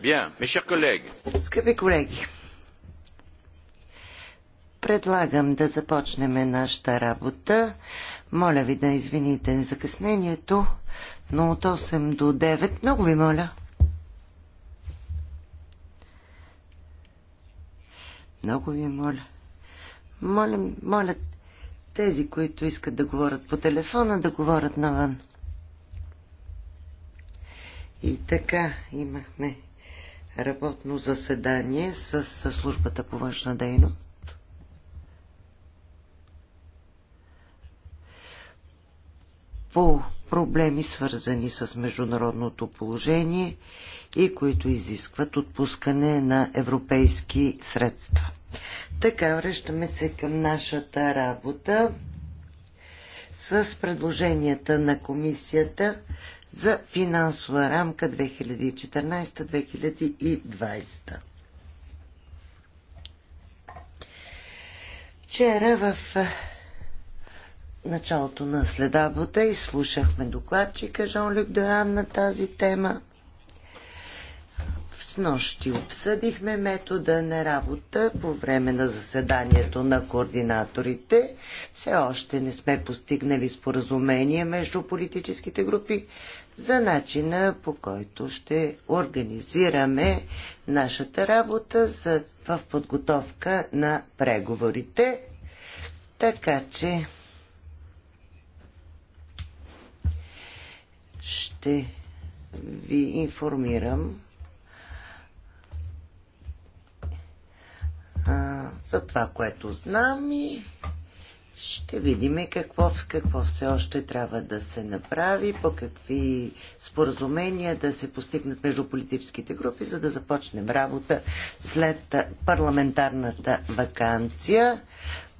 Bien, mes chers collègues. Скъпи колеги, предлагам да започнем нашата работа. Моля ви да извините закъснението, но от 8 до 9, много ви моля. Много ви моля. Моля, моля тези, които искат да говорят по телефона, да говорят навън. И така имахме работно заседание с, службата по външна дейност. по проблеми, свързани с международното положение и които изискват отпускане на европейски средства. Така, връщаме се към нашата работа с предложенията на комисията за финансова рамка 2014-2020. Вчера в началото на следабота изслушахме докладчика Жан-Люк Доан на тази тема. В нощи обсъдихме метода на работа по време на заседанието на координаторите. Все още не сме постигнали споразумение между политическите групи, за начина по който ще организираме нашата работа за, в подготовка на преговорите. Така че ще ви информирам а, за това, което знам и ще видим какво, какво все още трябва да се направи, по какви споразумения да се постигнат между политическите групи, за да започнем работа след парламентарната вакансия.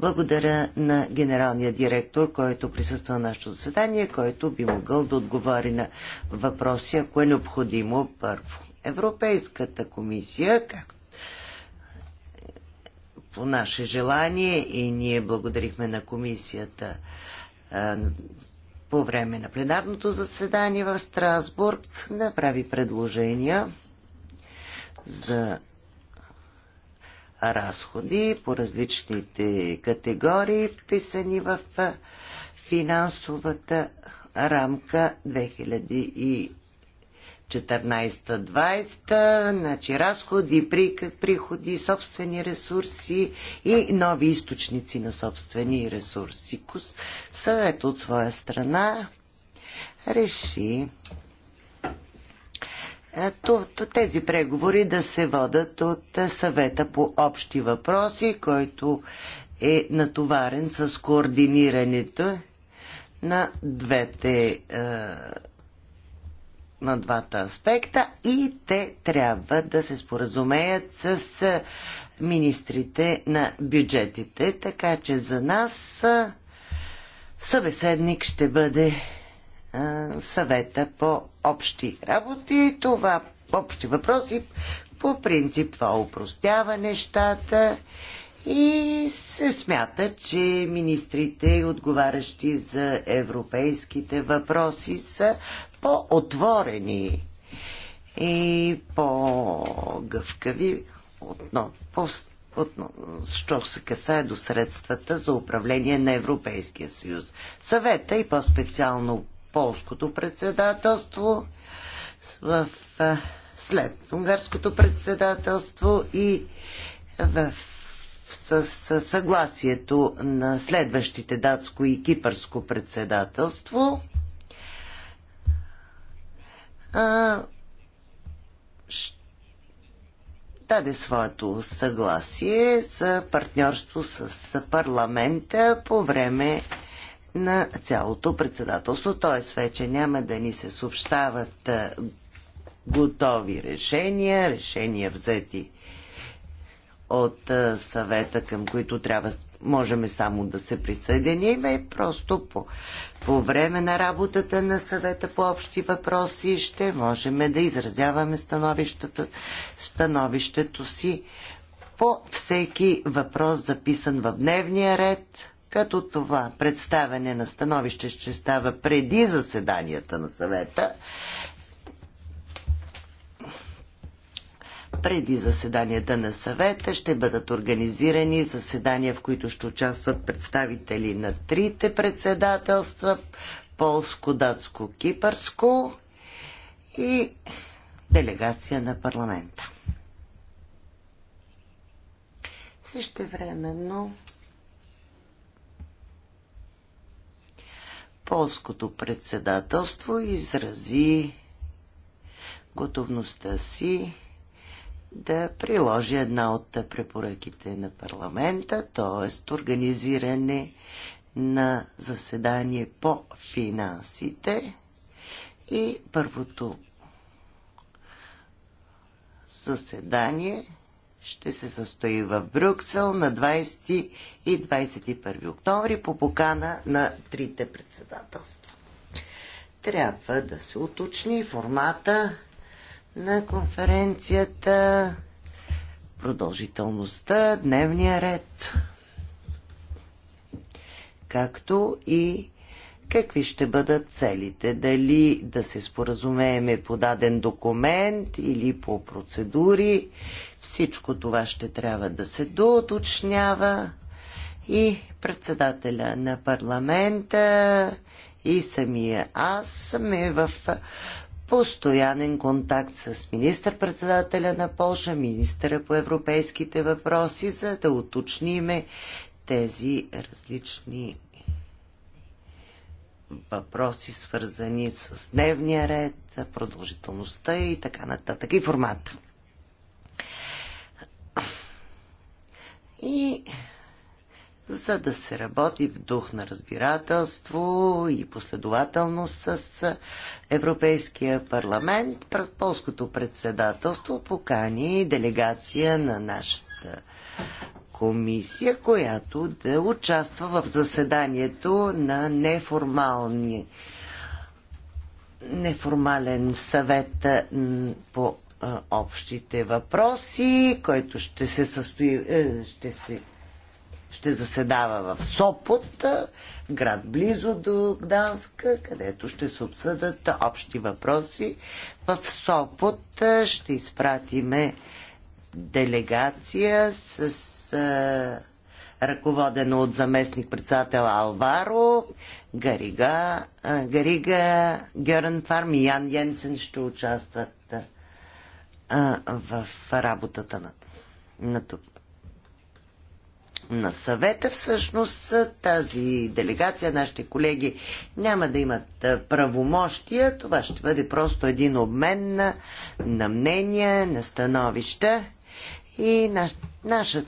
Благодаря на генералния директор, който присъства на нашето заседание, който би могъл да отговори на въпроси, ако е необходимо първо. Европейската комисия, както по наше желание и ние благодарихме на комисията по време на пленарното заседание в Страсбург направи предложения за разходи по различните категории, вписани в финансовата рамка 14-20, значи разходи, приходи, собствени ресурси и нови източници на собствени ресурси. Съвет от своя страна реши е, тези преговори да се водат от е, съвета по общи въпроси, който е натоварен с координирането на двете е, на двата аспекта и те трябва да се споразумеят с министрите на бюджетите, така че за нас събеседник ще бъде съвета по общи работи. Това общи въпроси по принцип това упростява нещата и се смята, че министрите, отговарящи за европейските въпроси, са по-отворени и по-гъвкави отново, по, що се касае до средствата за управление на Европейския съюз. Съвета и по-специално полското председателство в, след унгарското председателство и в с съгласието на следващите датско и кипърско председателство а, даде своето съгласие за партньорство с парламента по време на цялото председателство. Т.е. вече няма да ни се съобщават готови решения, решения взети от съвета, към които трябва можем само да се присъединим и е просто по, по време на работата на съвета по общи въпроси ще можем да изразяваме становищата, становището си по всеки въпрос записан в дневния ред, като това представяне на становище ще става преди заседанията на съвета преди заседанията на съвета ще бъдат организирани заседания, в които ще участват представители на трите председателства полско, датско, кипърско и делегация на парламента. времено полското председателство изрази готовността си да приложи една от препоръките на парламента, т.е. организиране на заседание по финансите и първото заседание ще се състои в Брюксел на 20 и 21 октомври по покана на трите председателства. Трябва да се уточни формата на конференцията, продължителността, дневния ред, както и какви ще бъдат целите. Дали да се споразумееме по даден документ или по процедури. Всичко това ще трябва да се доуточнява и председателя на парламента и самия аз сме в постоянен контакт с министър-председателя на Польша, министъра по европейските въпроси, за да уточниме тези различни въпроси, свързани с дневния ред, продължителността и така нататък, и формата. И за да се работи в дух на разбирателство и последователност с Европейския парламент. Полското председателство покани делегация на нашата комисия, която да участва в заседанието на неформални неформален съвет по общите въпроси, който ще се състои, е, ще се ще заседава в Сопот, град близо до Гданска, където ще се обсъдат общи въпроси. В Сопот ще изпратиме делегация с а, ръководено от заместник-председател Алваро, Гарига, а, Гарига Геренфарм и Ян Йенсен ще участват а, в работата на, на, на съвета, всъщност тази делегация, нашите колеги няма да имат правомощия. Това ще бъде просто един обмен на, на мнения, на становища и наш, наша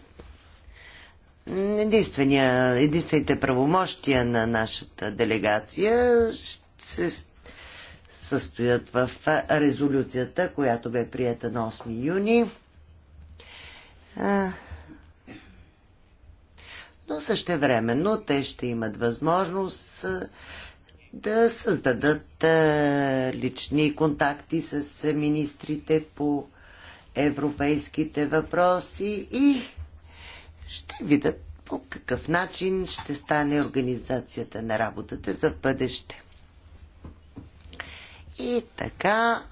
единствения, единствените правомощия на нашата делегация ще състоят в резолюцията, която бе прията на 8 юни но също времено те ще имат възможност да създадат лични контакти с министрите по европейските въпроси и ще видят по какъв начин ще стане организацията на работата за бъдеще. И така,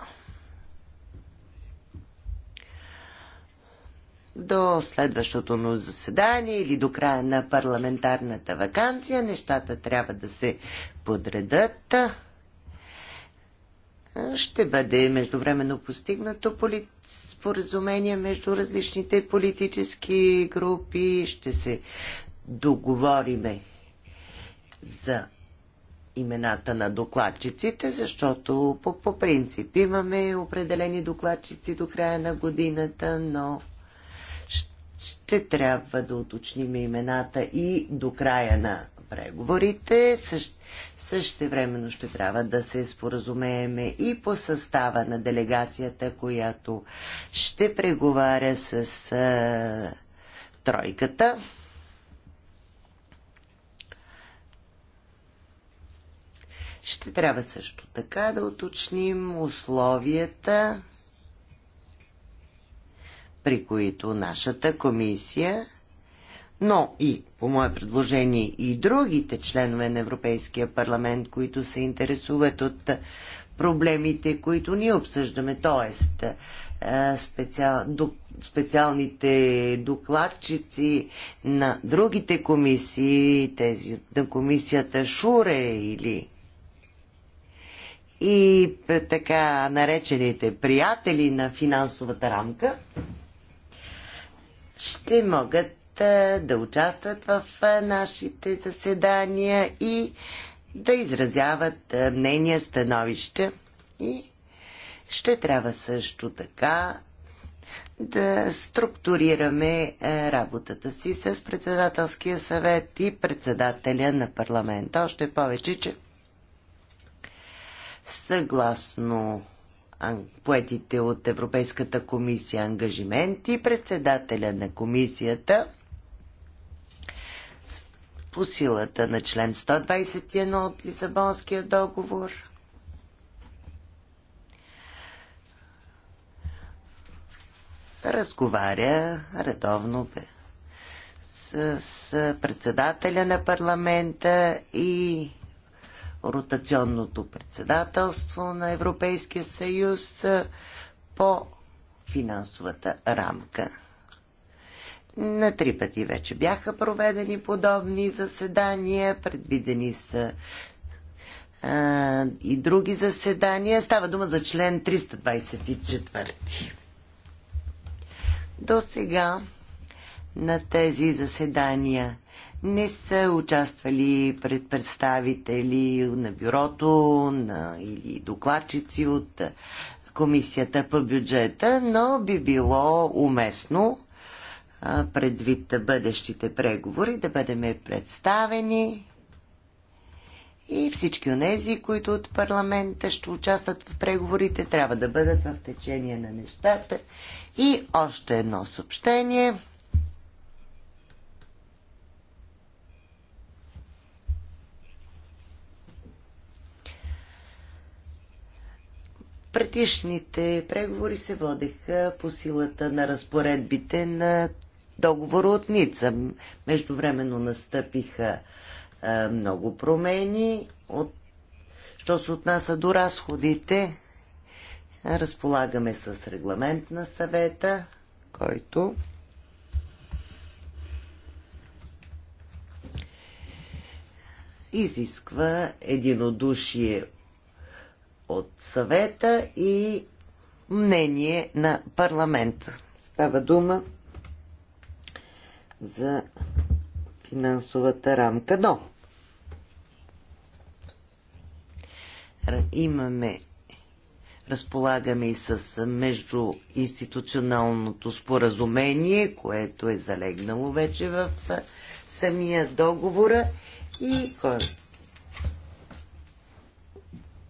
до следващото му заседание или до края на парламентарната вакансия. Нещата трябва да се подредат. Ще бъде междувременно постигнато споразумение между различните политически групи. Ще се договориме за имената на докладчиците, защото по, по принцип имаме определени докладчици до края на годината, но ще трябва да уточним имената и до края на преговорите. Също, времено ще трябва да се споразумееме и по състава на делегацията, която ще преговаря с а, тройката. Ще трябва също така да уточним условията при които нашата комисия, но и по мое предложение и другите членове на Европейския парламент, които се интересуват от проблемите, които ние обсъждаме, т.е. Специал, специалните докладчици на другите комисии, тези на комисията Шуре или и така наречените приятели на финансовата рамка – ще могат да участват в нашите заседания и да изразяват мнения, становища и ще трябва също така да структурираме работата си с председателския съвет и председателя на парламента. Още повече, че съгласно поетите от Европейската комисия ангажименти, председателя на комисията по силата на член 121 от Лисабонския договор разговаря редовно с, с председателя на парламента и ротационното председателство на Европейския съюз по финансовата рамка. На три пъти вече бяха проведени подобни заседания, предвидени са а, и други заседания. Става дума за член 324. До сега на тези заседания не са участвали пред представители на бюрото на, или докладчици от комисията по бюджета, но би било уместно предвид бъдещите преговори да бъдем представени и всички онези, които от парламента ще участват в преговорите, трябва да бъдат в течение на нещата. И още едно съобщение – Предишните преговори се водеха по силата на разпоредбите на договора от Ница. Междувременно настъпиха а, е, много промени. От... Що се отнася до разходите, разполагаме с регламент на съвета, който изисква единодушие от съвета и мнение на парламента. Става дума за финансовата рамка. Но имаме разполагаме и с междуинституционалното споразумение, което е залегнало вече в самия договора и който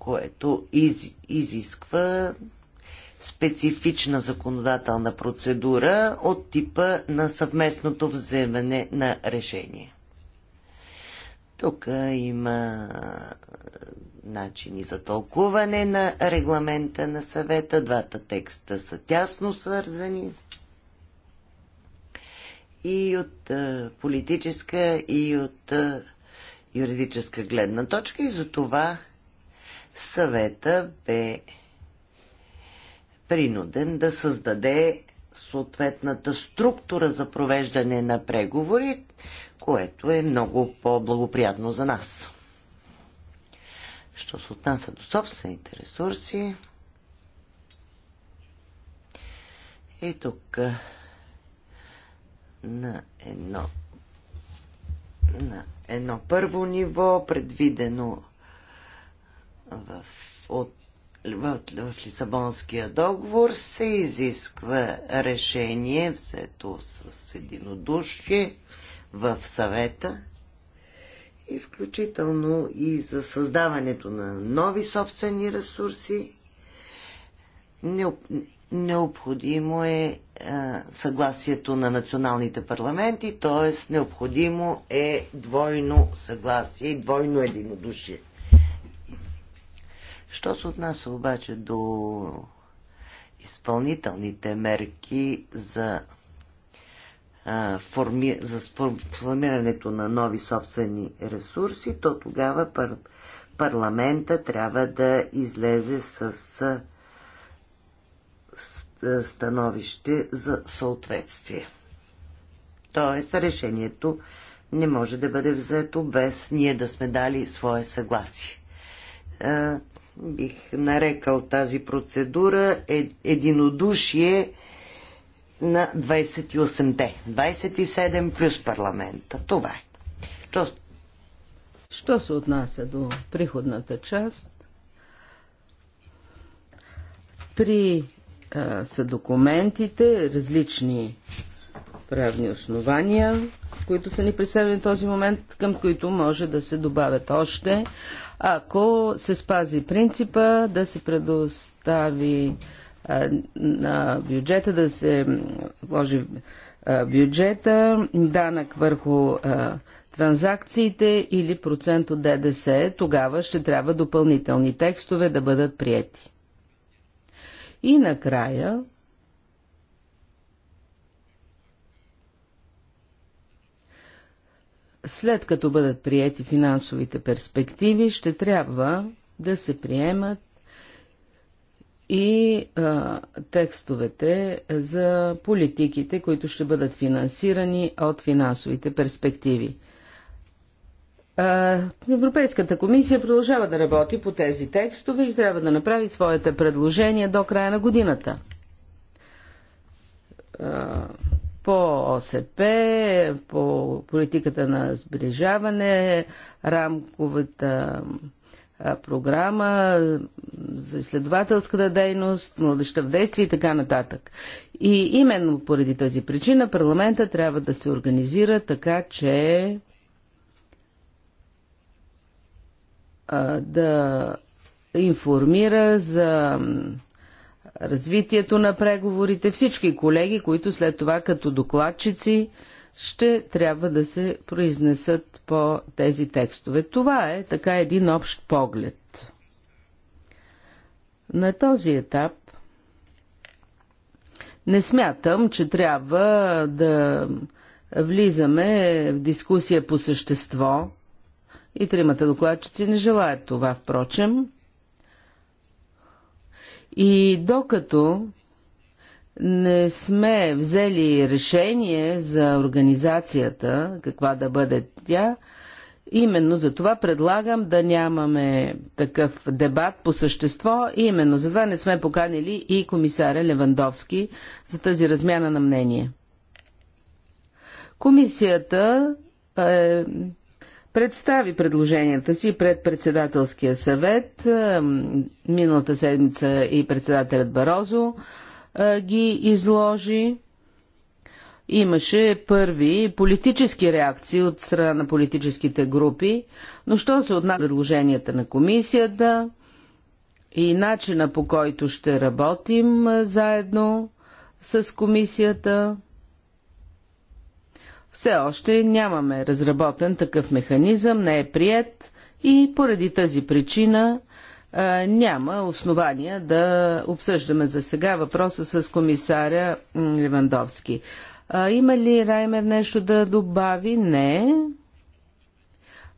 което из, изисква специфична законодателна процедура от типа на съвместното вземане на решение. Тук има начини за тълкуване на регламента на съвета. Двата текста са тясно свързани и от политическа, и от юридическа гледна точка и за това съвета бе принуден да създаде съответната структура за провеждане на преговори, което е много по-благоприятно за нас. Що се отнася до собствените ресурси, и тук на едно на едно първо ниво, предвидено в, от, в, в Лисабонския договор се изисква решение, взето с единодушие в съвета и включително и за създаването на нови собствени ресурси. Необходимо е съгласието на националните парламенти, т.е. необходимо е двойно съгласие и двойно единодушие. Що се отнася обаче до изпълнителните мерки за, а, форми, за формирането на нови собствени ресурси, то тогава пар, парламента трябва да излезе с, с становище за съответствие. Тоест, решението не може да бъде взето без ние да сме дали свое съгласие бих нарекал тази процедура е единодушие на 28-те. 27 плюс парламента. Това е. Що... Що се отнася до приходната част? Три а, са документите, различни правни основания, които са ни представени в този момент, към които може да се добавят още, ако се спази принципа да се предостави а, на бюджета, да се вложи а, бюджета, данък върху а, транзакциите или процент от ДДС, тогава ще трябва допълнителни текстове да бъдат приети. И накрая след като бъдат приети финансовите перспективи, ще трябва да се приемат и а, текстовете за политиките, които ще бъдат финансирани от финансовите перспективи. А, Европейската комисия продължава да работи по тези текстове и трябва да направи своите предложения до края на годината. А, по ОСП, по политиката на сближаване, рамковата програма за изследователската дейност, младеща в действие и така нататък. И именно поради тази причина парламента трябва да се организира така, че да информира за развитието на преговорите, всички колеги, които след това като докладчици ще трябва да се произнесат по тези текстове. Това е така един общ поглед. На този етап не смятам, че трябва да влизаме в дискусия по същество. И тримата докладчици не желаят това, впрочем. И докато не сме взели решение за организацията, каква да бъде тя, именно за това предлагам да нямаме такъв дебат по същество и именно за това не сме поканили и комисаря Левандовски за тази размяна на мнение. Комисията е представи предложенията си пред председателския съвет. Миналата седмица и председателят Барозо ги изложи. Имаше първи политически реакции от страна на политическите групи, но що се отнася предложенията на комисията и начина по който ще работим заедно с комисията – все още нямаме разработен такъв механизъм, не е прият и поради тази причина а, няма основания да обсъждаме за сега въпроса с комисаря Левандовски. А, има ли Раймер нещо да добави? Не.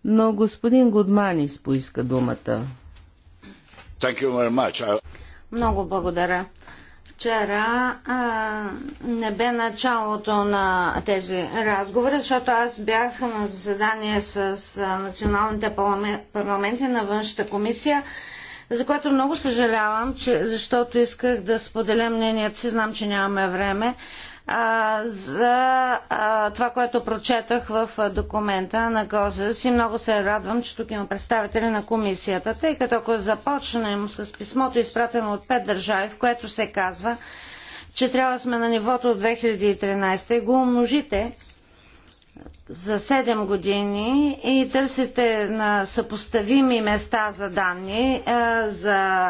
Но господин Гудманис поиска думата. Много благодаря вчера а, не бе началото на тези разговори, защото аз бях на заседание с националните парламенти на външната комисия, за което много съжалявам, че, защото исках да споделя мнението си, знам, че нямаме време, а, за а, това, което прочетах в а, документа на Гозес и много се радвам, че тук има представители на комисията, тъй като ако започнем с писмото, изпратено от пет държави, в което се казва, че трябва да сме на нивото от 2013 и го умножите за 7 години и търсите на съпоставими места за данни а, за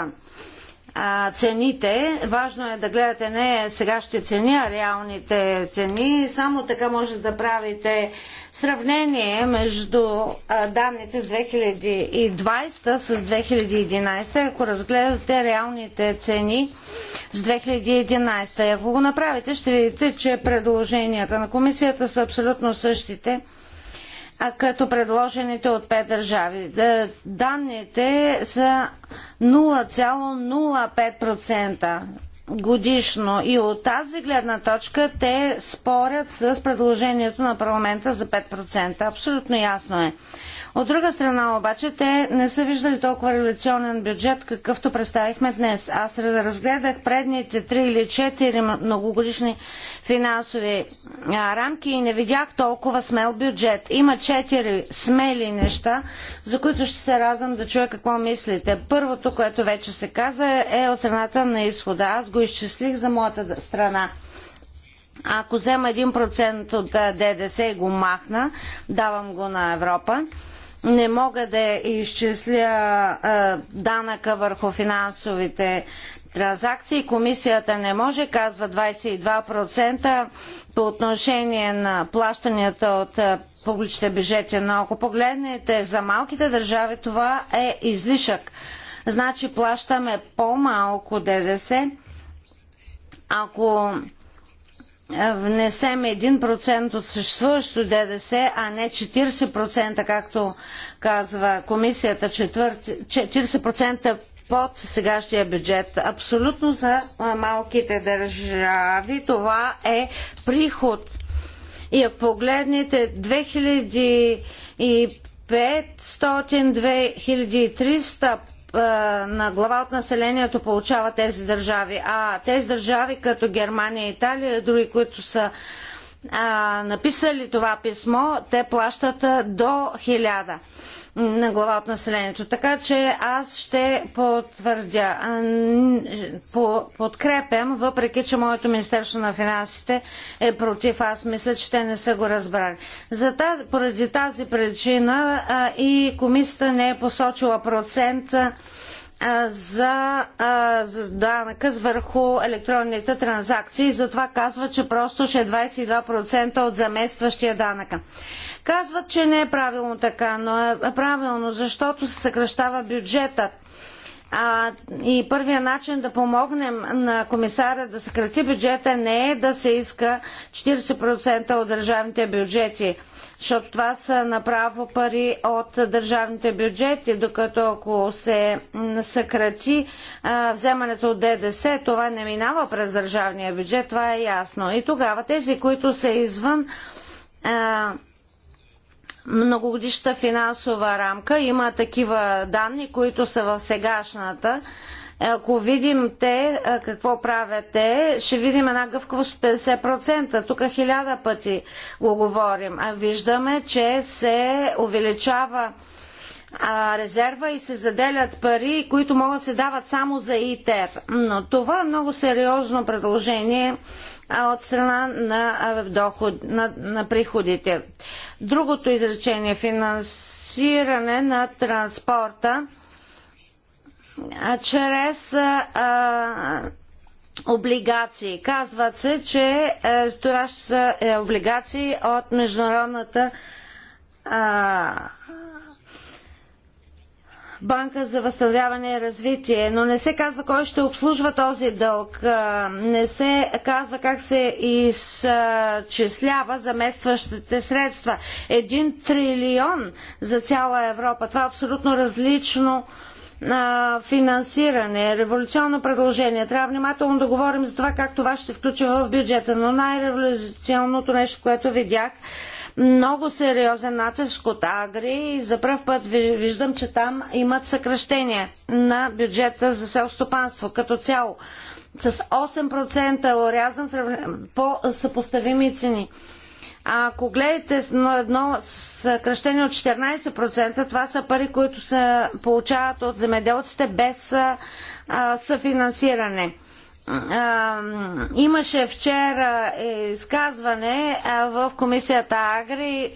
а, цените. Важно е да гледате не сегашните цени, а реалните цени. Само така може да правите сравнение между а, данните с 2020 с 2011, ако разгледате реалните цени с 2011. Ако го направите, ще видите, че предложенията на комисията са абсолютно същите – като предложените от пет държави. Е, данните са 0,05% годишно и от тази гледна точка те спорят с предложението на парламента за 5%. Абсолютно ясно е, от друга страна обаче те не са виждали толкова революционен бюджет, какъвто представихме днес. Аз разгледах предните три или четири многогодишни финансови рамки и не видях толкова смел бюджет. Има четири смели неща, за които ще се радвам да чуя какво мислите. Първото, което вече се каза, е от страната на изхода. Аз го изчислих за моята страна ако взема 1% от ДДС и го махна, давам го на Европа, не мога да изчисля а, данъка върху финансовите транзакции. Комисията не може, казва 22% по отношение на плащанията от публичните бюджети. Но ако погледнете за малките държави, това е излишък. Значи плащаме по-малко ДДС. Ако е, внесем 1% от съществуващо ДДС, а не 40%, както казва комисията, 40% под сегащия бюджет. Абсолютно за малките държави това е приход. И ако погледнете 2500 2300 е, на глава от населението получават тези държави. А тези държави като Германия и Италия, други, които са а, написали това писмо, те плащат до 1000 на глава от населението. Така че аз ще потвърдя. По, подкрепям, въпреки че моето Министерство на финансите е против. Аз мисля, че те не са го разбрали. За тази, поради тази причина а, и комисията не е посочила процент. А, за, за данъка върху електронните транзакции. Затова казва, че просто ще е 22% от заместващия данъка. Казват, че не е правилно така, но е правилно, защото се съкръщава бюджетът. А, и първият начин да помогнем на комисара да съкрати бюджета не е да се иска 40% от държавните бюджети защото това са направо пари от държавните бюджети, докато ако се съкрати вземането от ДДС, това не минава през държавния бюджет, това е ясно. И тогава тези, които са извън многогодишната финансова рамка, има такива данни, които са в сегашната ако видим те какво правят те, ще видим една гъвкавост 50%. Тук хиляда пъти го говорим. А виждаме, че се увеличава а, резерва и се заделят пари, които могат да се дават само за ИТЕР. Но това е много сериозно предложение от страна на, доход, на, на приходите. Другото изречение финансиране на транспорта чрез облигации. Казват се, че е, това ще са е, облигации от Международната банка за възстановяване и развитие, но не се казва кой ще обслужва този дълг, не се казва как се изчислява заместващите средства. Един трилион за цяла Европа. Това е абсолютно различно а, финансиране. Революционно предложение. Трябва внимателно да говорим за това как това ще се включи в бюджета. Но най-революционното нещо, което видях, много сериозен натиск от Агри и за първ път виждам, че там имат съкръщение на бюджета за селстопанство като цяло. С 8% орязан по съпоставими цени. Ако гледате на едно съкръщение от 14%, това са пари, които се получават от земеделците без а, съфинансиране. А, имаше вчера изказване в комисията Агри.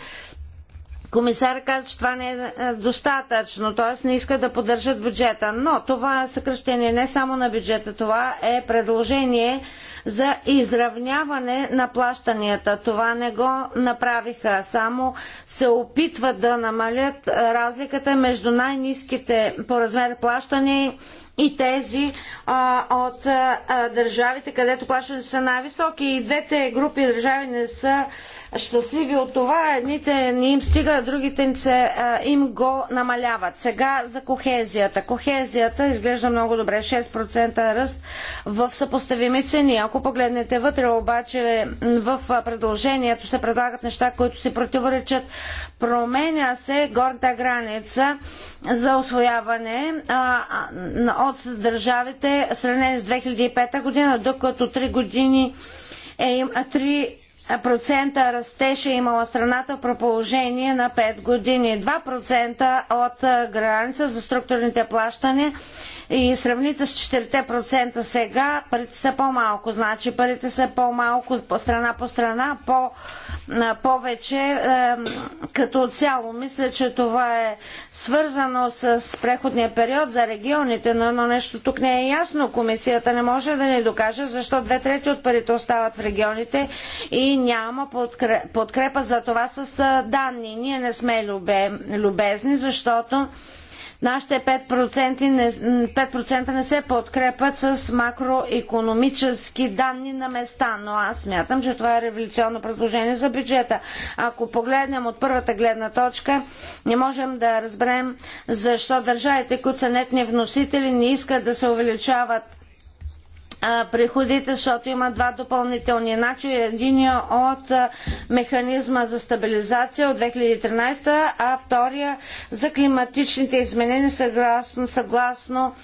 Комисар каза, че това не е, е достатъчно, т.е. не иска да поддържат бюджета. Но това съкръщение не само на бюджета, това е предложение за изравняване на плащанията. Това не го направиха, само се опитват да намалят разликата между най-низките по размер плащания и тези а, от а, държавите, където плащането са най-високи. И двете групи държави не са щастливи от това. Едните не им стига, другите им го намаляват. Сега за кохезията. Кохезията изглежда много добре. 6% ръст в съпоставими цени. Ако погледнете вътре, обаче в предложението се предлагат неща, които се противоречат. Променя се горната граница за освояване от държавите в сравнение с 2005 година, докато 3 години е, три процента растеж е имала страната при положение на 5 години. 2% от граница за структурните плащания и сравните с 4% сега, парите са по-малко. Значи парите са по-малко по страна по страна, по, повече като цяло. Мисля, че това е свързано с преходния период за регионите, но едно нещо тук не е ясно. Комисията не може да ни докаже защо две трети от парите остават в регионите и няма подкрепа за това с данни. Ние не сме любезни, защото Нашите 5% не, 5% не се подкрепят с макроекономически данни на места, но аз смятам, че това е революционно предложение за бюджета. Ако погледнем от първата гледна точка, не можем да разберем защо държавите, които са нетни вносители, не искат да се увеличават приходите, защото има два допълнителни начина. Един от механизма за стабилизация от 2013, а втория за климатичните изменения съгласно, съгласно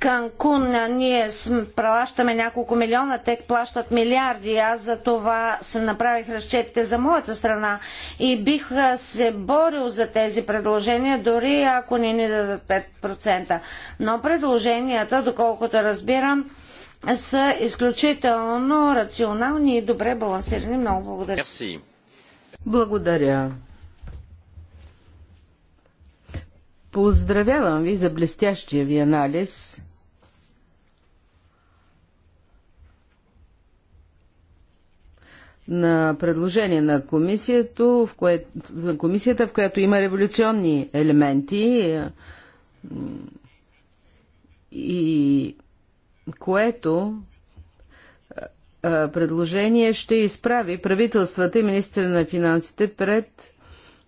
Канкун. Ние пращаме няколко милиона, те плащат милиарди. Аз за това съм направих разчетите за моята страна и бих се борил за тези предложения, дори ако не ни дадат 5%. Но предложенията, доколкото разбирам, са изключително рационални и добре балансирани. Много благодаря. Благодаря. Поздравявам ви за блестящия ви анализ. на предложение на комисията, в което, на комисията, в която има революционни елементи и което предложение ще изправи правителствата и министра на финансите пред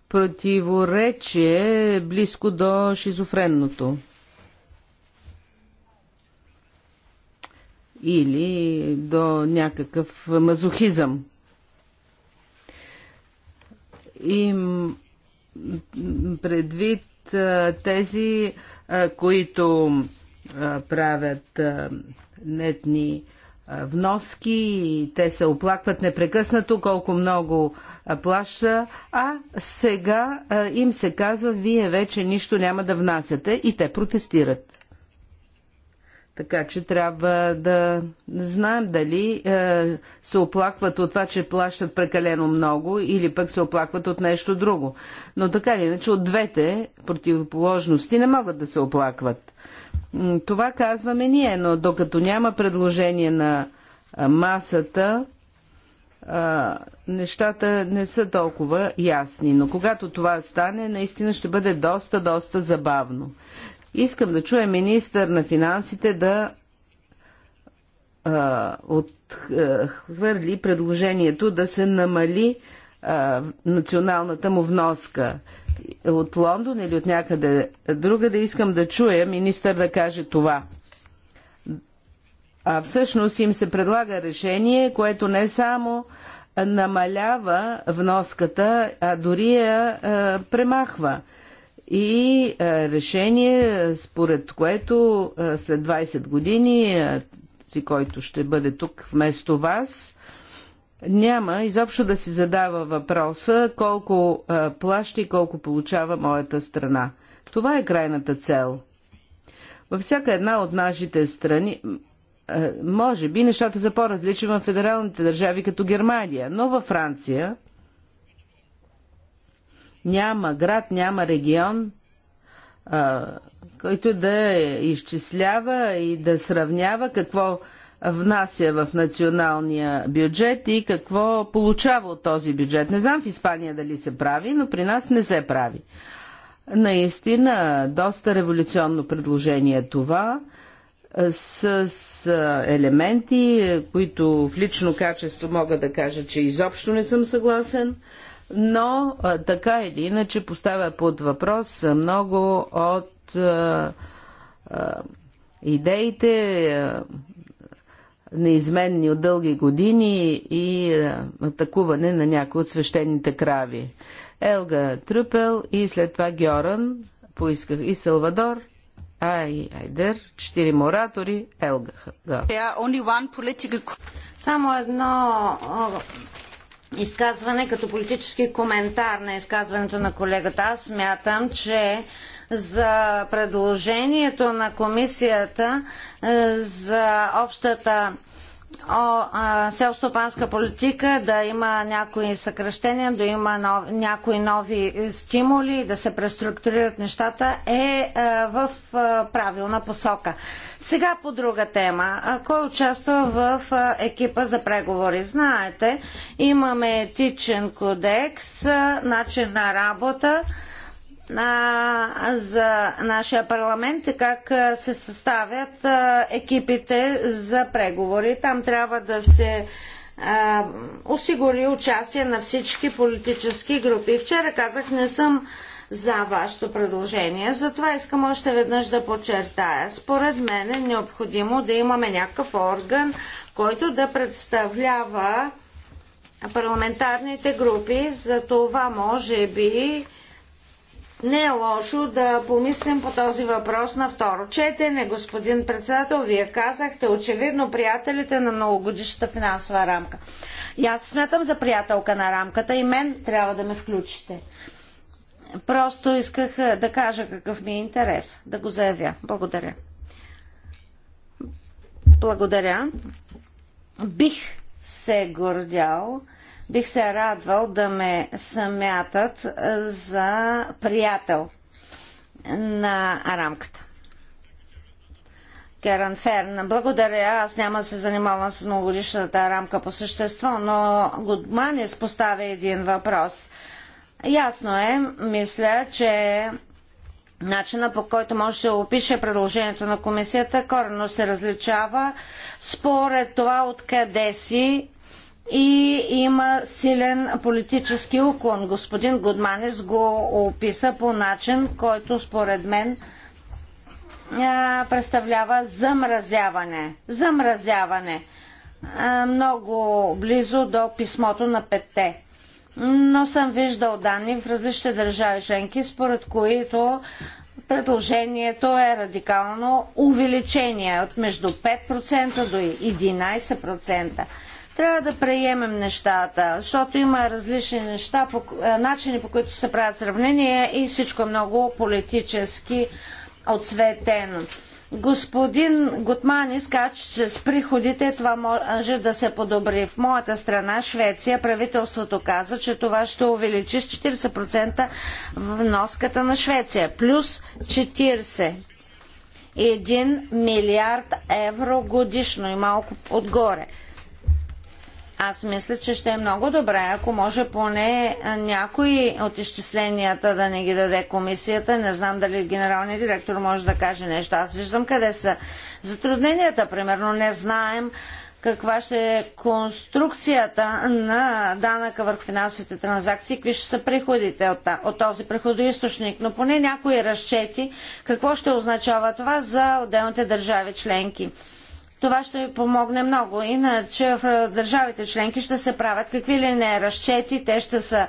противоречие близко до шизофренното. Или до някакъв мазохизъм. И предвид тези, които правят нетни вноски и те се оплакват непрекъснато колко много плаща, а сега им се казва, вие вече нищо няма да внасяте и те протестират. Така че трябва да знаем дали е, се оплакват от това, че плащат прекалено много или пък се оплакват от нещо друго. Но така или иначе от двете противоположности не могат да се оплакват. Това казваме ние, но докато няма предложение на масата, нещата не са толкова ясни. Но когато това стане, наистина ще бъде доста, доста забавно. Искам да чуя министър на финансите да отхвърли предложението да се намали националната му вноска от Лондон или от някъде друга да искам да чуя министър да каже това. А всъщност им се предлага решение, което не само намалява вноската, а дори я а, премахва. И а, решение, според което а, след 20 години, а, си който ще бъде тук вместо вас, няма изобщо да си задава въпроса колко е, плаща и колко получава моята страна. Това е крайната цел. Във всяка една от нашите страни, е, може би нещата са по-различни в федералните държави като Германия, но във Франция няма град, няма регион, е, който да изчислява и да сравнява какво внася в националния бюджет и какво получава от този бюджет. Не знам в Испания дали се прави, но при нас не се прави. Наистина, доста революционно предложение е това, с, с елементи, които в лично качество мога да кажа, че изобщо не съм съгласен, но така или иначе поставя под въпрос много от идеите, неизменни от дълги години и е, атакуване на някои от свещените крави. Елга Трюпел и след това Гьоран поисках и Салвадор, Ай Айдер, четири моратори, Елга. Само едно изказване като политически коментар на изказването на колегата. Аз смятам, че за предложението на комисията е, за общата селстопанска политика, да има някои съкръщения, да има нов, някои нови стимули, да се преструктурират нещата, е, е в е, правилна посока. Сега по друга тема. Кой участва в екипа за преговори? Знаете, имаме етичен кодекс, начин на работа, а, за нашия парламент и как се съставят а, екипите за преговори. Там трябва да се а, осигури участие на всички политически групи. Вчера казах, не съм за вашето предложение. Затова искам още веднъж да подчертая. Според мен е необходимо да имаме някакъв орган, който да представлява парламентарните групи. За това може би не е лошо да помислим по този въпрос на второ четене. Господин председател, вие казахте очевидно приятелите на многогодишната финансова рамка. И аз смятам за приятелка на рамката и мен трябва да ме включите. Просто исках да кажа какъв ми е интерес, да го заявя. Благодаря. Благодаря. Бих се гордял Бих се радвал да ме смятат за приятел на рамката. Керан Ферн. Благодаря. Аз няма да се занимавам с многогодишната рамка по същество, но Гудманис поставя един въпрос. Ясно е, мисля, че начина по който може да се опише предложението на комисията корено се различава според това откъде си и има силен политически уклон. Господин Гудманес го описа по начин, който според мен представлява замразяване. Замразяване. Много близо до писмото на петте. Но съм виждал данни в различни държави членки, според които предложението е радикално увеличение от между 5% до 11%. Трябва да приемем нещата, защото има различни неща, по, е, начини по които се правят сравнения и всичко е много политически отсветено. Господин Готмани каже, че с приходите това може да се подобри. В моята страна, Швеция, правителството каза, че това ще увеличи с 40% вноската на Швеция. Плюс 40. 1 милиард евро годишно и малко отгоре. Аз мисля, че ще е много добре, ако може поне някои от изчисленията да не ги даде комисията. Не знам дали генералният директор може да каже нещо. Аз виждам къде са затрудненията. Примерно не знаем каква ще е конструкцията на данъка върху финансовите транзакции, какви ще са приходите от, от този приходоисточник, но поне някои разчети какво ще означава това за отделните държави членки. Това ще ви помогне много. Иначе в държавите членки ще се правят какви ли не разчети, те ще са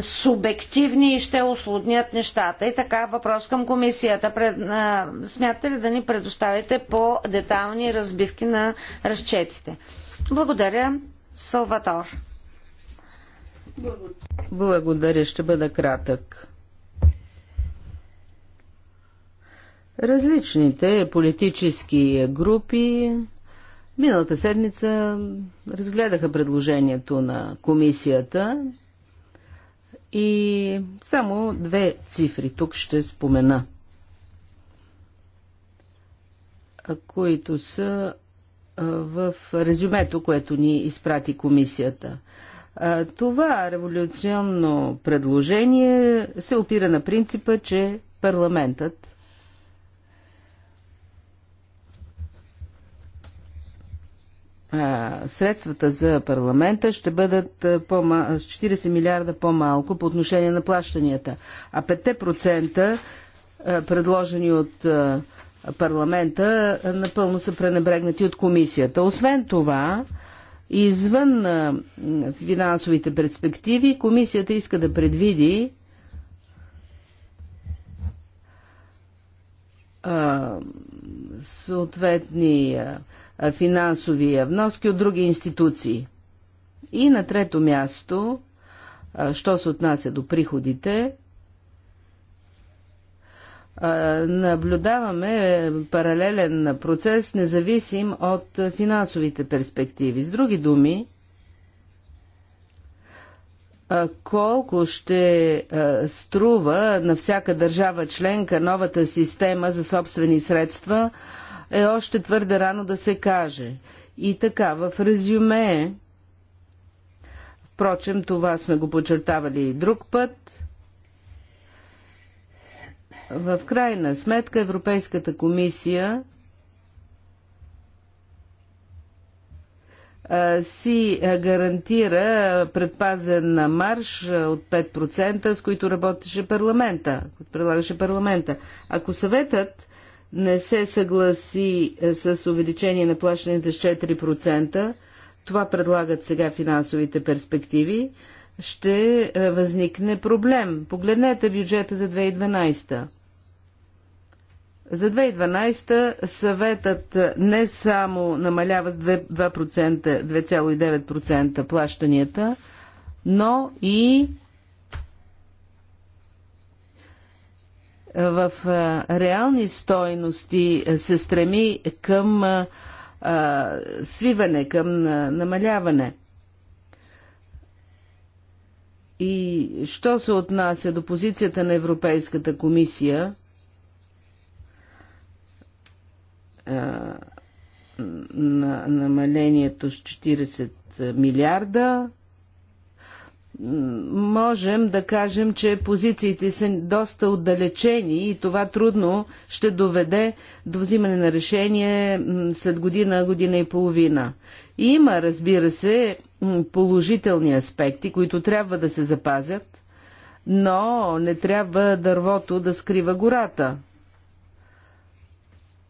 субективни и ще осложнят нещата. И така въпрос към комисията. Пред, а, смятате ли да ни предоставите по-детални разбивки на разчетите? Благодаря, Салватор. Благодаря, ще бъда кратък. Различните политически групи миналата седмица разгледаха предложението на комисията и само две цифри тук ще спомена, които са в резюмето, което ни изпрати комисията. Това революционно предложение се опира на принципа, че парламентът средствата за парламента ще бъдат с 40 милиарда по-малко по отношение на плащанията. А 5% предложени от парламента напълно са пренебрегнати от комисията. Освен това, извън финансовите перспективи, комисията иска да предвиди съответни финансови вноски от други институции. И на трето място, що се отнася до приходите, наблюдаваме паралелен процес, независим от финансовите перспективи. С други думи, колко ще струва на всяка държава членка новата система за собствени средства – е още твърде рано да се каже. И така, в резюме, впрочем, това сме го подчертавали и друг път, в крайна сметка Европейската комисия си гарантира предпазен марш от 5%, с които работеше парламента, предлагаше парламента. Ако съветът не се съгласи е, с увеличение на плащаните с 4%, това предлагат сега финансовите перспективи, ще е, възникне проблем. Погледнете бюджета за 2012. За 2012 съветът е, не само намалява с 2%, 2,9% плащанията, но и в реални стойности се стреми към свиване, към намаляване. И що се отнася до позицията на Европейската комисия, на намалението с 40 милиарда, можем да кажем, че позициите са доста отдалечени и това трудно ще доведе до взимане на решение след година, година и половина. И има, разбира се, положителни аспекти, които трябва да се запазят, но не трябва дървото да скрива гората.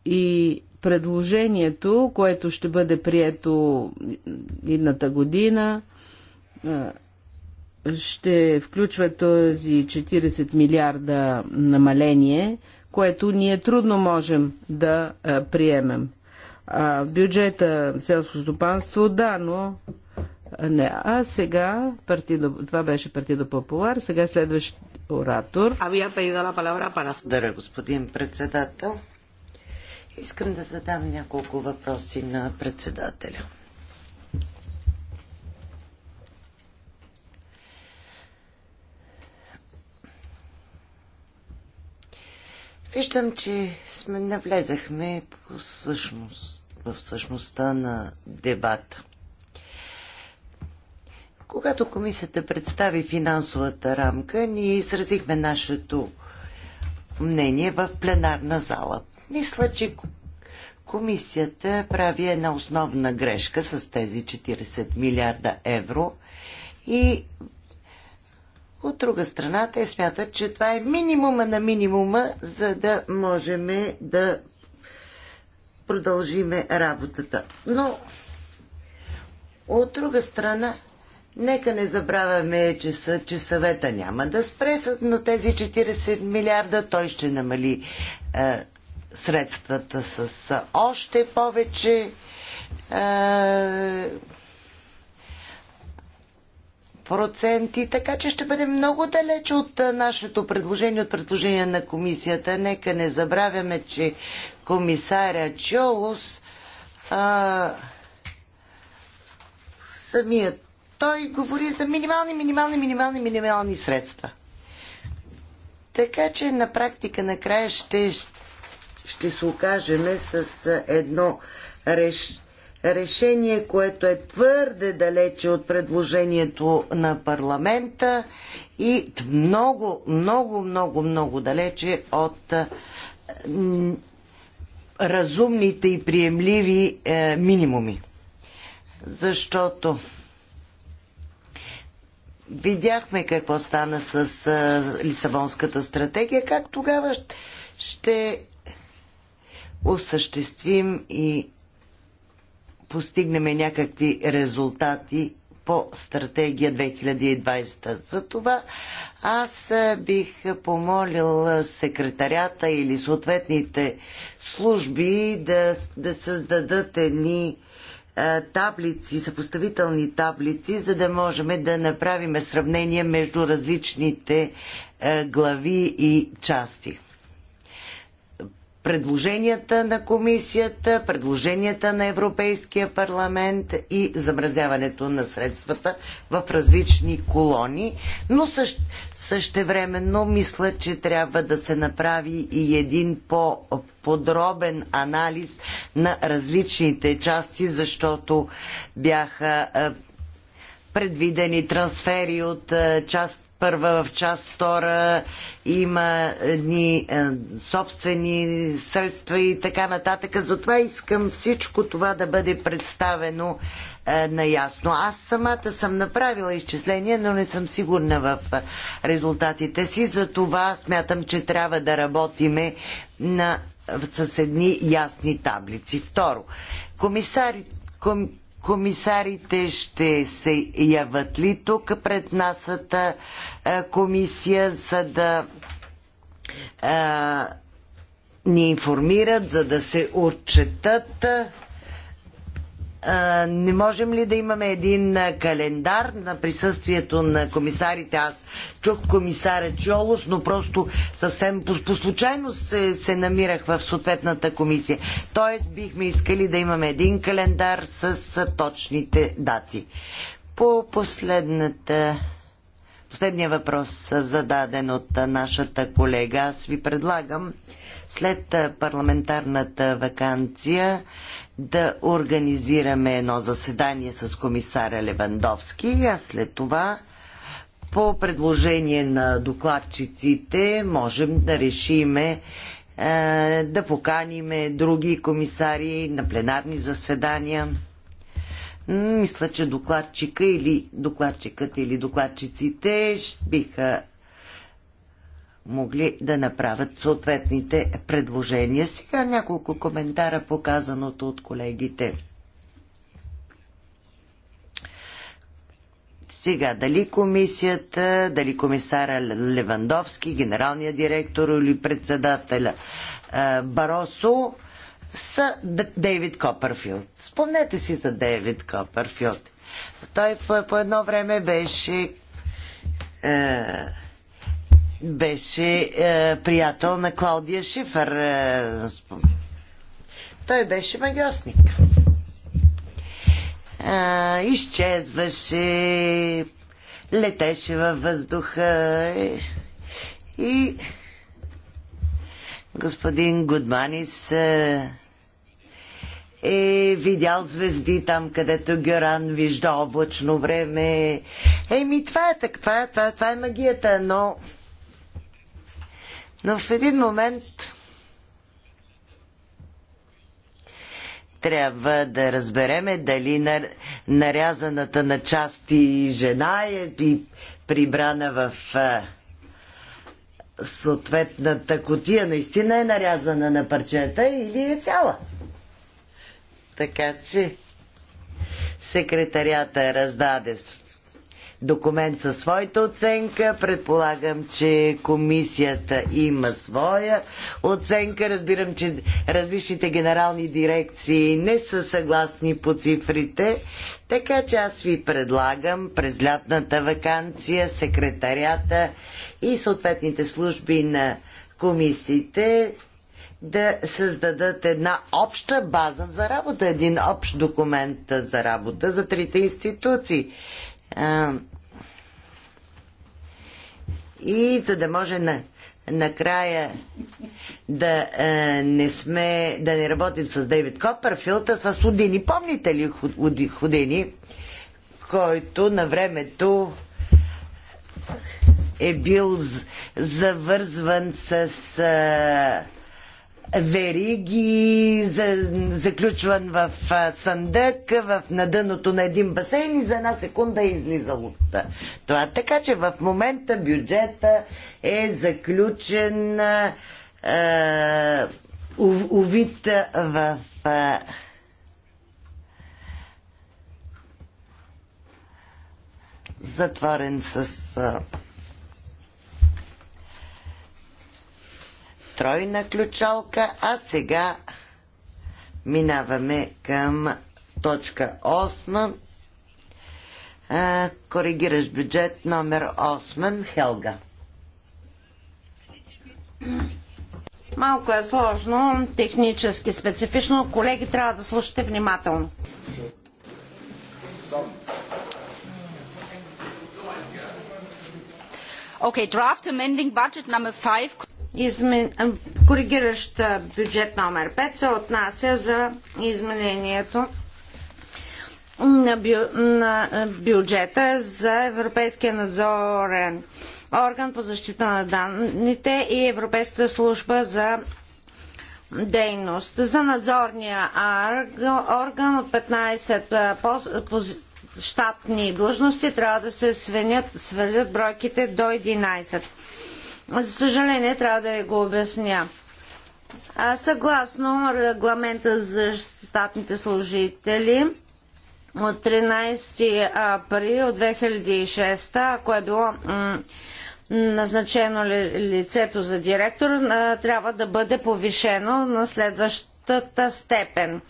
И предложението, което ще бъде прието едната година, ще включва този 40 милиарда намаление, което ние трудно можем да приемем. А, бюджета селско стопанство, да, но не. А сега, партидо, това беше партидо Популар, сега следващ оратор. Авия пейда ла палавра пара. Благодаря, господин председател. Искам да задам няколко въпроси на председателя. Виждам, че сме навлезахме по същност, в същността на дебата. Когато комисията представи финансовата рамка, ние изразихме нашето мнение в пленарна зала. Мисля, че комисията прави една основна грешка с тези 40 милиарда евро и от друга страна, те смятат, че това е минимума на минимума, за да можем да продължиме работата. Но, от друга страна, Нека не забравяме, че, са, че съвета няма да спре, но тези 40 милиарда той ще намали е, средствата с още повече. Е, проценти, така че ще бъдем много далеч от нашето предложение, от предложение на комисията. Нека не забравяме, че комисаря Чолос а, самият той говори за минимални, минимални, минимални, минимални средства. Така че на практика накрая ще, ще се окажеме с едно решение решение, което е твърде далече от предложението на парламента и много, много, много, много далече от е, разумните и приемливи е, минимуми. Защото видяхме какво стана с е, Лисабонската стратегия, как тогава ще осъществим и постигнем някакви резултати по стратегия 2020. За това аз бих помолил секретарята или съответните служби да, да създадат едни таблици, съпоставителни таблици, за да можем да направим сравнение между различните глави и части предложенията на комисията, предложенията на Европейския парламент и замразяването на средствата в различни колони, но също, същевременно мисля, че трябва да се направи и един по-подробен анализ на различните части, защото бяха е, предвидени трансфери от е, част първа, в част втора има едни е, собствени средства и така нататък. Затова искам всичко това да бъде представено е, наясно. Аз самата съм направила изчисления, но не съм сигурна в е, резултатите си. Затова смятам, че трябва да работиме на, с едни ясни таблици. Второ, комисарите ком, комисарите ще се яват ли тук пред нашата е, комисия, за да а, е, ни информират, за да се отчетат не можем ли да имаме един календар на присъствието на комисарите? Аз чух комисаря Чолос, но просто съвсем по, по се, се намирах в съответната комисия. Тоест бихме искали да имаме един календар с точните дати. По последната Последния въпрос зададен от нашата колега. Аз ви предлагам след парламентарната вакансия да организираме едно заседание с комисаря Левандовски, а след това по предложение на докладчиците можем да решиме е, да поканиме други комисари на пленарни заседания. Мисля, че докладчика или докладчикът или докладчиците биха могли да направят съответните предложения. Сега няколко коментара показаното от колегите. Сега, дали комисията, дали комисара Левандовски, генералния директор или председателя Баросо са Дейвид Копърфилд. Спомнете си за Дейвид Копърфилд. Той по, по едно време беше е, беше е, приятел на Клаудия Шифър. Е, той беше магиосник. Е, изчезваше, летеше във въздуха е, и господин Гудманис е, е видял звезди там, където Геран вижда облачно време. Еми, това е, това е, това е, това е магията, но но в един момент трябва да разбереме дали нарязаната на части жена е прибрана в съответната котия наистина е нарязана на парчета или е цяла. Така че секретарията раздаде документ със своята оценка. Предполагам, че комисията има своя оценка. Разбирам, че различните генерални дирекции не са съгласни по цифрите. Така че аз ви предлагам през лятната вакансия секретарята и съответните служби на комисиите да създадат една обща база за работа, един общ документ за работа за трите институции и за да може на, накрая да а, не сме, да не работим с Дейвид Копърфилта, с Удини. Помните ли Худини, който на времето е бил завързван с а, вериги, за, заключван в съндък, в надъното на един басейн и за една секунда е излизал от това. Така че в момента бюджета е заключен е, увит в а, затворен с а, тройна ключалка, а сега минаваме към точка 8. Коригираш бюджет номер 8. Хелга. Малко е сложно, технически специфично. Колеги, трябва да слушате внимателно. Okay, draft amending budget number 5. Измен... Коригиращ бюджет номер 5 се отнася за изменението на, бю... на бюджета за Европейския надзорен орган по защита на данните и Европейската служба за дейност. За надзорния орган от 15 по, щатни длъжности трябва да се свенят, свалят бройките до 11. За съжаление, трябва да ви го обясня. А, съгласно регламента за щатните служители от 13 април 2006, ако е било назначено ли, лицето за директор, а, трябва да бъде повишено на следващата степен.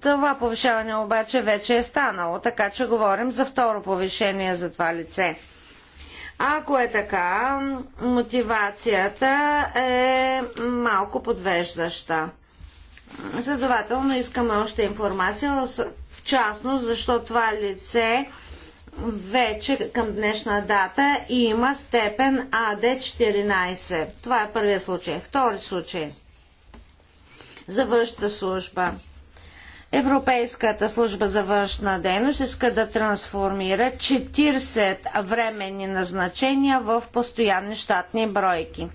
Това повишаване обаче вече е станало, така че говорим за второ повишение за това лице. Ако е така, мотивацията е малко подвеждаща. Следователно искаме още информация, в частност, защо това лице вече към днешна дата има степен АД-14. Това е първият случай. Втори случай. За служба. Европейската служба за външна дейност иска да трансформира 40 временни назначения в постоянни щатни бройки.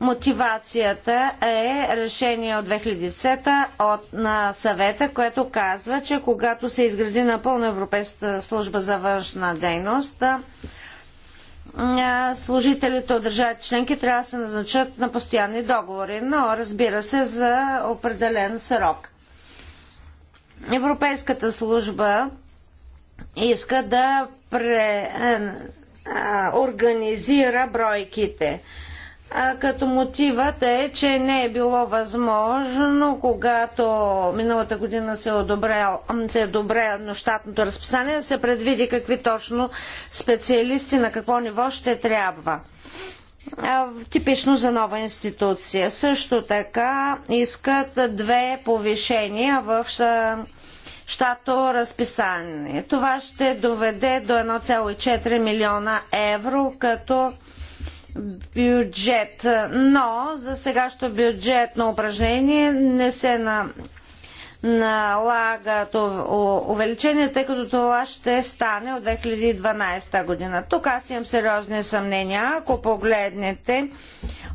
Мотивацията е решение от 2010 от, на съвета, което казва, че когато се изгради напълно Европейската служба за външна дейност, служителите от държавите членки трябва да се назначат на постоянни договори, но разбира се за определен срок. Европейската служба иска да пре, е, а, организира бройките. А, като мотивът е, че не е било възможно, когато миналата година се е одобрено е щатното разписание, да се предвиди какви точно специалисти на какво ниво ще трябва. А, типично за нова институция. Също така искат две повишения в щато разписание. Това ще доведе до 1,4 милиона евро като бюджет. Но за сегащо бюджетно упражнение не се на налагат увеличение, тъй като това ще стане от 2012 година. Тук аз имам сериозни съмнения. Ако погледнете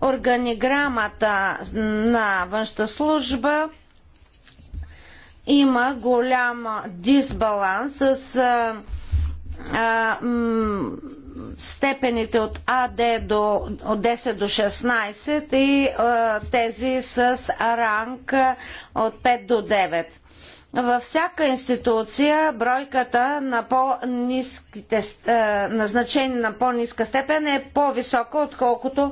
органиграмата на външта служба, има голям дисбаланс с а, а, м, степените от АД до, от 10 до 16 и а, тези с ранг от 5 до 9. Във всяка институция бройката на по-низките назначени на по-ниска степен е по-висока, отколкото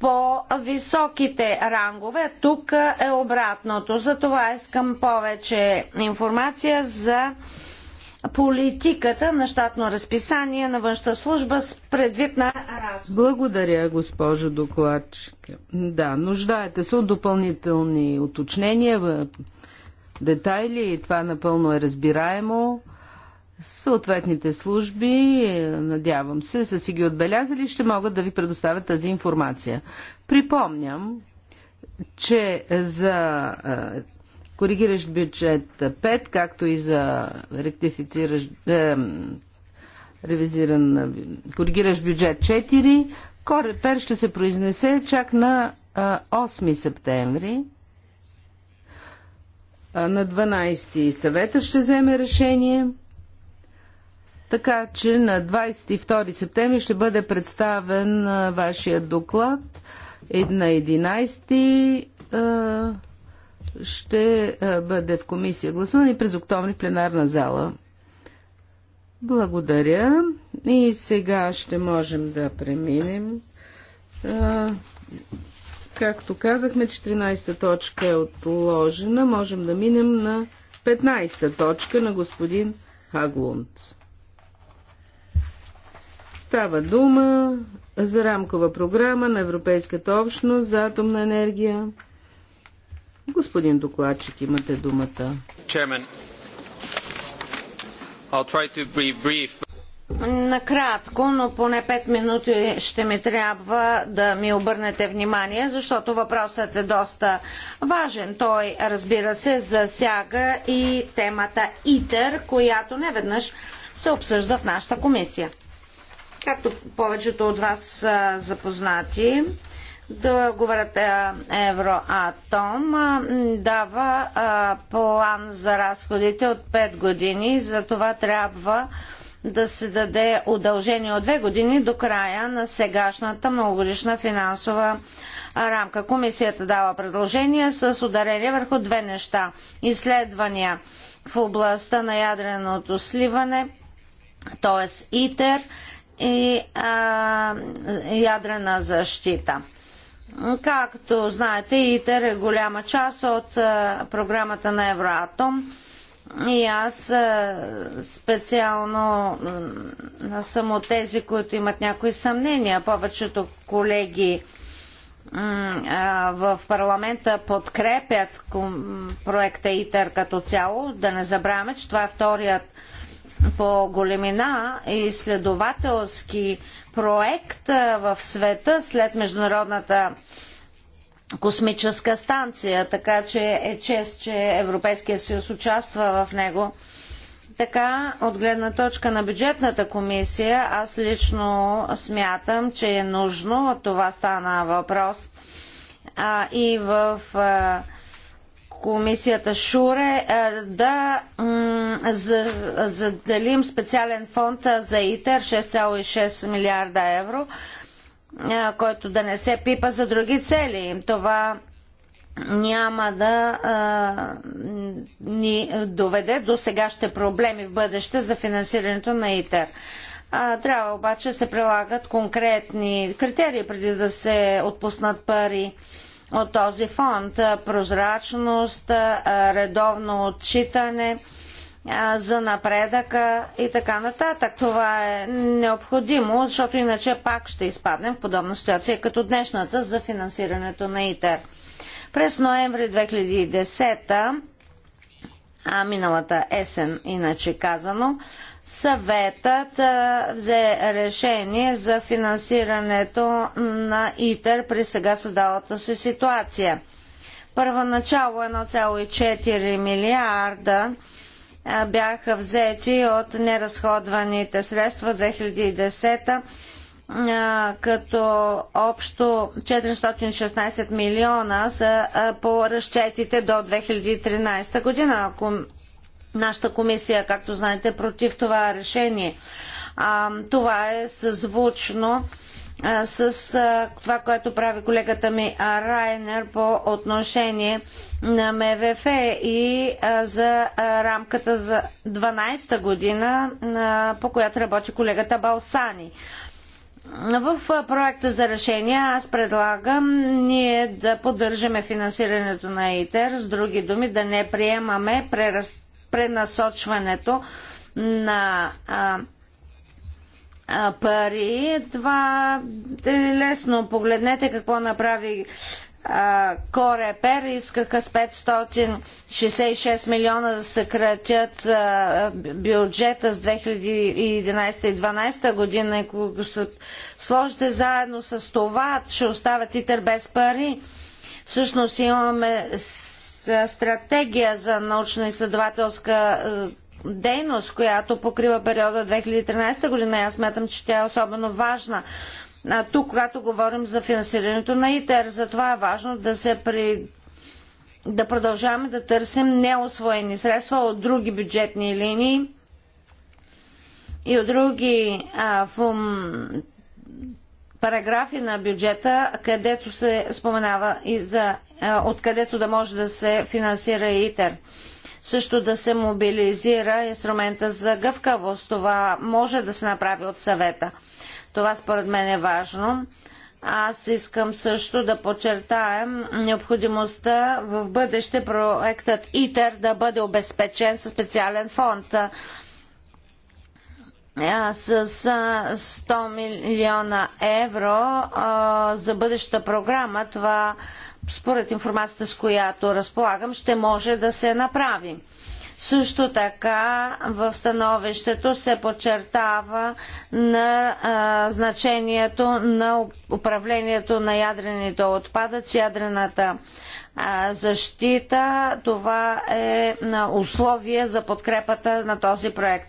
по-високите рангове. Тук е обратното. За това искам повече информация за политиката на щатно разписание на външна служба с предвид на разход. Благодаря, госпожо докладчик. Да, нуждаете се от допълнителни уточнения, в детайли и това напълно е разбираемо. Съответните служби, е, надявам се, са си ги отбелязали, и ще могат да ви предоставят тази информация. Припомням, че за е, коригиращ бюджет 5, както и за ректифициращ, е, ревизиран коригиращ бюджет 4, Корепер ще се произнесе чак на 8 е, септември. На 12 съвета ще вземе решение. Така че на 22 септември ще бъде представен вашия доклад. На 11 ще бъде в комисия гласуван и през октомври пленарна зала. Благодаря. И сега ще можем да преминем. Както казахме, 14-та точка е отложена. Можем да минем на 15-та точка на господин Хаглунд. Става дума за рамкова програма на Европейската общност за атомна енергия. Господин докладчик, имате думата. Chairman, I'll try to be brief. Накратко, но поне 5 минути ще ми трябва да ми обърнете внимание, защото въпросът е доста важен. Той, разбира се, засяга и темата ИТЕР, която неведнъж се обсъжда в нашата комисия както повечето от вас са запознати, договорът е, Евроатом е, дава е, план за разходите от 5 години, за това трябва да се даде удължение от 2 години до края на сегашната многогодишна финансова рамка. Комисията дава предложение с ударение върху две неща. Изследвания в областта на ядреното сливане, т.е. ИТЕР – и а, ядрена защита. Както знаете, ИТЕР е голяма част от а, програмата на Евроатом и аз а, специално а, съм от тези, които имат някои съмнения. Повечето колеги в парламента подкрепят проекта ИТЕР като цяло. Да не забравяме, че това е вторият по големина и изследователски проект в света след Международната космическа станция, така че е чест, че Европейския съюз участва в него. Така, от гледна точка на бюджетната комисия, аз лично смятам, че е нужно, това стана въпрос, а, и в а, комисията Шуре е, да заделим специален фонд за ИТЕР 6,6 милиарда евро, е, който да не се пипа за други цели. Това няма да е, ни доведе до сегашните проблеми в бъдеще за финансирането на ИТЕР. А, трябва обаче да се прилагат конкретни критерии преди да се отпуснат пари. А, от този фонд. Прозрачност, редовно отчитане за напредъка и така нататък. Това е необходимо, защото иначе пак ще изпаднем в подобна ситуация като днешната за финансирането на ИТЕР. През ноември 2010 а миналата есен, иначе казано, съветът взе решение за финансирането на ИТЕР при сега създалата се ситуация. Първоначало 1,4 милиарда бяха взети от неразходваните средства 2010 като общо 416 милиона са по разчетите до 2013 година. Ако Нашата комисия, както знаете, против това решение. А, това е съзвучно а, с а, това, което прави колегата ми а, Райнер по отношение на МВФ и а, за а, рамката за 12-та година, а, по която работи колегата Балсани. В проекта за решение аз предлагам ние да поддържаме финансирането на ИТЕР, с други думи да не приемаме преръст пренасочването на а, а, пари. Това е лесно. Погледнете какво направи Корепер. Искаха с 566 милиона да съкратят бюджета с 2011 и 2012 година. И когато се сложите заедно с това, ще остават Итър без пари. Всъщност имаме е, стратегия за научно-изследователска е, дейност, която покрива периода 2013 година. Аз смятам, че тя е особено важна тук, когато говорим за финансирането на ИТЕР. Затова е важно да се при да продължаваме да търсим неосвоени средства от други бюджетни линии и от други а, фум, параграфи на бюджета, където се споменава и за откъдето да може да се финансира ИТЕР също да се мобилизира инструмента за гъвкавост. Това може да се направи от съвета. Това според мен е важно. Аз искам също да подчертаем необходимостта в бъдеще проектът ИТЕР да бъде обезпечен със специален фонд с 100 милиона евро за бъдеща програма. Това е според информацията, с която разполагам, ще може да се направи. Също така в становището се подчертава на а, значението на управлението на ядрените отпадъци, ядрената а, защита. Това е на условие за подкрепата на този проект.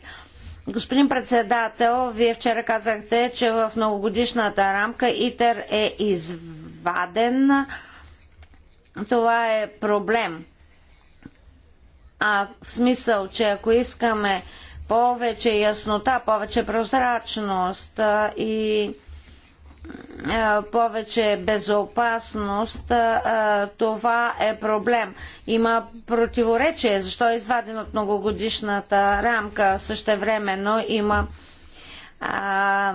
Господин председател, вие вчера казахте, че в многогодишната рамка ИТЕР е изваден това е проблем. А в смисъл, че ако искаме повече яснота, повече прозрачност и повече безопасност, това е проблем. Има противоречие, защо е изваден от многогодишната рамка, също времено има а,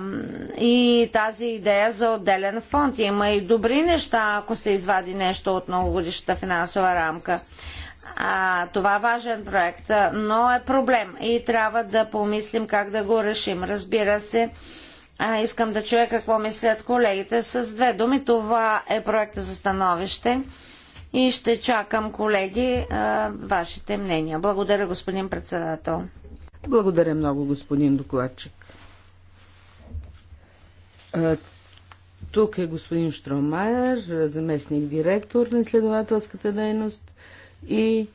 и тази идея за отделен фонд. Има и добри неща, ако се извади нещо от многогодишната финансова рамка. А, това е важен проект, но е проблем и трябва да помислим как да го решим. Разбира се, а, искам да чуя какво мислят колегите. С две думи, това е проекта за становище и ще чакам, колеги, а, вашите мнения. Благодаря, господин председател. Благодаря много, господин докладчик. Тук е господин Штромайер, заместник директор на изследователската дейност и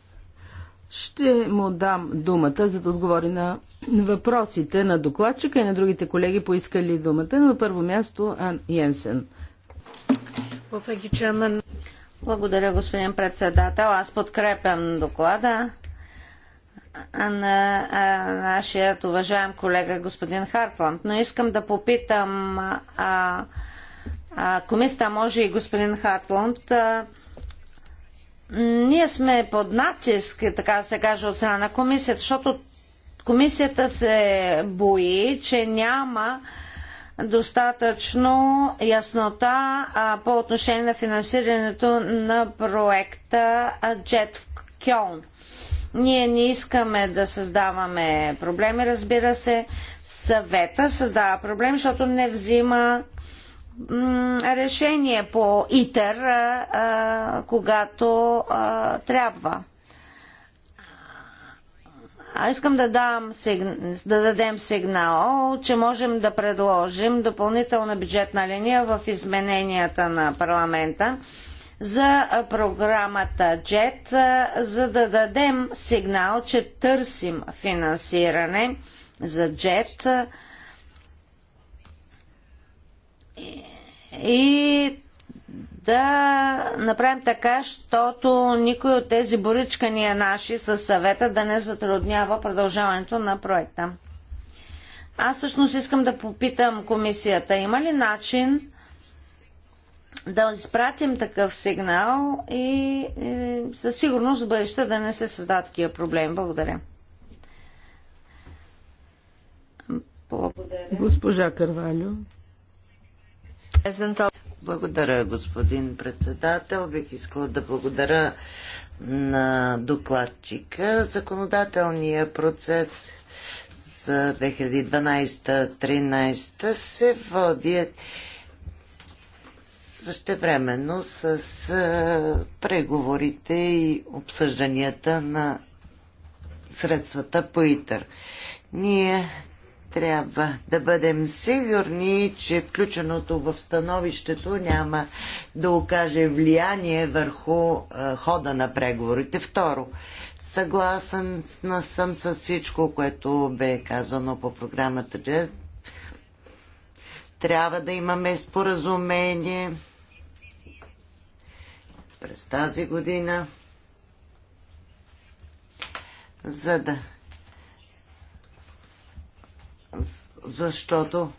ще му дам думата, за да отговори на въпросите на докладчика и на другите колеги, поискали думата. На първо място Ан Йенсен. Благодаря, господин председател. Аз подкрепям доклада на а, нашият уважаем колега господин Хартланд. Но искам да попитам а, а, комиста, може и господин Хартланд. А, ние сме под натиск, така да се каже, от страна на комисията, защото комисията се бои, че няма достатъчно яснота а, по отношение на финансирането на проекта Jet в ние не искаме да създаваме проблеми, разбира се. Съвета създава проблем, защото не взима решение по ИТЕР, а, когато а, трябва. А искам да, дам, да дадем сигнал, че можем да предложим допълнителна бюджетна линия в измененията на парламента за програмата JET, за да дадем сигнал, че търсим финансиране за JET и да направим така, защото никой от тези боричкания наши със съвета да не затруднява продължаването на проекта. Аз всъщност искам да попитам комисията, има ли начин да изпратим такъв сигнал и е, със сигурност в бъдеще да не се създадат такива проблеми. Благодаря. Благодаря. Госпожа Карвалю. Благодаря, господин председател. Бих искала да благодаря на докладчика. Законодателният процес за 2012-2013 се води същевременно с преговорите и обсъжданията на средствата по ИТър. Ние трябва да бъдем сигурни, че включеното в становището няма да окаже влияние върху а, хода на преговорите. Второ, съгласен съм с всичко, което бе казано по програмата. Трябва да имаме споразумение през тази година, за да защото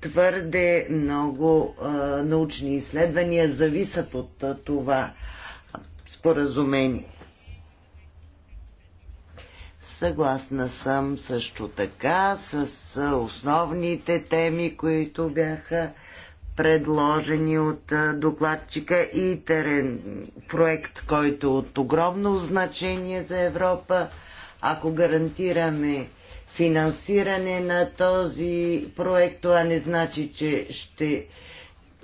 твърде много а, научни изследвания зависят от а, това споразумение. Съгласна съм също така с основните теми, които бяха предложени от докладчика и терен проект, който е от огромно значение за Европа. Ако гарантираме финансиране на този проект, това не значи, че ще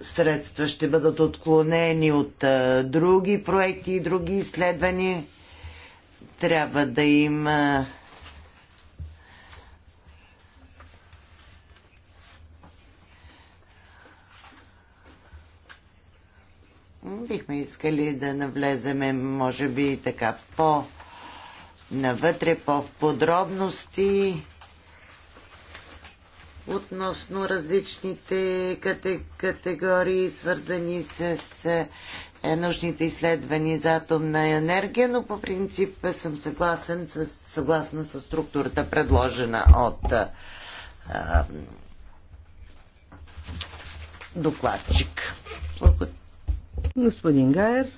средства ще бъдат отклонени от а, други проекти и други изследвания. Трябва да има бихме искали да навлеземе, може би, така по навътре, по-в подробности относно различните категории, свързани с е, нужните изследвания за атомна енергия, но по принцип съм съгласен с, съгласна с структурата, предложена от а, докладчик. Благодаря. Господин Гайер,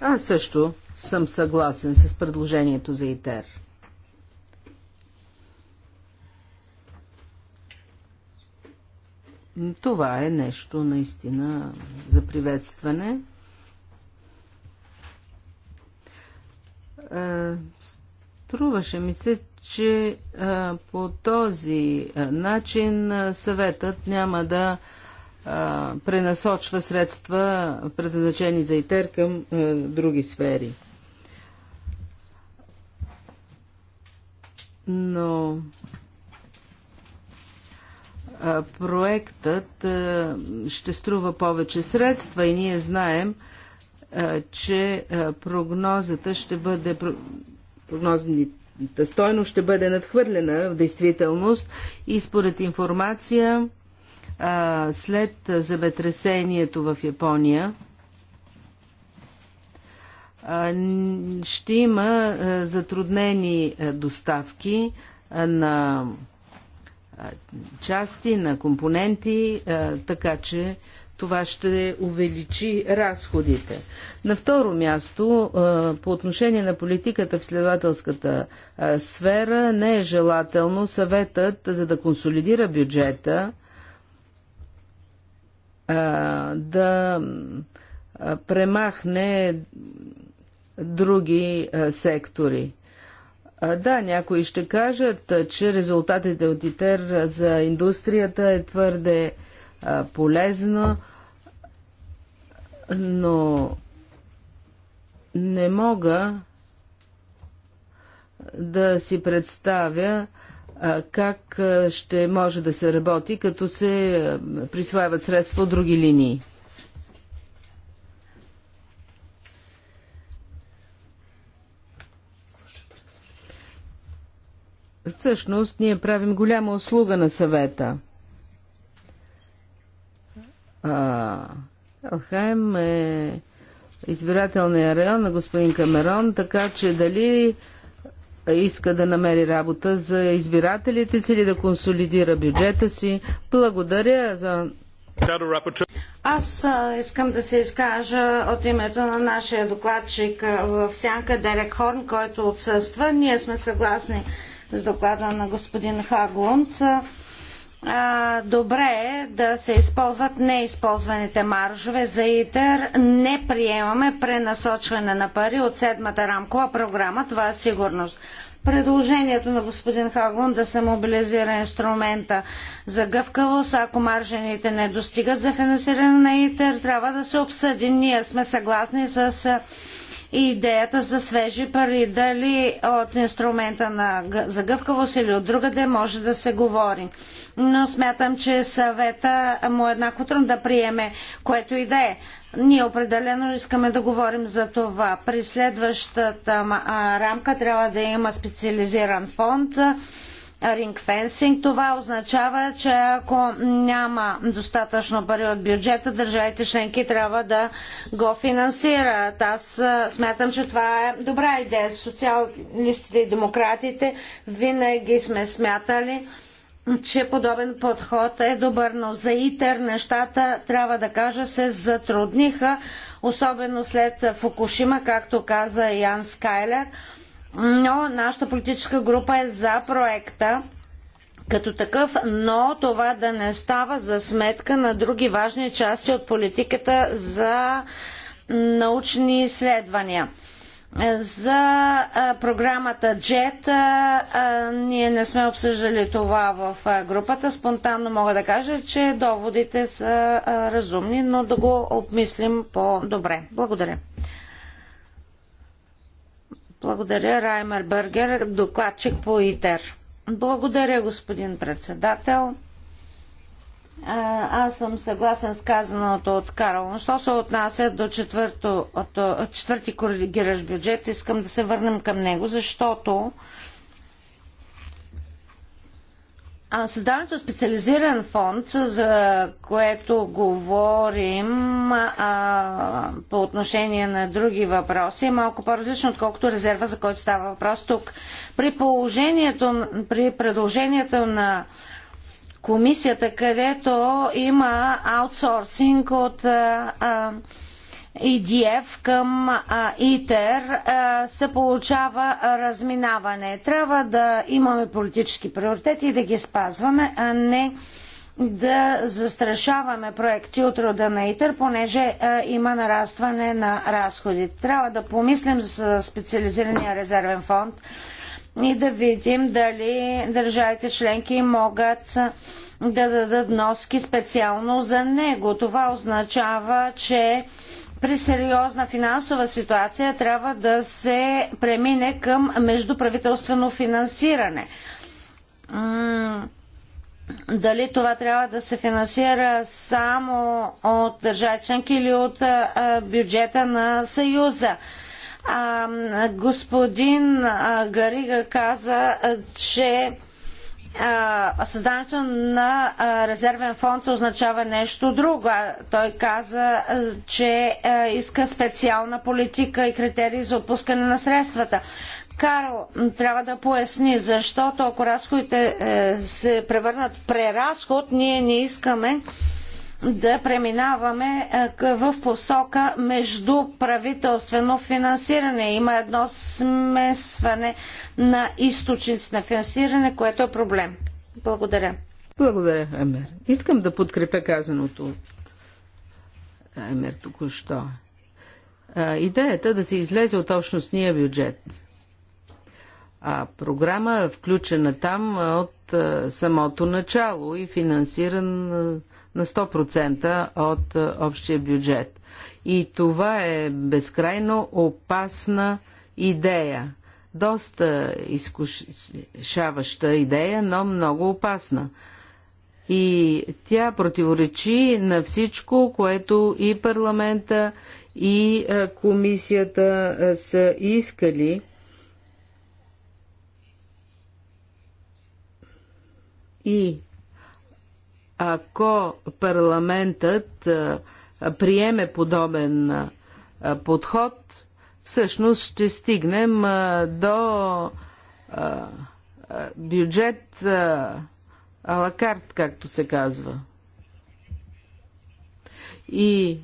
аз също съм съгласен с предложението за ИТЕР. Това е нещо наистина за приветстване. Струваше ми се, че по този начин съветът няма да а, пренасочва средства, предназначени за ИТЕР, към а, други сфери. Но а, проектът а, ще струва повече средства и ние знаем, а, че а, прогнозата ще бъде прогнозните стойност ще бъде надхвърлена в действителност и според информация а, след земетресението в Япония а, ще има а, затруднени а, доставки а, на а, части, на компоненти, а, така че това ще увеличи разходите. На второ място, по отношение на политиката в следователската сфера, не е желателно съветът, за да консолидира бюджета, да премахне други сектори. Да, някои ще кажат, че резултатите от ИТЕР за индустрията е твърде полезно, но не мога да си представя как ще може да се работи, като се присваяват средства от други линии. Всъщност, ние правим голяма услуга на съвета. Алхайм е избирателния район на господин Камерон, така че дали иска да намери работа за избирателите си или да консолидира бюджета си. Благодаря за аз искам да се изкажа от името на нашия докладчик в Сянка Дерек Хорн, който отсъства. Ние сме съгласни с доклада на господин Хаглунд добре е да се използват неизползваните маржове за ИТЕР. Не приемаме пренасочване на пари от седмата рамкова програма. Това е сигурност. Предложението на господин Хаглун да се мобилизира инструмента за гъвкавост, ако маржените не достигат за финансиране на ИТЕР, трябва да се обсъди. Ние сме съгласни с идеята за свежи пари. Дали от инструмента на, за гъвкавост или от другаде може да се говори. Но смятам, че съвета му е еднакво трудно да приеме, което и да е. Ние определено искаме да говорим за това. При следващата рамка трябва да има специализиран фонд ринг фенсинг. Това означава, че ако няма достатъчно пари от бюджета, държавите членки трябва да го финансират. Аз смятам, че това е добра идея. Социалистите и демократите винаги сме смятали, че подобен подход е добър, но за ИТЕР нещата, трябва да кажа, се затрудниха, особено след Фукушима, както каза Ян Скайлер но нашата политическа група е за проекта като такъв, но това да не става за сметка на други важни части от политиката за научни изследвания. За програмата JET ние не сме обсъждали това в групата. Спонтанно мога да кажа, че доводите са разумни, но да го обмислим по-добре. Благодаря. Благодаря, Раймер Бъргер, докладчик по ИТЕР. Благодаря, господин председател. Аз съм съгласен с казаното от Карл. Но що се отнася до четвърто, от, четвърти коригираш бюджет, искам да се върнем към него, защото Създаването на специализиран фонд, за което говорим а, по отношение на други въпроси, е малко по-различно, отколкото резерва, за който става въпрос тук. При, положението, при предложението на комисията, където има аутсорсинг от а, а, EDF към ИТЕР се получава разминаване. Трябва да имаме политически приоритети и да ги спазваме, а не да застрашаваме проекти от рода на ИТЕР, понеже а, има нарастване на разходите. Трябва да помислим за специализирания резервен фонд и да видим дали държавите членки могат да дадат носки специално за него. Това означава, че при сериозна финансова ситуация трябва да се премине към междуправителствено финансиране. Дали това трябва да се финансира само от държави членки или от бюджета на Съюза? господин Гарига каза, че създаването на резервен фонд означава нещо друго. Той каза, че иска специална политика и критерии за отпускане на средствата. Карл трябва да поясни, защото ако разходите е, се превърнат в преразход, ние не искаме да преминаваме е, в посока между правителствено финансиране. Има едно смесване на източници на финансиране, което е проблем. Благодаря. Благодаря, Емер. Искам да подкрепя казаното от Емер току-що. Е, идеята да се излезе от общностния бюджет. А програма е включена там е от самото начало и финансиран на 100% от е, общия бюджет. И това е безкрайно опасна идея. Доста изкушаваща идея, но много опасна. И тя противоречи на всичко, което и парламента, и е, комисията е, са искали. И ако парламентът приеме подобен подход, всъщност ще стигнем до бюджет алакарт, както се казва. И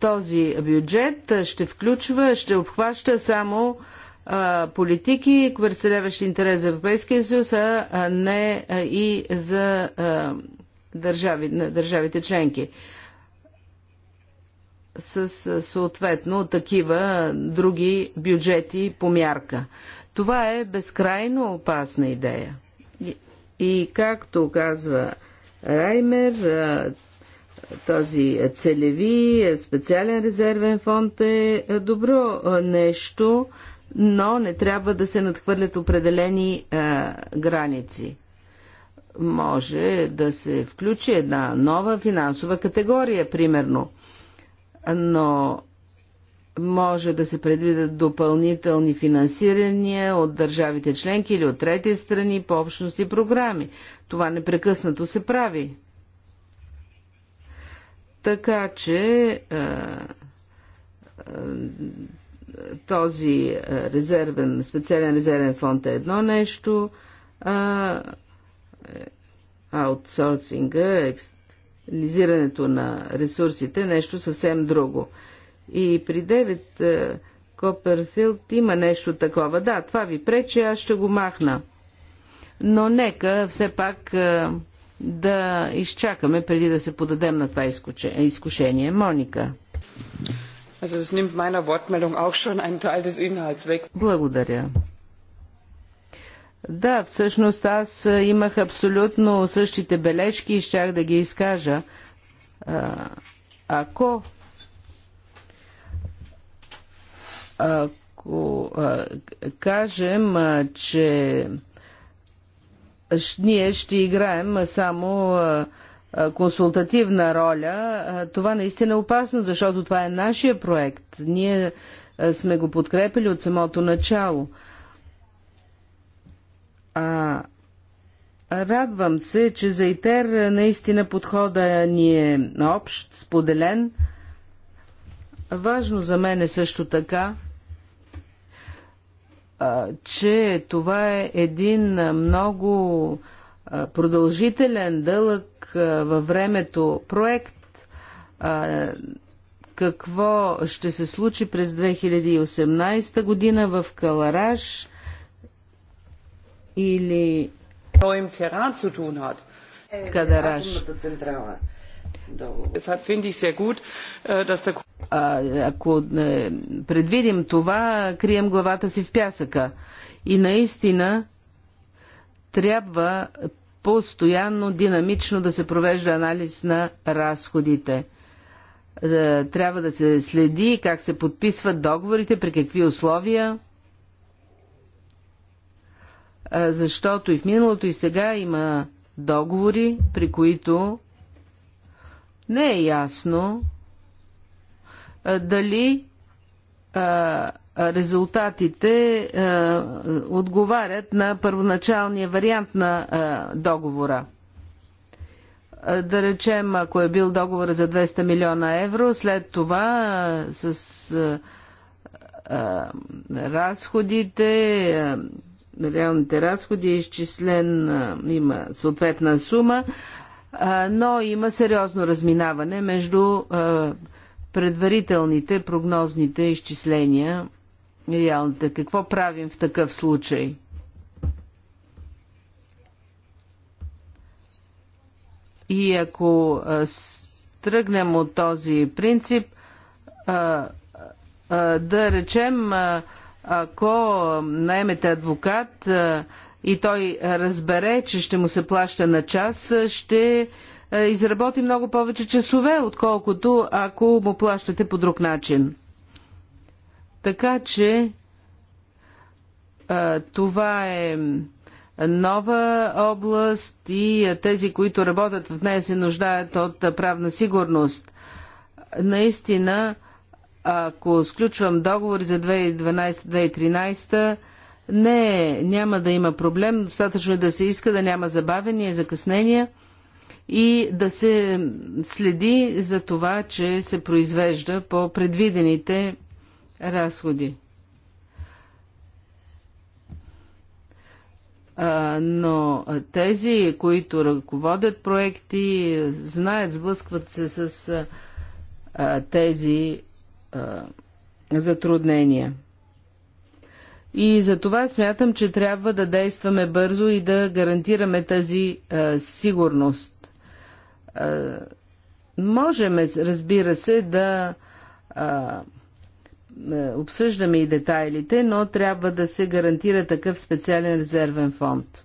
този бюджет ще включва, ще обхваща само политики, представляващи интерес за Европейския съюз, а не и за държави, на държавите членки. С съответно такива други бюджети по мярка. Това е безкрайно опасна идея. И както казва Раймер, този целеви специален резервен фонд е добро нещо, но не трябва да се надхвърлят определени а, е, граници. Може да се включи една нова финансова категория, примерно, но може да се предвидят допълнителни финансирания от държавите членки или от трети страни по общности програми. Това непрекъснато се прави. Така че а, е, е, този е, резервен, специален резервен фонд е едно нещо, а е, аутсорсинга, екстернизирането на ресурсите е нещо съвсем друго. И при Девид е, Коперфилд има нещо такова. Да, това ви пречи, аз ще го махна. Но нека все пак да изчакаме преди да се подадем на това изкушение. Моника. Благодаря. Да, всъщност аз имах абсолютно същите бележки и щях да ги изкажа. ако ако кажем, че ние ще играем само а, консултативна роля, това наистина е опасно, защото това е нашия проект. Ние сме го подкрепили от самото начало. А, радвам се, че за ИТЕР наистина подхода ни е общ, споделен. Важно за мен е също така, че това е един много продължителен, дълъг във времето проект. Какво ще се случи през 2018 година в Калараш или Кадараш? Äh, ако е, предвидим това, крием главата си в пясъка. И наистина трябва постоянно, динамично да се провежда анализ на разходите. Е, трябва да се следи как се подписват договорите, при какви условия, е, защото и в миналото и сега има договори, при които не е ясно е, дали резултатите отговарят на първоначалния вариант на договора. Да речем, ако е бил договор за 200 милиона евро, след това с разходите, реалните разходи е изчислен, има съответна сума, но има сериозно разминаване между предварителните прогнозните изчисления ялта. Какво правим в такъв случай? И ако тръгнем от този принцип, да речем, ако наемете адвокат и той разбере, че ще му се плаща на час, ще изработи много повече часове, отколкото ако му плащате по друг начин. Така че това е нова област и тези, които работят в нея, се нуждаят от правна сигурност. Наистина, ако сключвам договори за 2012-2013, не, няма да има проблем. Достатъчно е да се иска да няма забавения, закъснения и да се следи за това, че се произвежда по предвидените разходи. но тези, които ръководят проекти, знаят, сблъскват се с тези затруднения. И за това смятам, че трябва да действаме бързо и да гарантираме тази сигурност. можеме, разбира се, да е, обсъждаме и детайлите, но трябва да се гарантира такъв специален резервен фонд.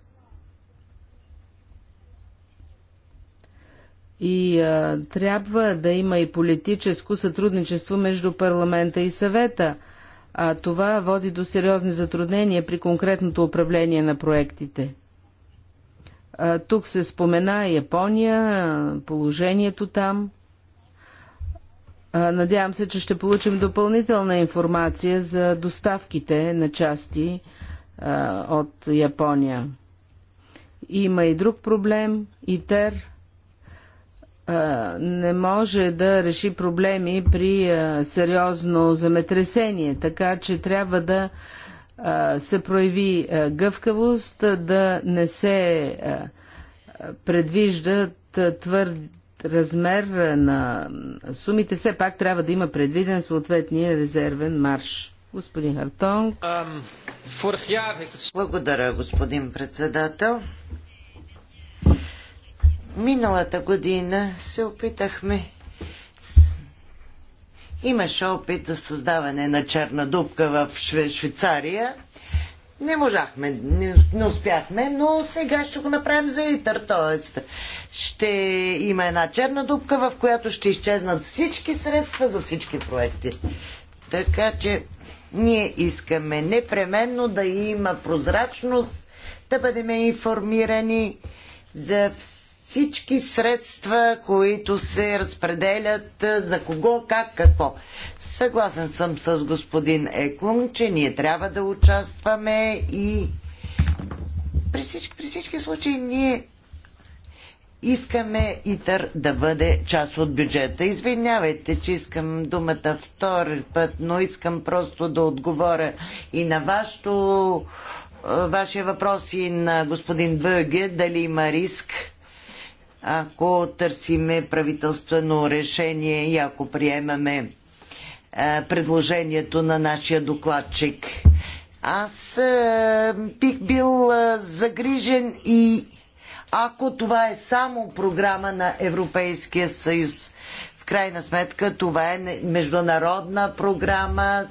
И а, е, трябва да има и политическо сътрудничество между парламента и съвета, а това води до сериозни затруднения при конкретното управление на проектите. А, тук се спомена Япония, положението там – Надявам се, че ще получим допълнителна информация за доставките на части от Япония. Има и друг проблем. ИТЕР не може да реши проблеми при сериозно земетресение, така че трябва да се прояви гъвкавост, да не се предвиждат твърди размер на сумите, все пак трябва да има предвиден съответния резервен марш. Господин Хартонг. Благодаря, господин председател. Миналата година се опитахме Имаше опит за създаване на черна дупка в Швейцария не можахме, не, не успяхме, но сега ще го направим за итър, Тоест, ще има една черна дупка, в която ще изчезнат всички средства за всички проекти. Така че ние искаме непременно да има прозрачност, да бъдем информирани за всички всички средства, които се разпределят за кого, как, какво. Съгласен съм с господин Екун, че ние трябва да участваме и при всички, при всички случаи ние искаме ИТАР да бъде част от бюджета. Извинявайте, че искам думата втори път, но искам просто да отговоря и на вашето вашия въпрос и на господин Бъге, дали има риск ако търсиме правителствено решение и ако приемаме е, предложението на нашия докладчик. Аз е, бих бил е, загрижен и ако това е само програма на Европейския съюз. В крайна сметка това е международна програма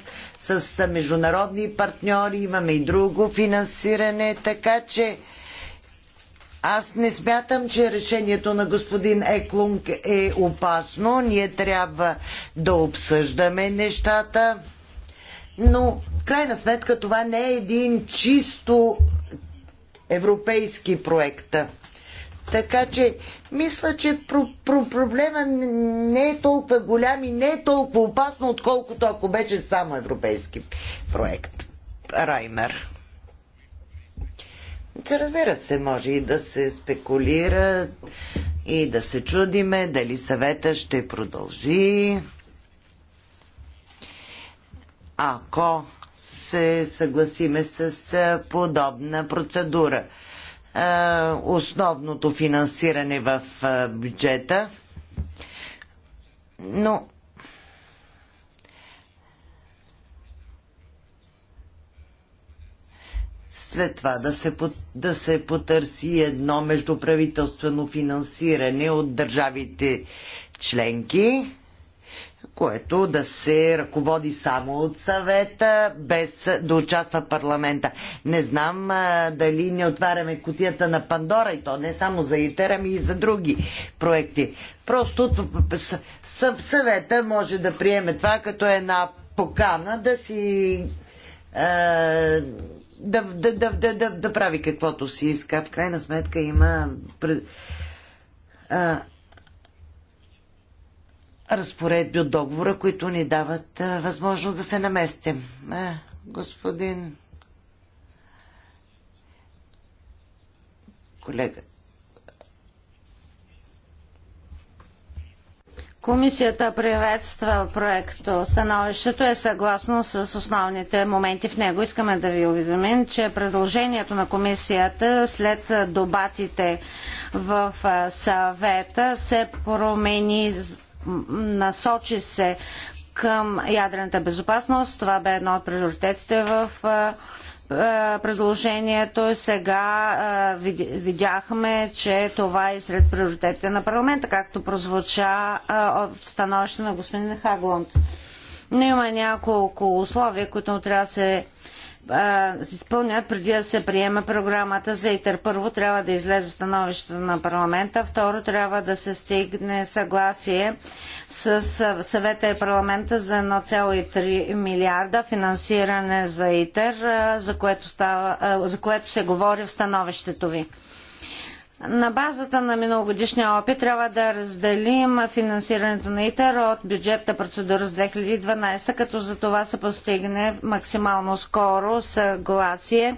с международни партньори, имаме и друго финансиране, така че аз не смятам, че решението на господин Еклунг е опасно. Ние трябва да обсъждаме нещата. Но в крайна сметка това не е един чисто европейски проект. Така че мисля, че проблема не е толкова голям и не е толкова опасно, отколкото ако беше само европейски проект. Раймер. Разбира се, може и да се спекулира и да се чудиме дали съвета ще продължи. Ако се съгласиме с подобна процедура. Основното финансиране в бюджета, но след това да се, да се потърси едно междуправителствено финансиране от държавите членки, което да се ръководи само от съвета, без да участва парламента. Не знам а, дали не отваряме котията на Пандора и то не само за ИТЕР, ами и за други проекти. Просто съвета може да приеме това като една покана да си да, да, да, да, да, да прави каквото си иска. В крайна сметка има а, разпоредби от договора, които ни дават а, възможност да се наместим. А, господин колега, Комисията приветства проекто. Становището е съгласно с основните моменти в него. Искаме да ви уведомим, че предложението на комисията след добатите в съвета се промени, насочи се към ядрената безопасност. Това бе едно от приоритетите в е, предложението. Сега е, видяхме, че това е сред приоритетите на парламента, както прозвуча е, от становище на господин Хагланд. Но има няколко условия, които трябва да се а, изпълнят преди да се приема програмата за ИТЕР. Първо трябва да излезе становището на парламента, второ трябва да се стигне съгласие с съвета и парламента за 1,3 милиарда финансиране за ИТЕР, за което, става, за което се говори в становището ви. На базата на миналогодишния опит трябва да разделим финансирането на ИТЕР от бюджетната процедура с 2012, като за това се постигне максимално скоро съгласие.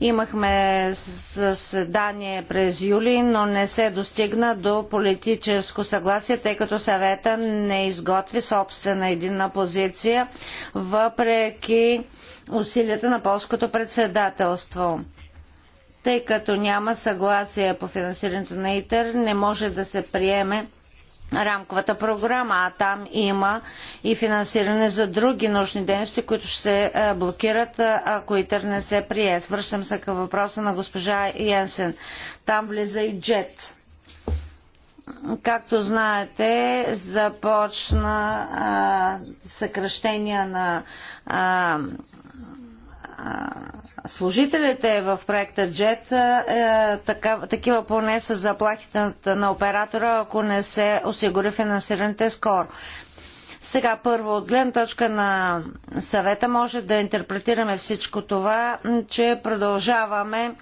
Имахме заседание през юли, но не се достигна до политическо съгласие, тъй като съвета не изготви собствена единна позиция, въпреки усилията на полското председателство. Тъй като няма съгласие по финансирането на ИТЕР, не може да се приеме рамковата програма, а там има и финансиране за други научни дейности, които ще се блокират, ако ИТЕР не се прие. Връщам се към въпроса на госпожа Йенсен. Там влиза и джет. Както знаете, започна а, на а, служителите в проекта JET, е, такива поне са заплахите на оператора, ако не се осигури финансирането е скоро. Сега първо, от гледна точка на съвета може да интерпретираме всичко това, че продължаваме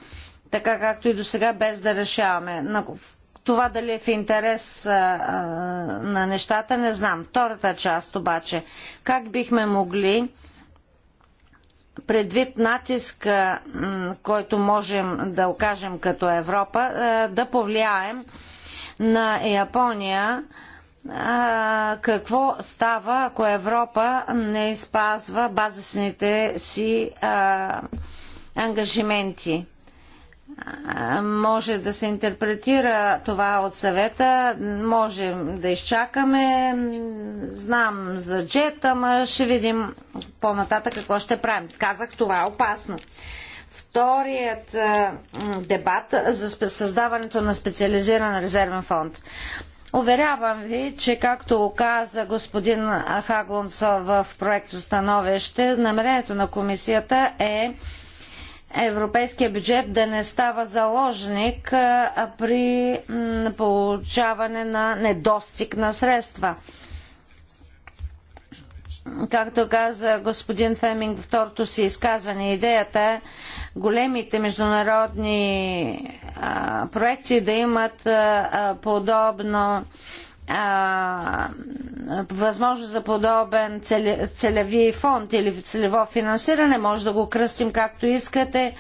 така както и до сега, без да решаваме. Това дали е в интерес а, а, на нещата, не знам. Втората част обаче, как бихме могли предвид натиска, който можем да окажем като Европа, е, да повлияем на Япония е, какво става, ако Европа не спазва базисните си е, ангажименти може да се интерпретира това от съвета. Можем да изчакаме. Знам за джета, ама ще видим по-нататък какво ще правим. Казах, това е опасно. Вторият дебат за създаването на специализиран резервен фонд. Уверявам ви, че както каза господин Хаглунцов в проекто становище, намерението на комисията е европейския бюджет да не става заложник при получаване на недостиг на средства. Както каза господин Феминг в второто си изказване, идеята е големите международни а, проекти да имат а, подобно а, възможност за подобен целеви фонд или целево финансиране. Може да го кръстим както искате.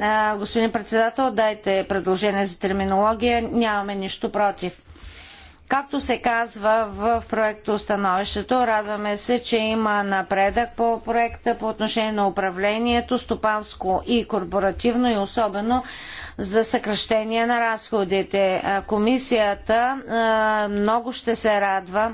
А, господин председател, дайте предложение за терминология. Нямаме нищо против. Както се казва в проекта становището, радваме се, че има напредък по проекта по отношение на управлението, стопанско и корпоративно и особено за съкръщение на разходите. Комисията много ще се радва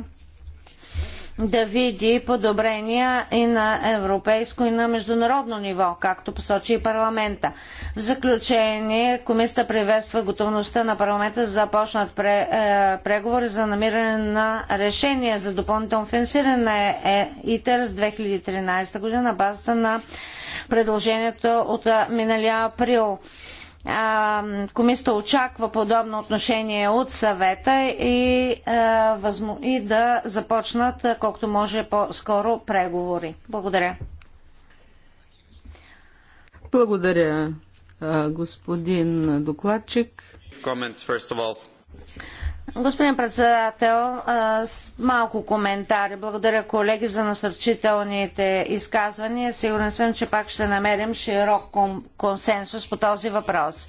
да види подобрения и на европейско и на международно ниво, както посочи и парламента. В заключение, комисията приветства готовността на парламента да започнат пре, е, преговори за намиране на решение за допълнително финансиране на е, ИТЕР с 2013 година на базата на предложението от миналия април комисията очаква подобно отношение от съвета и, и да започнат колкото може по-скоро преговори. Благодаря. Благодаря, господин докладчик. Господин председател, малко коментари. Благодаря колеги за насърчителните изказвания. Сигурен съм, че пак ще намерим широк консенсус по този въпрос.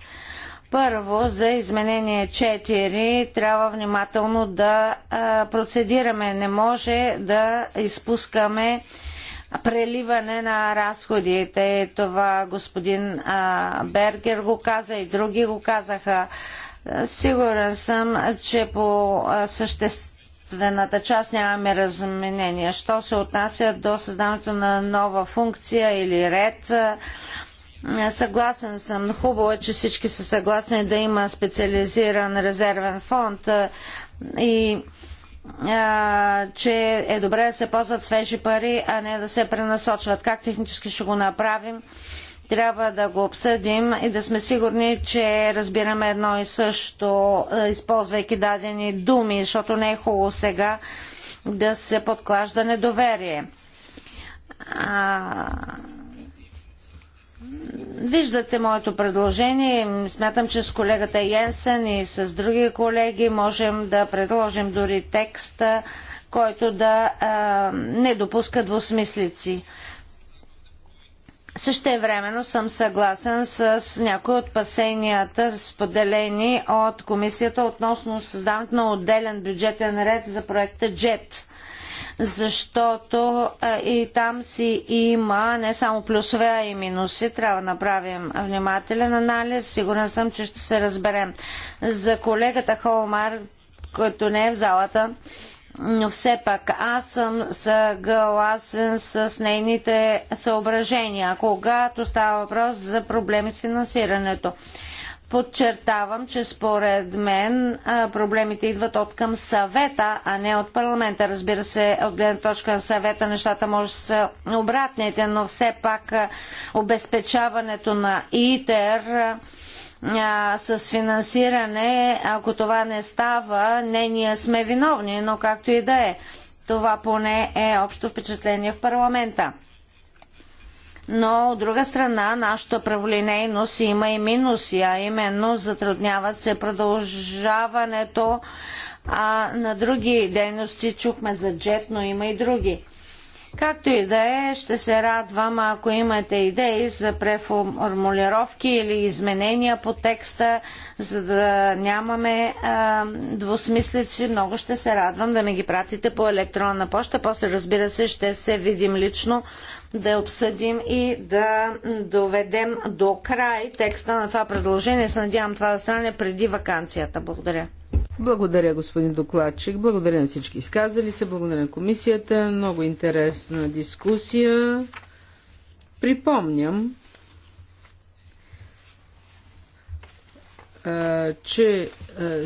Първо, за изменение 4 трябва внимателно да процедираме. Не може да изпускаме преливане на разходите. Това господин Бергер го каза и други го казаха. Сигурен съм, че по съществената част нямаме разменения. Що се отнася до създаването на нова функция или ред, съгласен съм. Хубаво е, че всички са съгласни да има специализиран резервен фонд и че е добре да се ползват свежи пари, а не да се пренасочват. Как технически ще го направим? трябва да го обсъдим и да сме сигурни, че разбираме едно и също, е, използвайки дадени думи, защото не е хубаво сега да се подклажда недоверие. А... Виждате моето предложение. Смятам, че с колегата Йенсен и с други колеги можем да предложим дори текста, който да а, не допуска двусмислици. Същевременно съм съгласен с някои от пасенията, споделени от комисията относно създаването на отделен бюджетен ред за проекта JET защото и там си има не само плюсове, а и минуси. Трябва да направим внимателен анализ. Сигурен съм, че ще се разберем. За колегата Холмар, който не е в залата, но все пак аз съм съгласен с нейните съображения, когато става въпрос за проблеми с финансирането. Подчертавам, че според мен проблемите идват от към съвета, а не от парламента. Разбира се, от гледна точка на съвета нещата може да са обратните, но все пак обезпечаването на ИТЕР а, с финансиране, ако това не става, не ние сме виновни, но както и да е. Това поне е общо впечатление в парламента. Но от друга страна, нашата праволинейност има и минуси, а именно затрудняват се продължаването а, на други дейности. Чухме за джет, но има и други. Както и да е, ще се радвам, ако имате идеи за преформулировки или изменения по текста, за да нямаме а, двусмислици. Много ще се радвам да ми ги пратите по електронна почта. После, разбира се, ще се видим лично да обсъдим и да доведем до край текста на това предложение. Се надявам това да стане преди вакансията. Благодаря. Благодаря, господин докладчик. Благодаря на всички изказали се. Благодаря на комисията. Много интересна дискусия. Припомням, че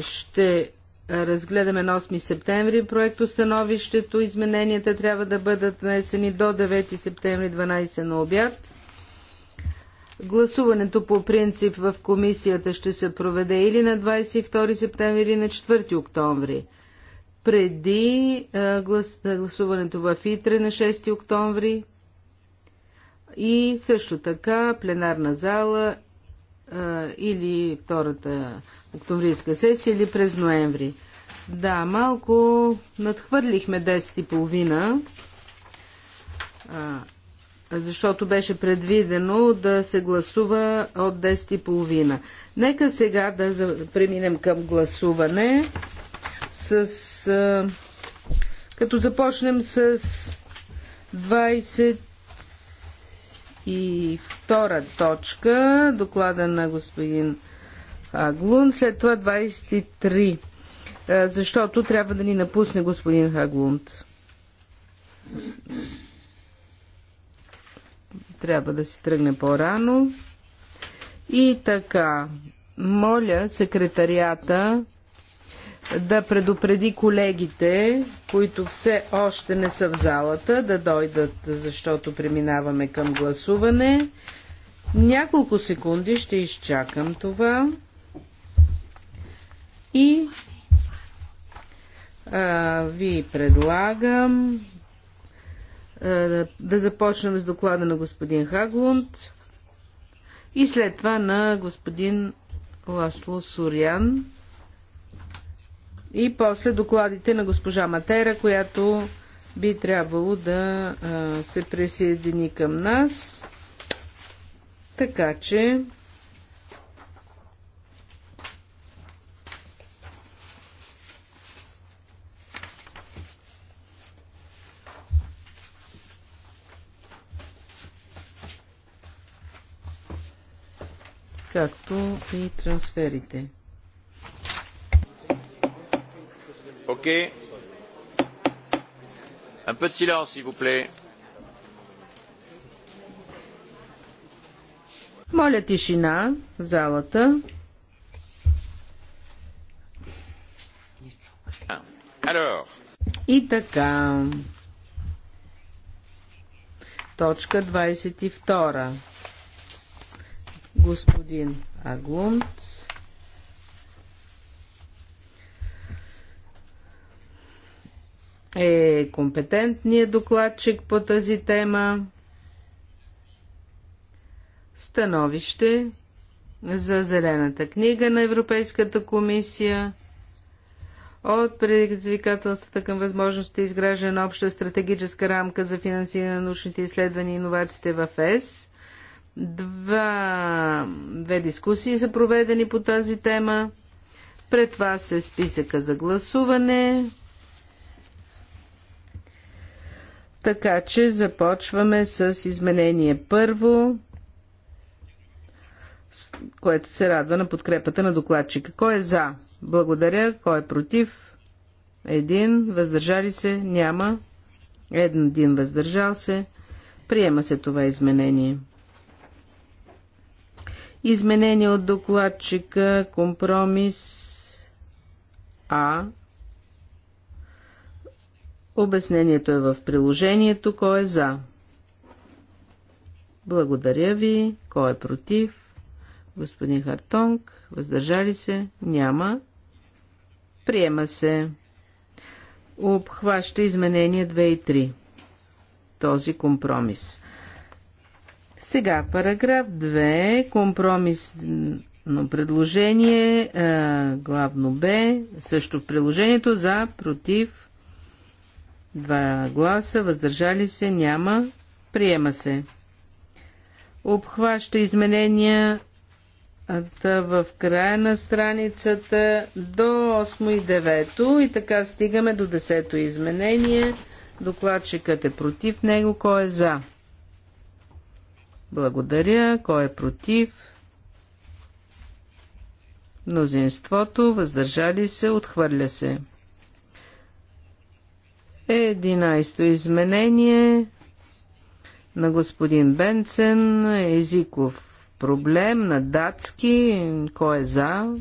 ще разгледаме на 8 септември проекто становището. Измененията трябва да бъдат внесени до 9 септември 12 на обяд. Гласуването по принцип в комисията ще се проведе или на 22 септември, или на 4 октомври. Преди глас, гласуването в ИТРЕ на 6 октомври и също така пленарна зала или втората октомврийска сесия или през ноември. Да, малко надхвърлихме 10.30, защото беше предвидено да се гласува от 10,5. Нека сега да преминем към гласуване с... А, като започнем с 22 точка, доклада на господин Хаглун, след това 23, защото трябва да ни напусне господин Хаглунд. Трябва да си тръгне по-рано. И така, моля секретарията да предупреди колегите, които все още не са в залата, да дойдат, защото преминаваме към гласуване. Няколко секунди ще изчакам това. И а, ви предлагам а, да, започнем с доклада на господин Хаглунд и след това на господин Ласло Сурян и после докладите на госпожа Матера, която би трябвало да а, се присъедини към нас. Така че както и трансферите. Окей. Okay. Un peu de silence, s'il vous plaît. Моля тишина в залата. Alors. И така. Точка 22 господин Агунт, е компетентният докладчик по тази тема. Становище за Зелената книга на Европейската комисия от предизвикателствата към възможността изграждане на обща стратегическа рамка за финансиране на научните изследвания и иновациите в ЕС Два, две дискусии са проведени по тази тема. Пред вас е списъка за гласуване. Така че започваме с изменение първо, което се радва на подкрепата на докладчика. Кой е за? Благодаря. Кой е против? Един. Въздържали се? Няма. Един въздържал се. Приема се това изменение. Изменение от докладчика, компромис А. Обяснението е в приложението. Кой е за? Благодаря ви. Кой е против? Господин Хартонг. Въздържали се? Няма. Приема се. Обхваща изменения 2 и 3. Този компромис. Сега, параграф 2, компромисно предложение, главно Б, също в приложението за, против, два гласа, въздържали се, няма, приема се. Обхваща изменения в края на страницата до 8 и 9 и така стигаме до 10 изменение. Докладчикът е против него, кой е за? Благодаря. Кой е против? Мнозинството. Въздържали се. Отхвърля се. Е, единайсто изменение на господин Бенцен. Е езиков проблем на датски. Кой е за?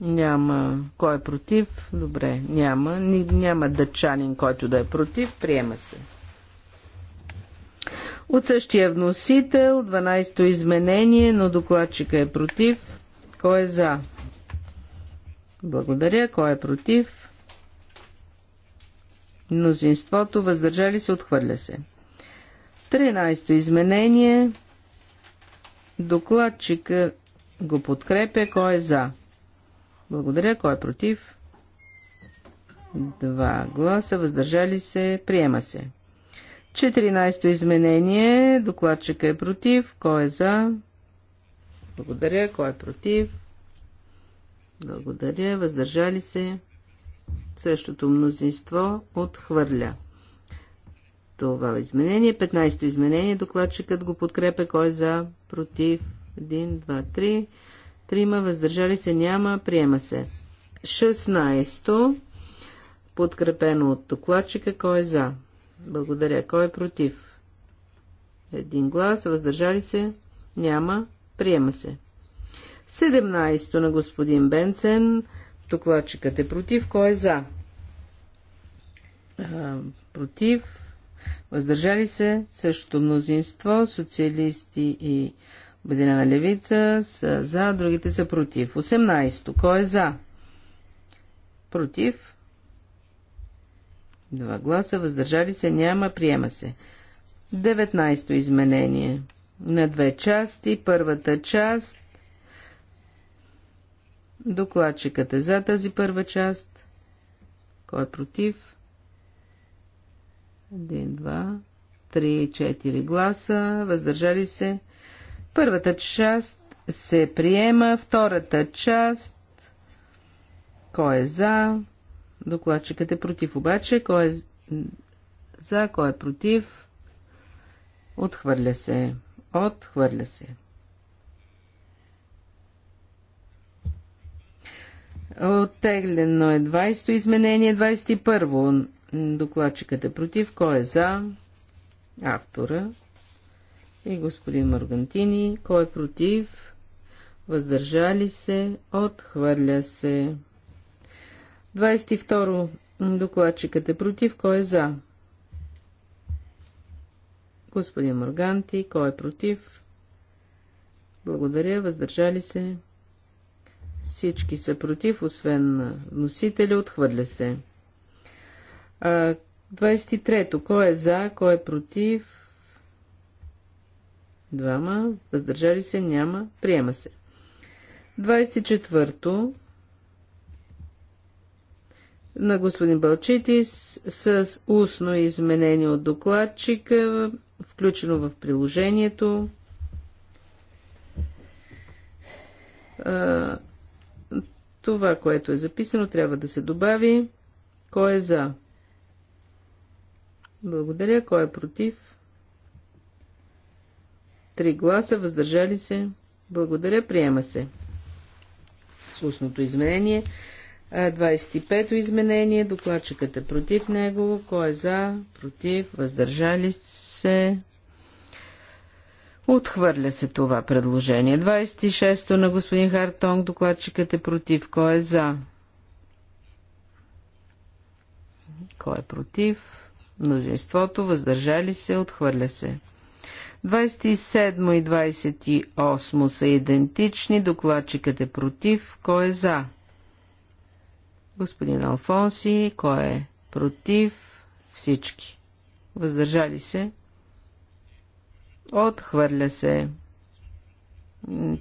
Няма. Кой е против? Добре, няма. Няма дъчанин, който да е против. Приема се. От същия вносител, 12-то изменение, но докладчика е против. Кой е за? Благодаря. Кой е против? Мнозинството въздържали се, отхвърля се. 13-то изменение. Докладчика го подкрепя. Кой е за? Благодаря. Кой е против? Два гласа. Въздържали се. Приема се. 14-то изменение. Докладчика е против. Кой е за? Благодаря. Кой е против? Благодаря. Въздържали се. Същото мнозинство отхвърля. Това изменение. 15-то изменение. Докладчикът го подкрепя. Кой е за? Против. 1, 2, 3. 3, Въздържали се. Няма. Приема се. 16-то. Подкрепено от докладчика. Кой е за? Благодаря. Кой е против? Един глас. Въздържали се? Няма. Приема се. 17 на господин Бенсен. Докладчикът е против. Кой е за? А, против. Въздържали се същото мнозинство. Социалисти и Обединена левица са за, другите са против. 18. Кой е за? Против. Два гласа, въздържали се няма, приема се. 19-то изменение на две части. Първата част. Докладчикът е за тази първа част. Кой е против? Един, два, три, четири гласа. Въздържали се. Първата част се приема. Втората част. Кой е за? Докладчикът е против обаче. Кой е за, кой е против? Отхвърля се. Отхвърля се. Оттеглено е 20-то изменение, 21-во. Докладчикът е против. Кой е за? Автора. И господин Маргантини. Кой е против? Въздържали се. Отхвърля се. 22. Докладчикът е против. Кой е за? Господин Морганти. Кой е против? Благодаря. Въздържали се. Всички са против, освен носителя. Отхвърля се. 23. Кой е за? Кой е против? Двама. Въздържали се? Няма. Приема се. 24 на господин Балчитис с устно изменение от докладчика, включено в приложението. Това, което е записано, трябва да се добави. Кой е за? Благодаря. Кой е против? Три гласа. Въздържали се. Благодаря. Приема се. С устното изменение. 25-то е, изменение, докладчикът е против него, кой е за, против, въздържали се. Отхвърля се това предложение. 26-то на господин Хартонг, докладчикът е против, кой е за. Кой е против? Мнозинството, въздържали се, отхвърля се. 27 и 28 са идентични, докладчикът е против, кой е за? Господин Алфонси, кой е против? Всички. Въздържали се? Отхвърля се.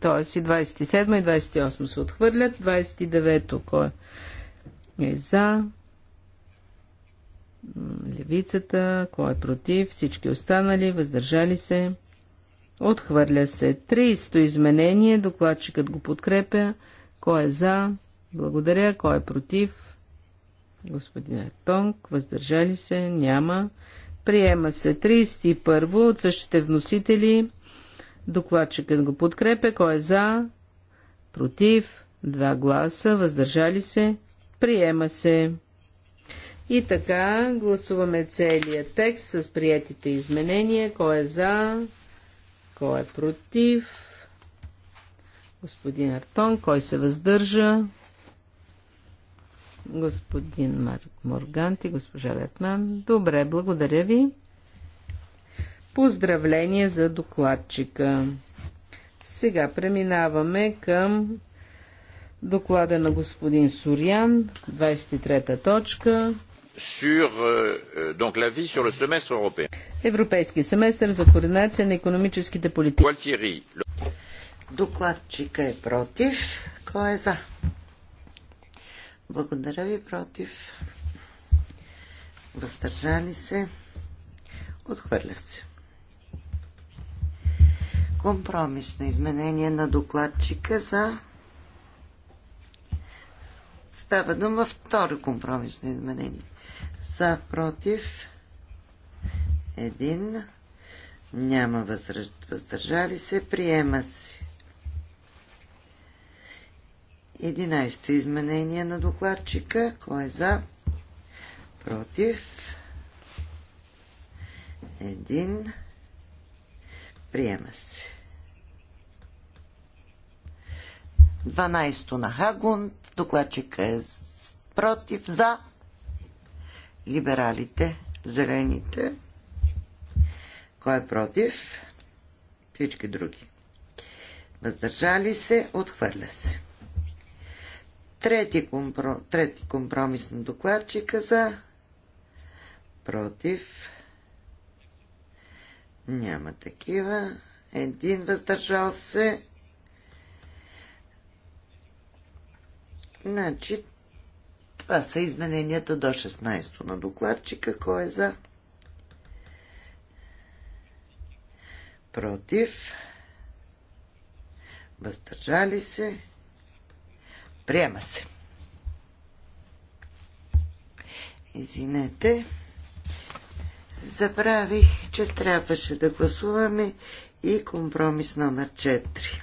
Тоест и 27 и 28 се отхвърлят. 29-то кой е за? Левицата, кой е против? Всички останали, въздържали се. Отхвърля се. 30 изменение, докладчикът го подкрепя. Кой е за? Благодаря. Кой е против? Господин Артонг. Въздържали се? Няма. Приема се 31 от същите вносители. Докладчикът го подкрепя. Кой е за? Против? Два гласа. Въздържали се? Приема се. И така гласуваме целия текст с приятите изменения. Кой е за? Кой е против? Господин Артон, кой се въздържа? господин Марк Моргант и госпожа Летман. Добре, благодаря ви. Поздравление за докладчика. Сега преминаваме към доклада на господин Сурян, 23-та точка. Sur, euh, euh, donc, la vie sur le semestre européen. Европейски семестър за координация на економическите политики. Докладчика е против. Кой е за? Благодаря ви против. Въздържали се. Отхвърля се. на изменение на докладчика за Става дума второ компромисно изменение. За, против, един, няма въздържали се, приема се. 11-то изменение на докладчика. Кой е за? Против. Един. Приема се. 12-то на Хагунд. Докладчика е против. За. Либералите. Зелените. Кой е против? Всички други. Въздържали се. Отхвърля се. Трети, компро... Трети компромис на докладчика за против. Няма такива. Един въздържал се. Значи, това са измененията до 16 на докладчика. Кой е за? Против. Въздържали се. Приема се. Извинете. Забравих, че трябваше да гласуваме и компромис номер 4.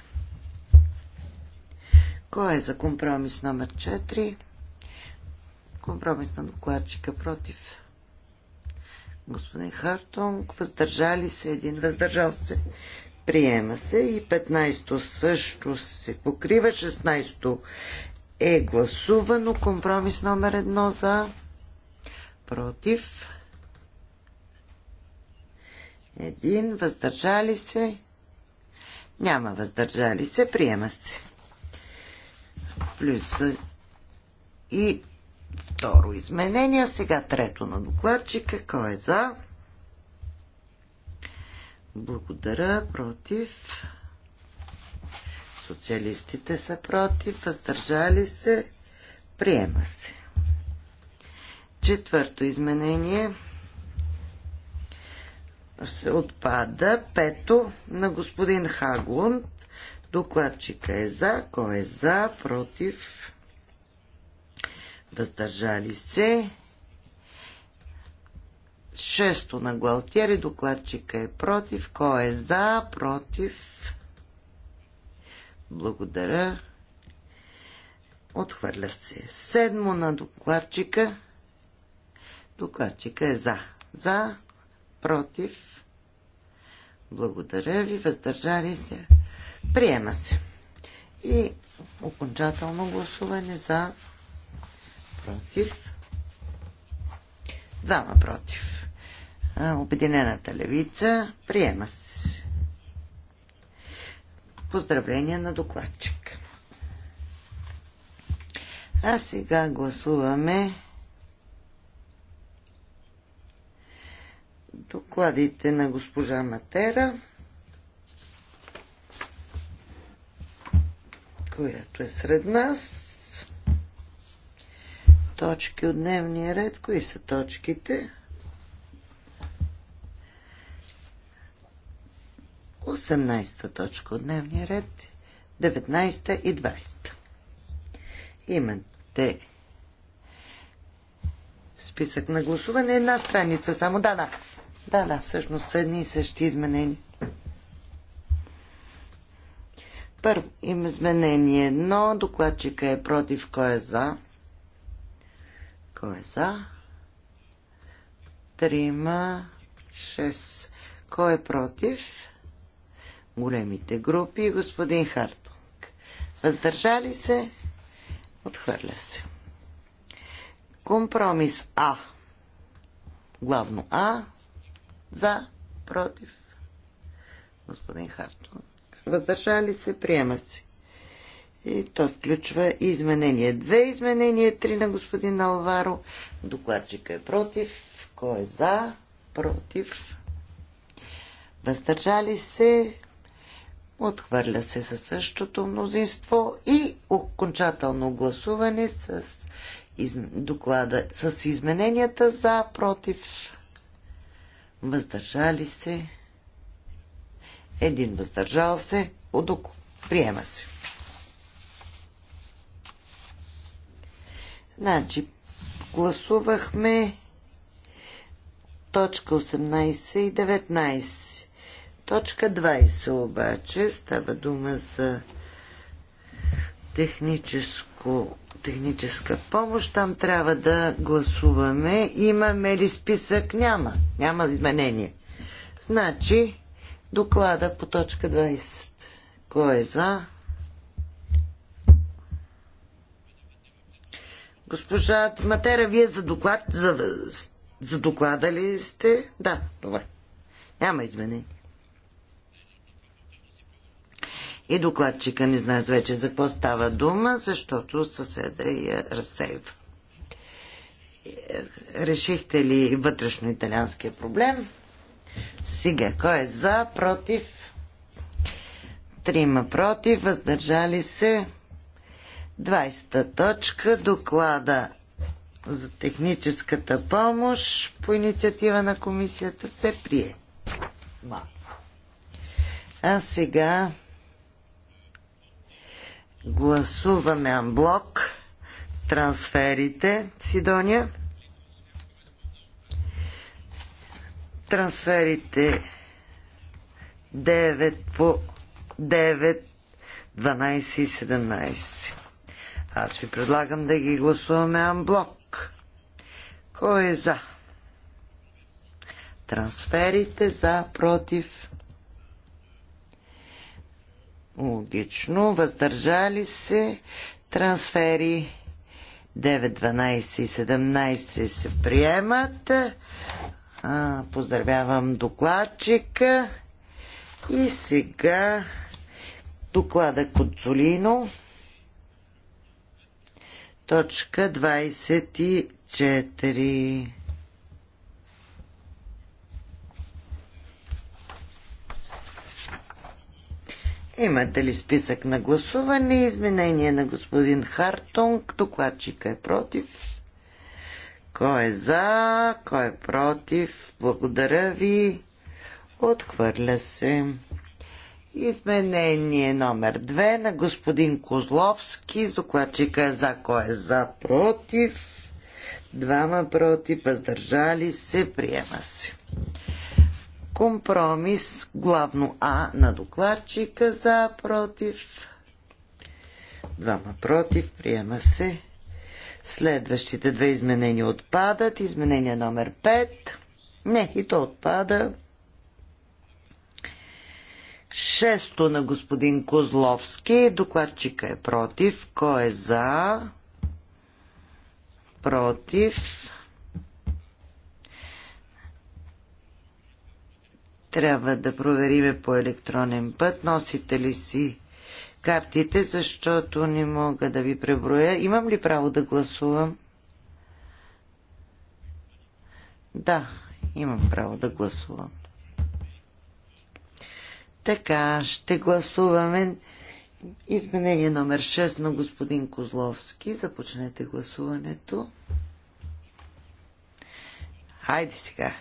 Кой е за компромис номер 4? Компромис на докладчика против. Господин Хартонг, въздържали се един, въздържал се. Приема се и 15-то също се покрива, 16-то е гласувано. Компромис номер едно за против. Един. Въздържали се. Няма въздържали се. Приема се. Плюс и второ изменение. Сега трето на докладчика. Кой е за? Благодаря. Против. Социалистите са против, въздържали се, приема се. Четвърто изменение се отпада. Пето на господин Хаглунд. Докладчика е за. Кой е за? Против? Въздържали се. Шесто на Гуалтери. Докладчика е против. Кой е за? Против? Благодаря. Отхвърля се. Седмо на докладчика. Докладчика е за. За, против. Благодаря ви. Въздържали се. Приема се. И окончателно гласуване за против. Двама против. Обединената левица приема се. Поздравления на докладчик. А сега гласуваме докладите на госпожа Матера, която е сред нас. Точки от дневния ред. Кои са точките? 18-та точка от дневния ред, 19-та и 20-та. Имате списък на гласуване, една страница само. Да, да. Да, да, всъщност са едни и същи изменени. Първо, има изменение едно, докладчика е против, кой е за? Кой е за? Трима, шест. Кой е против? големите групи. Господин Хартунг. Въздържали се? Отхвърля се. Компромис А. Главно А. За. Против. Господин Хартунг. Въздържали се? Приема се. И то включва изменение 2, изменение 3 на господин Алваро. Докладчика е против. Кой е за? Против. Въздържали се? Отхвърля се със същото мнозинство и окончателно гласуване с из... доклада с измененията за, против, въздържали се, един въздържал се, удок... приема се. Значи, гласувахме точка 18 и 19. Точка 20 обаче става дума за техническо, техническа помощ. Там трябва да гласуваме. Имаме ли списък? Няма. Няма изменение. Значи, доклада по точка 20. Кой е за? Госпожа Матера, вие за доклад, за, за доклада ли сте? Да, добре. Няма изменение и докладчика не знае вече за какво става дума, защото съседа я разсейва. Решихте ли вътрешно италианския проблем? Сега, кой е за, против? Трима против, въздържали се. 20-та точка, доклада за техническата помощ по инициатива на комисията се прие. А сега Гласуваме анблок трансферите. Сидония. Трансферите 9 по 9, 12 и 17. Аз ви предлагам да ги гласуваме анблок. Кой е за? Трансферите за, против, Логично. Въздържали се. Трансфери 9, 12 и 17 се приемат. А, поздравявам докладчика. И сега доклада Коцолино. Точка 24. Имате ли списък на гласуване? Изменение на господин Хартунг, Докладчика е против. Кой е за? Кой е против? Благодаря ви. Отхвърля се. Изменение номер 2 на господин Козловски. Докладчика е за. Кой е за? Против. Двама против. Въздържали се. Приема се. Компромис главно А на докладчика за против. Двама против. Приема се. Следващите две изменения отпадат. Изменение номер 5. Не, и то отпада. Шесто на господин Козловски. Докладчика е против. Кой е за? Против. Трябва да провериме по електронен път. Носите ли си картите, защото не мога да ви преброя. Имам ли право да гласувам? Да, имам право да гласувам. Така, ще гласуваме изменение номер 6 на господин Козловски. Започнете гласуването. Хайде сега.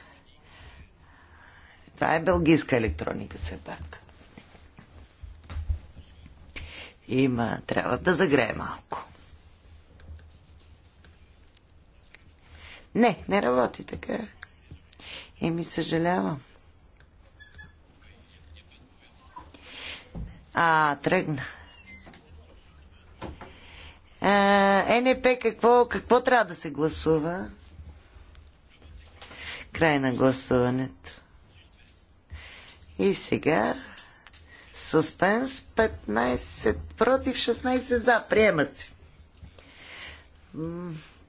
Това е белгийска електроника все пак. Има, трябва да загрее малко. Не, не работи така. И ми съжалявам. А, тръгна. А, е НП, какво, какво трябва да се гласува? Край на гласуването. И сега Суспенс 15 против 16 за. Приема се.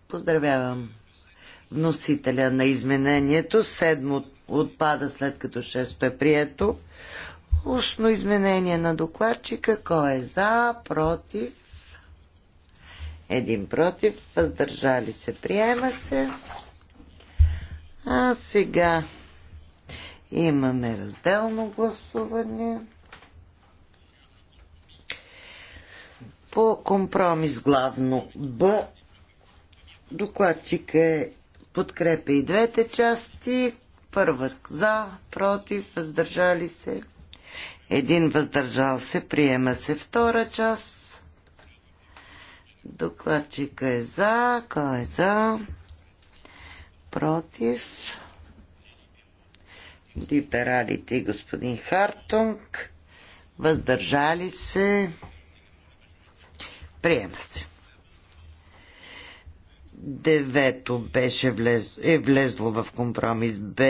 Поздравявам вносителя на изменението. Седмо отпада след като 6 е прието. Устно изменение на докладчика. Кой е за, против? Един против. Въздържали се. Приема се. А сега Имаме разделно гласуване. По компромис главно Б докладчик е подкрепя и двете части. Първа за, против, въздържали се. Един въздържал се, приема се втора част. Докладчика е за, кой е за, против, либералите и господин Хартунг, въздържали се, приема се. Девето беше влез, е влезло в компромис Б.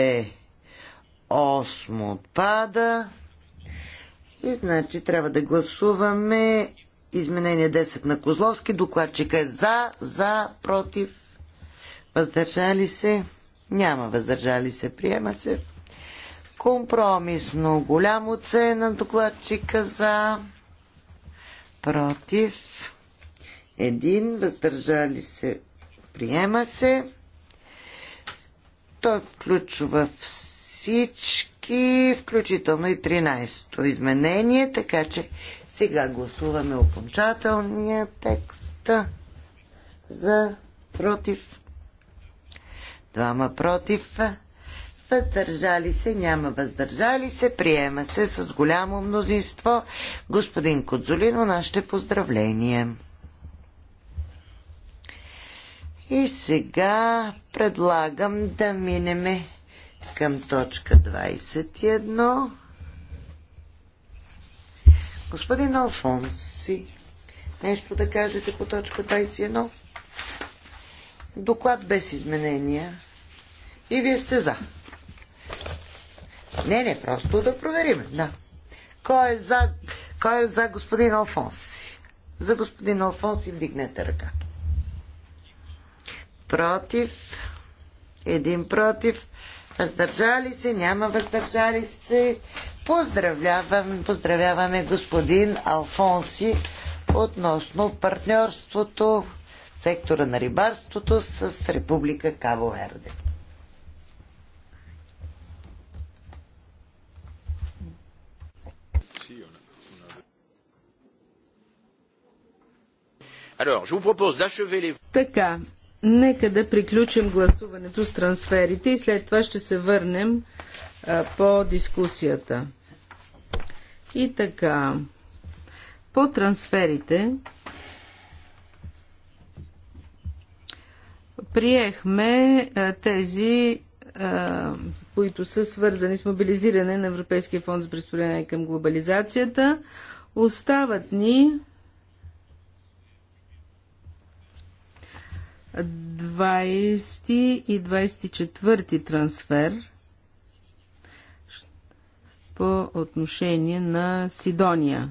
Осмо отпада. И значи трябва да гласуваме изменение 10 на Козловски. Докладчика е за, за, против. Въздържали се? Няма въздържали се. Приема се. Компромисно голямо це на докладчика за против един, въздържали се, приема се. Той включва всички, включително и 13-то изменение, така че сега гласуваме окончателния текст за против. Двама против. Въздържали се, няма въздържали се, приема се с голямо мнозинство. Господин Кодзолино, нашите поздравления. И сега предлагам да минеме към точка 21. Господин Алфонси, нещо да кажете по точка 21? Доклад без изменения. И вие сте за. Не, не, просто да проверим. Да. Кой е за, кой е за господин Алфонси? За господин Алфонси вдигнете ръка. Против. Един против. Въздържали се, няма въздържали се. Поздравявам, поздравяваме господин Алфонси относно партньорството в сектора на рибарството с Република Каво Верде. Alors, je vous propose d'achever les... Така, нека да приключим гласуването с трансферите и след това ще се върнем а, по дискусията. И така, по трансферите приехме а, тези които са свързани с мобилизиране на Европейския фонд за приспособление към глобализацията. Остават ни 20 и 24 трансфер по отношение на Сидония.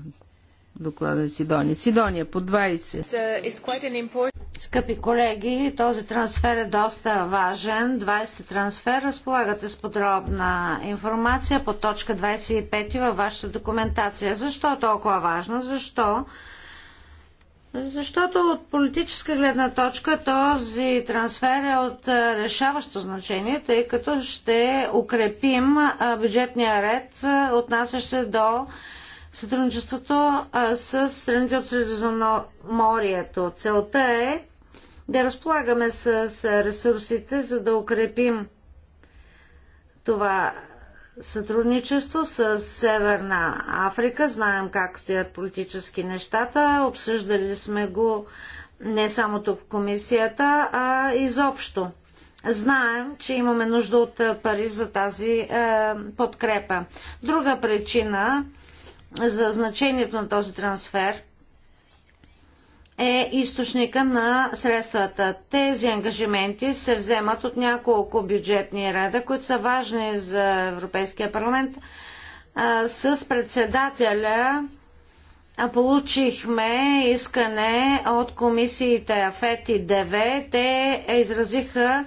Доклада е Сидония. Сидония по 20. Uh, Скъпи колеги, този трансфер е доста важен. 20 трансфер. Разполагате с подробна информация по точка 25 във вашата документация. Защо е толкова важно? Защо? Защото от политическа гледна точка този трансфер е от решаващо значение, тъй като ще укрепим бюджетния ред, отнасящ се до сътрудничеството с страните от Средиземноморието. Целта е да разполагаме с ресурсите, за да укрепим това сътрудничество с Северна Африка. Знаем как стоят политически нещата. Обсъждали сме го не само тук в комисията, а изобщо. Знаем, че имаме нужда от пари за тази е, подкрепа. Друга причина за значението на този трансфер – е източника на средствата. Тези ангажименти се вземат от няколко бюджетни реда, които са важни за Европейския парламент. С председателя получихме искане от комисиите АФЕТ и ДВ. Те изразиха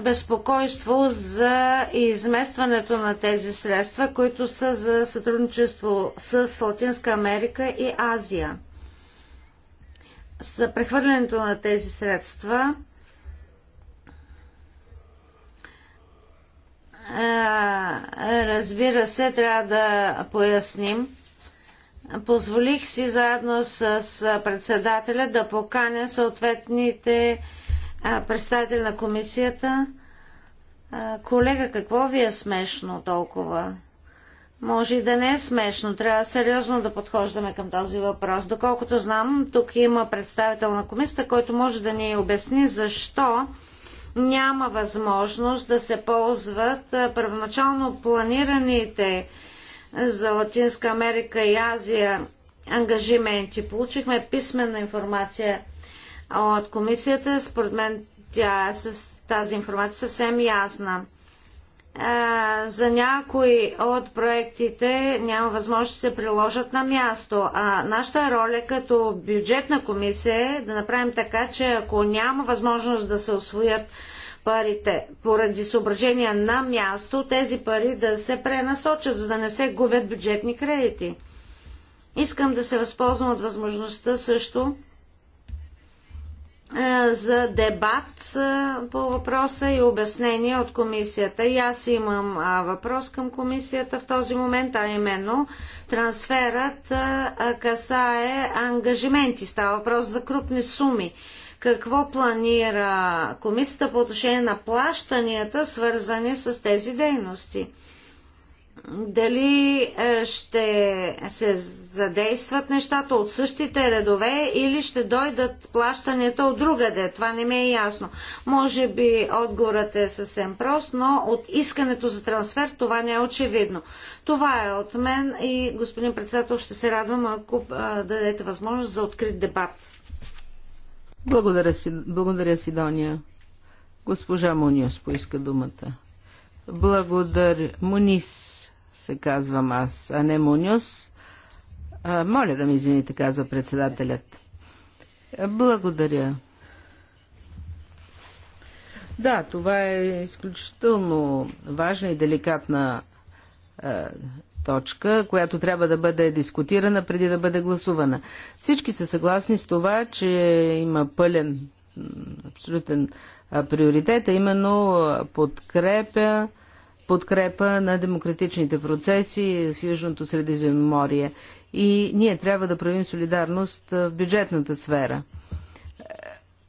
безпокойство за изместването на тези средства, които са за сътрудничество с Латинска Америка и Азия. За прехвърлянето на тези средства разбира се, трябва да поясним. Позволих си заедно с председателя да поканя съответните представители на комисията. Колега, какво ви е смешно толкова? Може и да не е смешно. Трябва сериозно да подхождаме към този въпрос. Доколкото знам, тук има представител на комисията, който може да ни обясни защо няма възможност да се ползват първоначално планираните за Латинска Америка и Азия ангажименти. Получихме писмена информация от комисията. Според мен тя е с тази информация съвсем ясна за някои от проектите няма възможност да се приложат на място. А нашата роля като бюджетна комисия е да направим така, че ако няма възможност да се освоят парите поради съображения на място, тези пари да се пренасочат, за да не се губят бюджетни кредити. Искам да се възползвам от възможността също е, за дебат е, по въпроса и обяснение от комисията. И аз имам въпрос към комисията в този момент, а именно трансферът е, касае ангажименти. Става въпрос за крупни суми. Какво планира комисията по отношение на плащанията, свързани с тези дейности? дали е, ще се задействат нещата от същите редове или ще дойдат плащанията от другаде. Това не ми е ясно. Може би отговорът е съвсем прост, но от искането за трансфер това не е очевидно. Това е от мен и господин председател ще се радвам, ако е, дадете възможност за открит дебат. Благодаря, си, благодаря Сидония. Госпожа Муниос поиска думата. Благодаря. Мунис се казвам аз, а не Мунюс. Моля да ми извините, казва председателят. Благодаря. Да, това е изключително важна и деликатна е, точка, която трябва да бъде дискутирана преди да бъде гласувана. Всички са съгласни с това, че има пълен, абсолютен а, приоритет, а именно подкрепя подкрепа на демократичните процеси в Южното Средиземноморие. И ние трябва да правим солидарност в бюджетната сфера.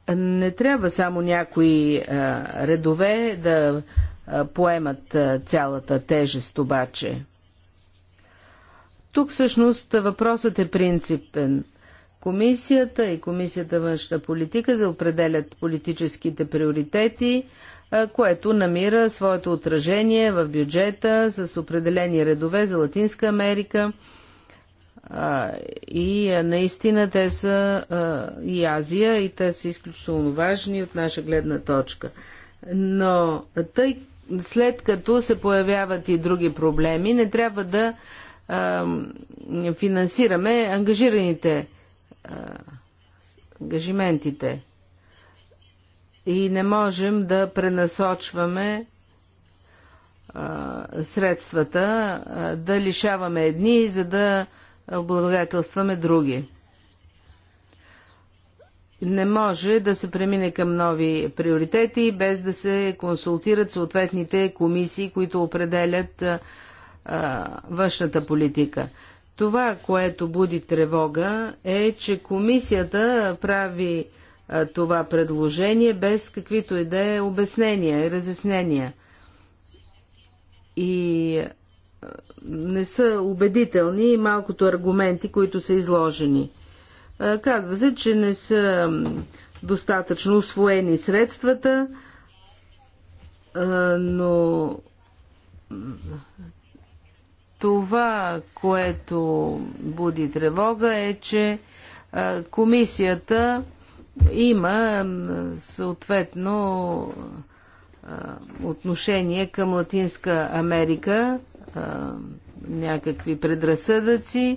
Е, не трябва само някои редове да поемат цялата тежест обаче. Тук всъщност въпросът е принципен. Комисията и Комисията външна политика да определят политическите приоритети, което намира своето отражение в бюджета с определени редове за Латинска Америка. И наистина те са и Азия, и те са изключително важни от наша гледна точка. Но тъй след като се появяват и други проблеми, не трябва да финансираме ангажираните ангажиментите и не можем да пренасочваме а, средствата, а, да лишаваме едни, за да облагодетелстваме други. Не може да се премине към нови приоритети без да се консултират съответните комисии, които определят а, външната политика. Това, което буди тревога, е, че комисията прави това предложение без каквито и да е обяснения и разяснения. И не са убедителни малкото аргументи, които са изложени. Казва се, че не са достатъчно освоени средствата, но това, което буди тревога е, че комисията има съответно отношение към Латинска Америка, някакви предразсъдъци.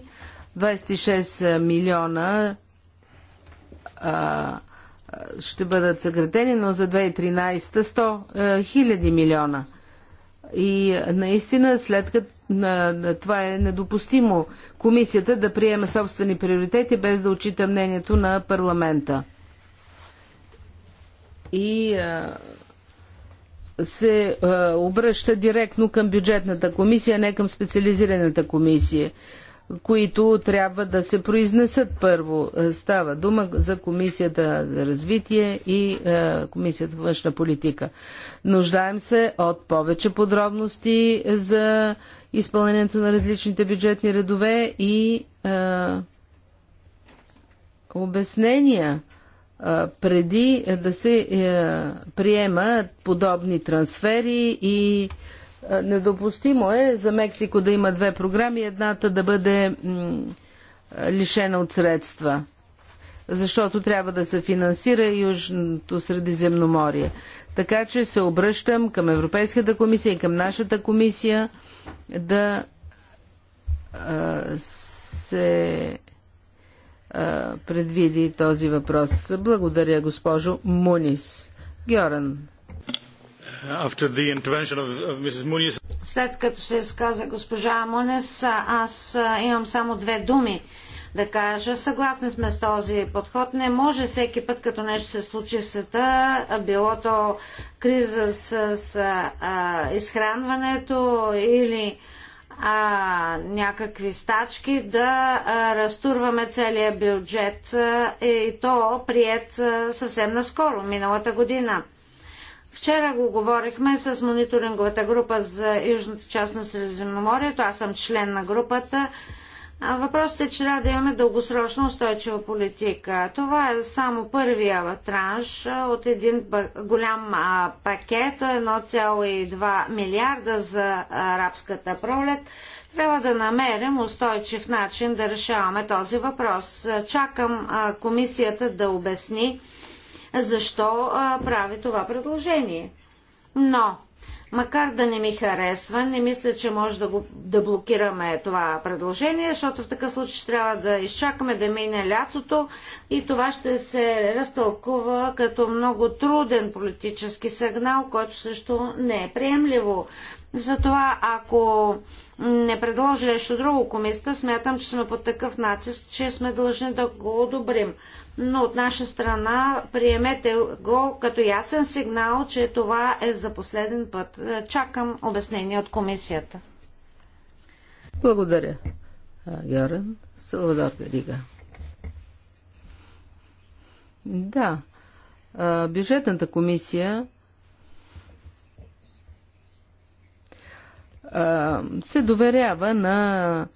26 милиона ще бъдат съкратени, но за 2013 100 хиляди милиона. И наистина, след като това е недопустимо комисията да приеме собствени приоритети без да отчита мнението на парламента и се обръща директно към бюджетната комисия, не към специализираната комисия, които трябва да се произнесат първо. Става дума за комисията за развитие и комисията по външна политика. Нуждаем се от повече подробности за изпълнението на различните бюджетни редове и обяснения преди да се е, приема подобни трансфери и недопустимо е за Мексико да има две програми, едната да бъде лишена от средства, защото трябва да се финансира Южното Средиземноморие. Така че се обръщам към Европейската комисия и към нашата комисия да се предвиди този въпрос. Благодаря, госпожо Мунис. Георан. След като се изказа госпожа Мунис, аз имам само две думи да кажа. Съгласни сме с този подход. Не може всеки път, като нещо се случи в света, било то криза с, с а, изхранването или а, някакви стачки да а, разтурваме целия бюджет а, и то прият а, съвсем наскоро, миналата година. Вчера го говорихме с мониторинговата група за южната част на Средиземноморието. Аз съм член на групата. Въпросът е, че трябва да имаме дългосрочна, устойчива политика. Това е само първия транш от един голям пакет, 1,2 милиарда за арабската пролет. Трябва да намерим устойчив начин да решаваме този въпрос. Чакам комисията да обясни защо прави това предложение. Но Макар да не ми харесва, не мисля, че може да, го, да блокираме това предложение, защото в такъв случай ще трябва да изчакаме да мине лятото и това ще се разтълкува като много труден политически сигнал, който също не е приемливо. Затова, ако не предложи нещо друго комисията, смятам, че сме под такъв натиск, че сме длъжни да го одобрим но от наша страна приемете го като ясен сигнал, че това е за последен път. Е, чакам обяснение от комисията. Благодаря. Георен Салвадор Дерига. Да. Бюджетната комисия се доверява на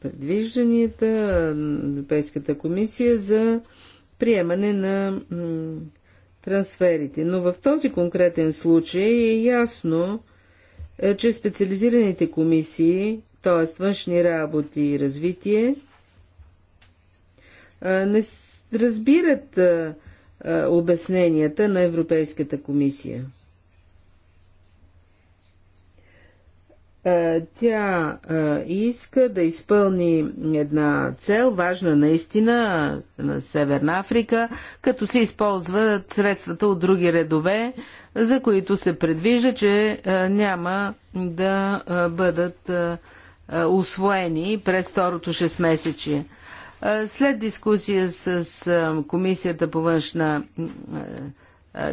предвижданията на Европейската комисия за приемане на трансферите. Но в този конкретен случай е ясно, е, че специализираните комисии, т.е. външни работи и развитие, е, не разбират е, обясненията на Европейската комисия. Е, тя е, иска да изпълни една цел, важна наистина, на Северна Африка, като се използват средствата от други редове, за които се предвижда, че е, няма да бъдат освоени през второто 6 месече. След дискусия с Комисията по външна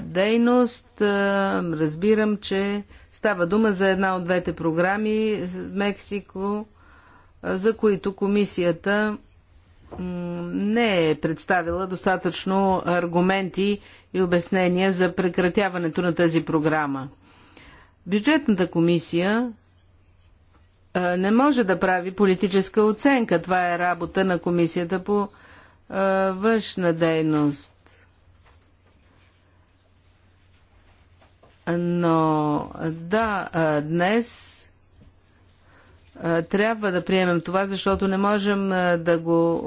дейност. Разбирам, че става дума за една от двете програми Мексико, за които комисията не е представила достатъчно аргументи и обяснения за прекратяването на тази програма. Бюджетната комисия не може да прави политическа оценка. Това е работа на комисията по външна дейност. Но да, днес трябва да приемем това, защото не можем да го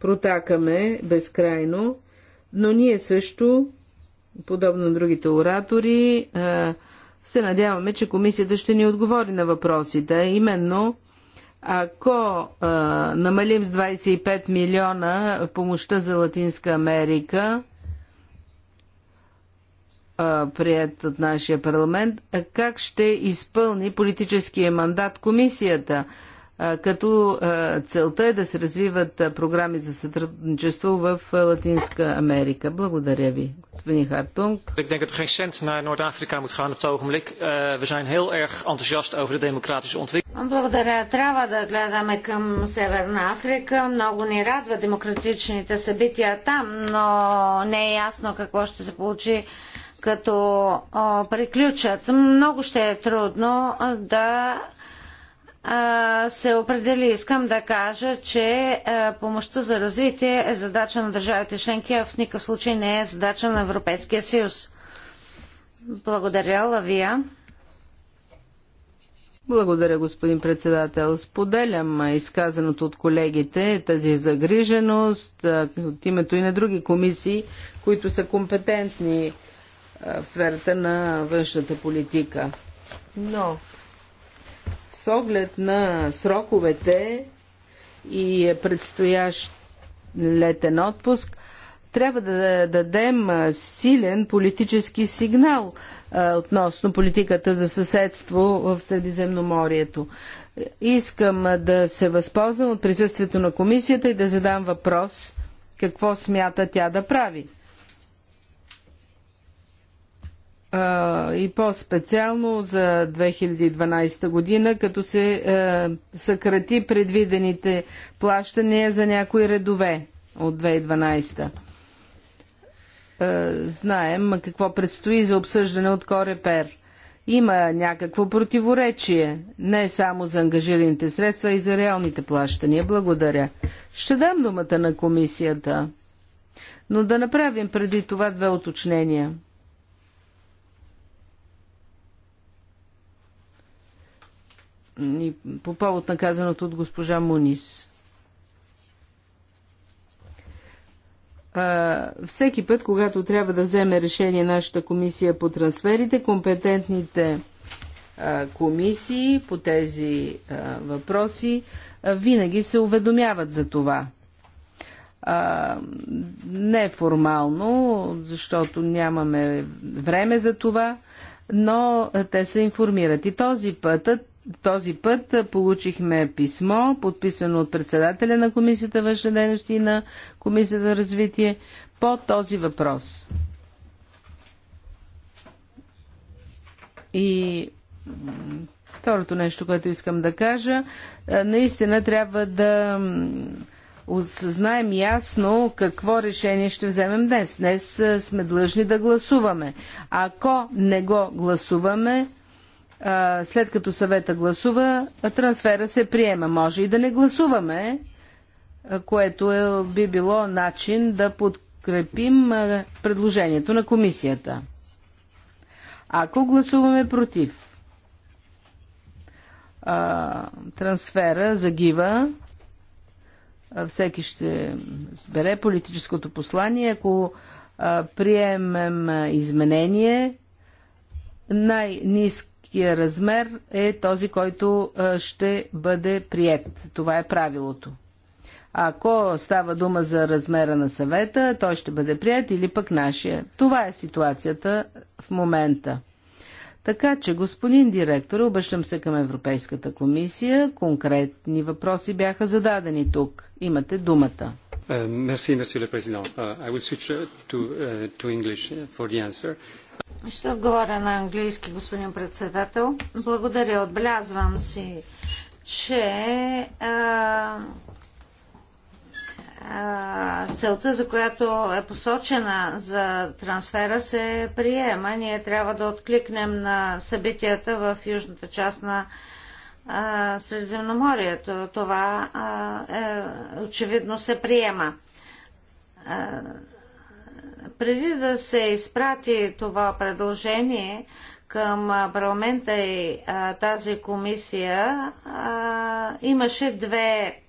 протакаме безкрайно, но ние също, подобно на другите оратори, се надяваме, че комисията ще ни отговори на въпросите. Именно, ако намалим с 25 милиона помощта за Латинска Америка, прият от нашия парламент, как ще изпълни политическия мандат комисията, като целта е да се развиват програми за сътрудничество в Латинска Америка. Благодаря ви, господин Хартунг. Ik denk dat er geen cent naar Noord-Afrika moet gaan op het ogenblik. Eh, we zijn heel erg enthousiast over de democratische ontwikkeling. Благодаря. Трябва да гледаме към Северна Африка. Много ни радва демократичните събития там, но не е ясно какво ще се получи като приключат. Много ще е трудно да се определи. Искам да кажа, че помощта за развитие е задача на държавите членки, а в никакъв случай не е задача на Европейския съюз. Благодаря, Лавия. Благодаря, господин председател. Споделям изказаното от колегите, тази загриженост от името и на други комисии, които са компетентни в сферата на външната политика. Но с оглед на сроковете и предстоящ летен отпуск, трябва да дадем силен политически сигнал относно политиката за съседство в Средиземноморието. Искам да се възползвам от присъствието на комисията и да задам въпрос какво смята тя да прави и по-специално за 2012 година, като се съкрати предвидените плащания за някои редове от 2012. знаем какво предстои за обсъждане от Корепер. Има някакво противоречие, не само за ангажираните средства, и за реалните плащания. Благодаря. Ще дам думата на комисията, но да направим преди това две уточнения – и по повод наказаното от госпожа Мунис. всеки път, когато трябва да вземе решение нашата комисия по трансферите, компетентните комисии по тези въпроси винаги се уведомяват за това. Неформално, защото нямаме време за това, но те се информират. И този път, този път получихме писмо, подписано от председателя на Комисията външна дейност и на Комисията развитие по този въпрос. И второто нещо, което искам да кажа, наистина трябва да осъзнаем ясно какво решение ще вземем днес. Днес сме длъжни да гласуваме. Ако не го гласуваме, след като съвета гласува, трансфера се приема. Може и да не гласуваме, което е, би било начин да подкрепим предложението на комисията. Ако гласуваме против, трансфера загива, всеки ще сбере политическото послание. Ако приемем изменение, най-низко размер е този, който ще бъде прият. Това е правилото. Ако става дума за размера на съвета, той ще бъде прият или пък нашия. Това е ситуацията в момента. Така че, господин директор, обръщам се към Европейската комисия. Конкретни въпроси бяха зададени тук. Имате думата. Merci, Monsieur le Président. Uh, I will switch е, to, uh, to English е, for the answer. Uh, ще отговоря на английски, господин председател. Благодаря, отбелязвам си, че а, а, целта, за която е посочена за трансфера, се приема. Ние трябва да откликнем на събитията в южната част на а, Средиземноморието. Това а, е, очевидно се приема преди да се изпрати това предложение към парламента и тази комисия, имаше две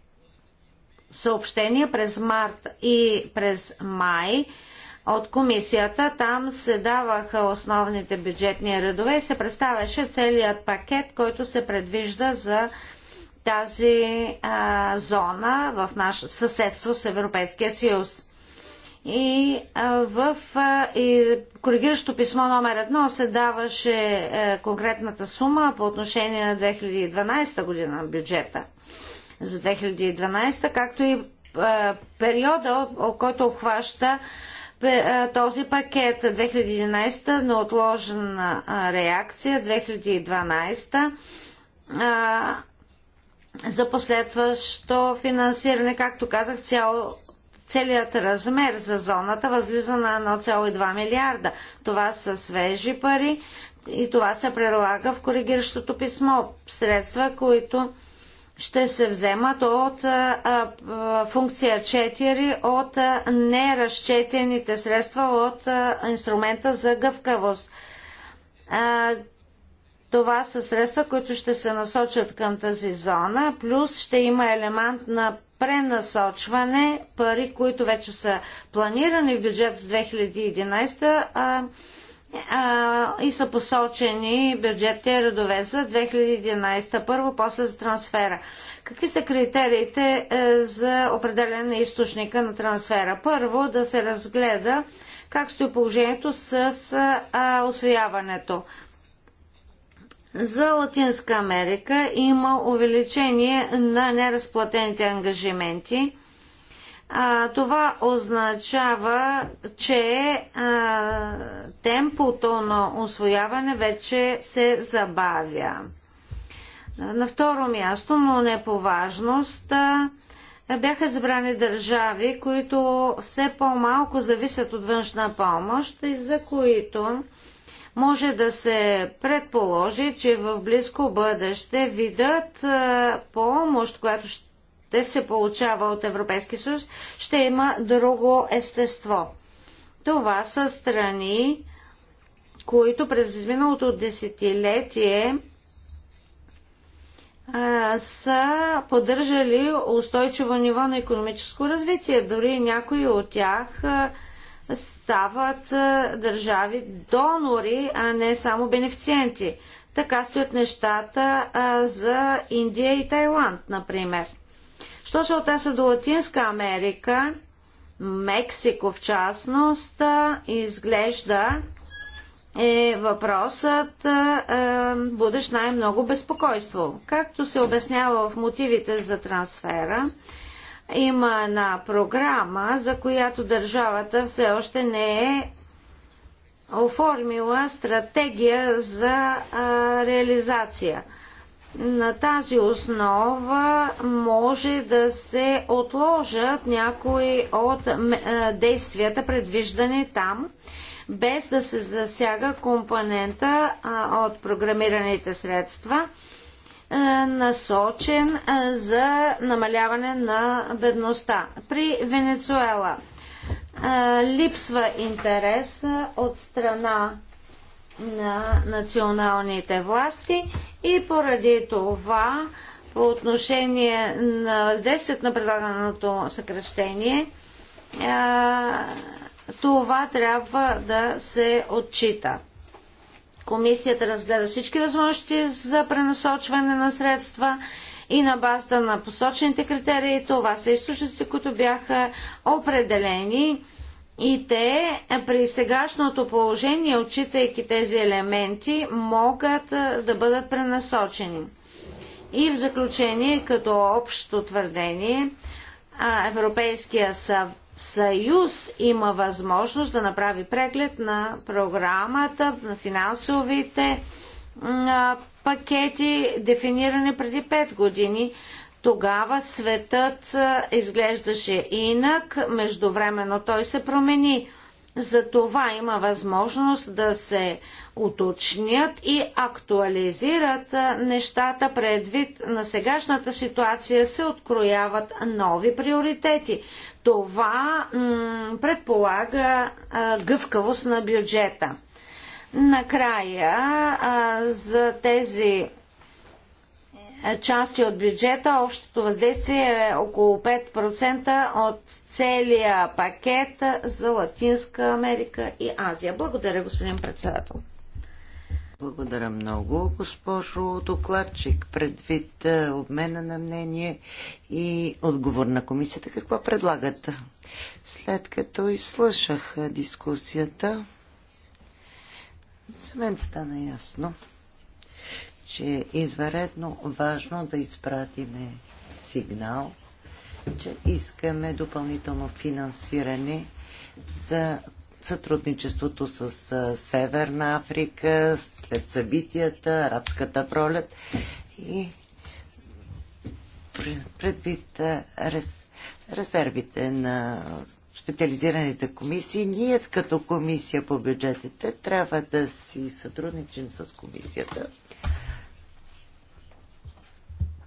съобщения през март и през май от комисията. Там се даваха основните бюджетни редове и се представяше целият пакет, който се предвижда за тази а, зона в наше съседство с Европейския съюз. И в коригиращо писмо номер едно се даваше е, конкретната сума по отношение на 2012 година на бюджета за 2012, както и е, периода, който обхваща е, този пакет 2011 на отложена реакция 2012 за последващо финансиране, както казах, цяло Целият размер за зоната възлиза на 1,2 милиарда. Това са свежи пари и това се прилага в коригиращото писмо. Средства, които ще се вземат от а, а, функция 4 от а, неразчетените средства от а, инструмента за гъвкавост. А, това са средства, които ще се насочат към тази зона, плюс ще има елемент на пренасочване, пари, които вече са планирани в бюджет с 2011 а, а, и са посочени бюджетите редове за 2011 първо, после за трансфера. Какви са критериите е, за определяне на източника на трансфера? Първо, да се разгледа как стои положението с а, освояването. За Латинска Америка има увеличение на неразплатените ангажименти. А, това означава, че а, темпото на освояване вече се забавя. На второ място, но не по важност, бяха избрани държави, които все по-малко зависят от външна помощ и за които може да се предположи, че в близко бъдеще видът помощ, която ще се получава от Европейски съюз, ще има друго естество. Това са страни, които през изминалото десетилетие са поддържали устойчиво ниво на економическо развитие. Дори някои от тях стават държави донори, а не само бенефициенти. Така стоят нещата за Индия и Тайланд, например. Що се отнася до Латинска Америка, Мексико в частност, изглежда е въпросът е, будеш най-много безпокойство. Както се обяснява в мотивите за трансфера, има една програма, за която държавата все още не е оформила стратегия за а, реализация. На тази основа може да се отложат някои от действията, предвиждани там, без да се засяга компонента а, от програмираните средства е, насочен е, за намаляване на бедността. При Венецуела е, липсва интерес от страна на националните власти и поради това по отношение на въздействието на предлаганото съкръщение това трябва да се отчита. Комисията разгледа всички възможности за пренасочване на средства и на базата на посочените критерии. Това са източници, които бяха определени и те при сегашното положение, отчитайки тези елементи, могат да бъдат пренасочени. И в заключение, като общо твърдение, Европейския съвет съюз има възможност да направи преглед на програмата, на финансовите пакети, дефинирани преди 5 години. Тогава светът изглеждаше инак, междувременно той се промени. За това има възможност да се уточнят и актуализират нещата предвид на сегашната ситуация се открояват нови приоритети. Това предполага гъвкавост на бюджета. Накрая а, за тези части от бюджета общото въздействие е около 5% от целия пакет за Латинска Америка и Азия. Благодаря, господин председател. Благодаря много, госпожо докладчик. Предвид обмена на мнение и отговор на комисията, какво предлагат? След като изслушах дискусията, за мен стана ясно, че е изваредно важно да изпратиме сигнал, че искаме допълнително финансиране за сътрудничеството с Северна Африка, след събитията, арабската пролет и предвид рез, резервите на специализираните комисии, ние като комисия по бюджетите трябва да си сътрудничим с комисията.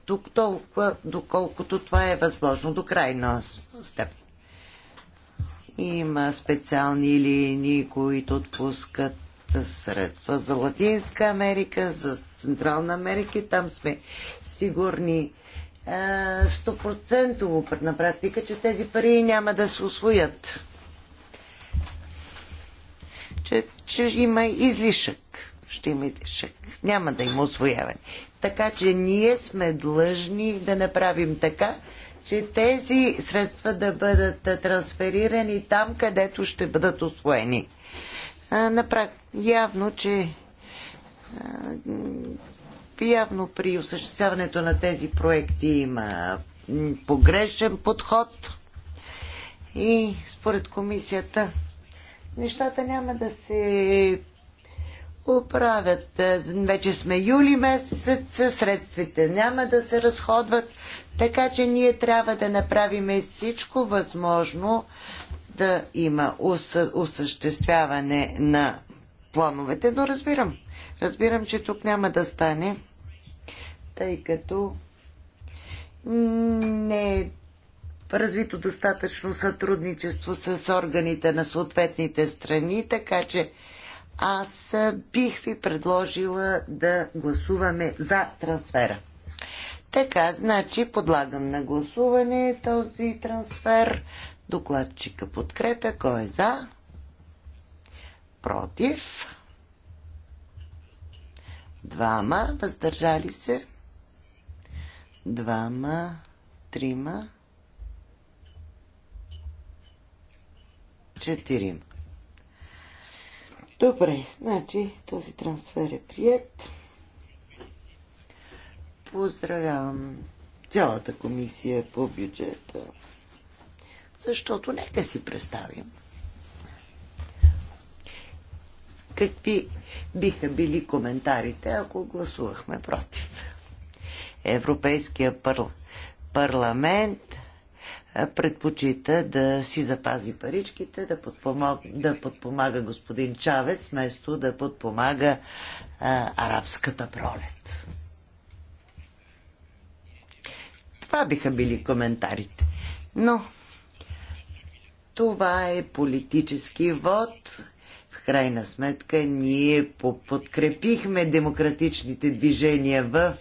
Тук толкова, доколкото това е възможно до крайна степен. Има специални линии, които отпускат средства за Латинска Америка, за Централна Америка там сме сигурни 100% на практика, че тези пари няма да се освоят. Че, че има излишък. Ще има излишък. Няма да има освояване. Така че ние сме длъжни да направим така, че тези средства да бъдат трансферирани там, където ще бъдат освоени. Напрак, явно, че явно при осъществяването на тези проекти има погрешен подход и според комисията нещата няма да се оправят. Е, вече сме юли месец, средствите няма да се разходват, така че ние трябва да направим всичко възможно да има осъществяване на плановете, но разбирам. Разбирам, че тук няма да стане, тъй като не е развито достатъчно сътрудничество с органите на съответните страни, така че аз бих ви предложила да гласуваме за трансфера. Така, значи подлагам на гласуване този трансфер. Докладчика подкрепя. Кой е за? Против? Двама. Въздържали се? Двама. Трима. Четирима. Добре, значи този трансфер е прият. Поздравявам цялата комисия по бюджета, защото нека си представим какви биха били коментарите, ако гласувахме против. Европейския парламент предпочита да си запази паричките, да подпомага, да подпомага господин Чавес, вместо да подпомага а, арабската пролет. Това биха били коментарите. Но това е политически вод крайна сметка ние подкрепихме демократичните движения в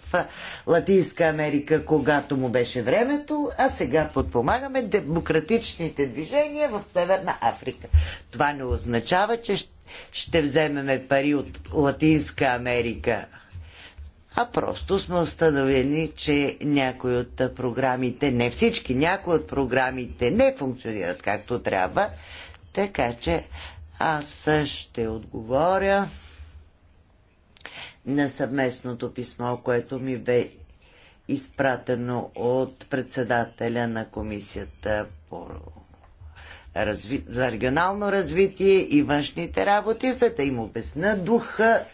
Латинска Америка, когато му беше времето, а сега подпомагаме демократичните движения в Северна Африка. Това не означава, че ще вземеме пари от Латинска Америка а просто сме установени, че някои от програмите, не всички, някои от програмите не функционират както трябва, така че аз ще отговоря на съвместното писмо, което ми бе изпратено от председателя на комисията по разви... за регионално развитие и външните работи, за да им обясна духа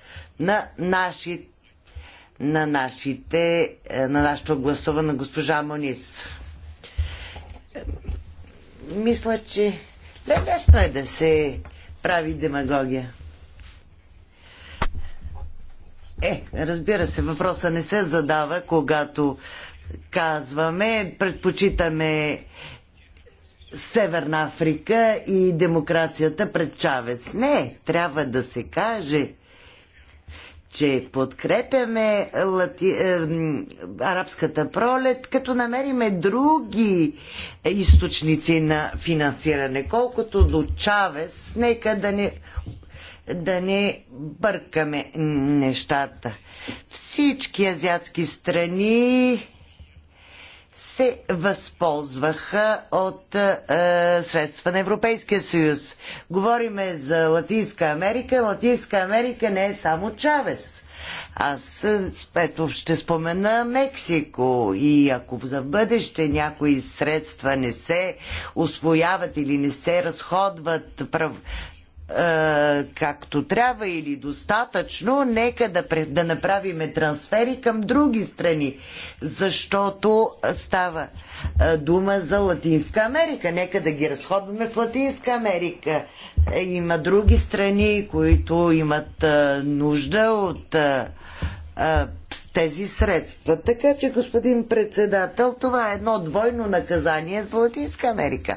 на нашите на, нашите, е, на нашето гласуване на госпожа Монис. Мисля, че лесно е да се прави демагогия. Е, разбира се, въпроса не се задава, когато казваме, предпочитаме Северна Африка и демокрацията пред Чавес. Не, трябва да се каже – че подкрепяме лати... Е, арабската пролет, като намериме други източници на финансиране. Колкото до Чавес, нека да не, да не бъркаме нещата. Всички азиатски страни се възползваха от е, средства на Европейския съюз. Говориме за Латинска Америка. Латинска Америка не е само Чавес. Аз е, ето ще спомена Мексико и ако за бъдеще някои средства не се освояват или не се разходват прав... Е, както трябва или достатъчно, нека да, да направиме трансфери към други страни, защото става е, дума за Латинска Америка. Нека да ги разходваме в Латинска Америка. Е, има други страни, които имат нужда от с тези средства. Така че, господин председател, това е едно двойно наказание за Латинска Америка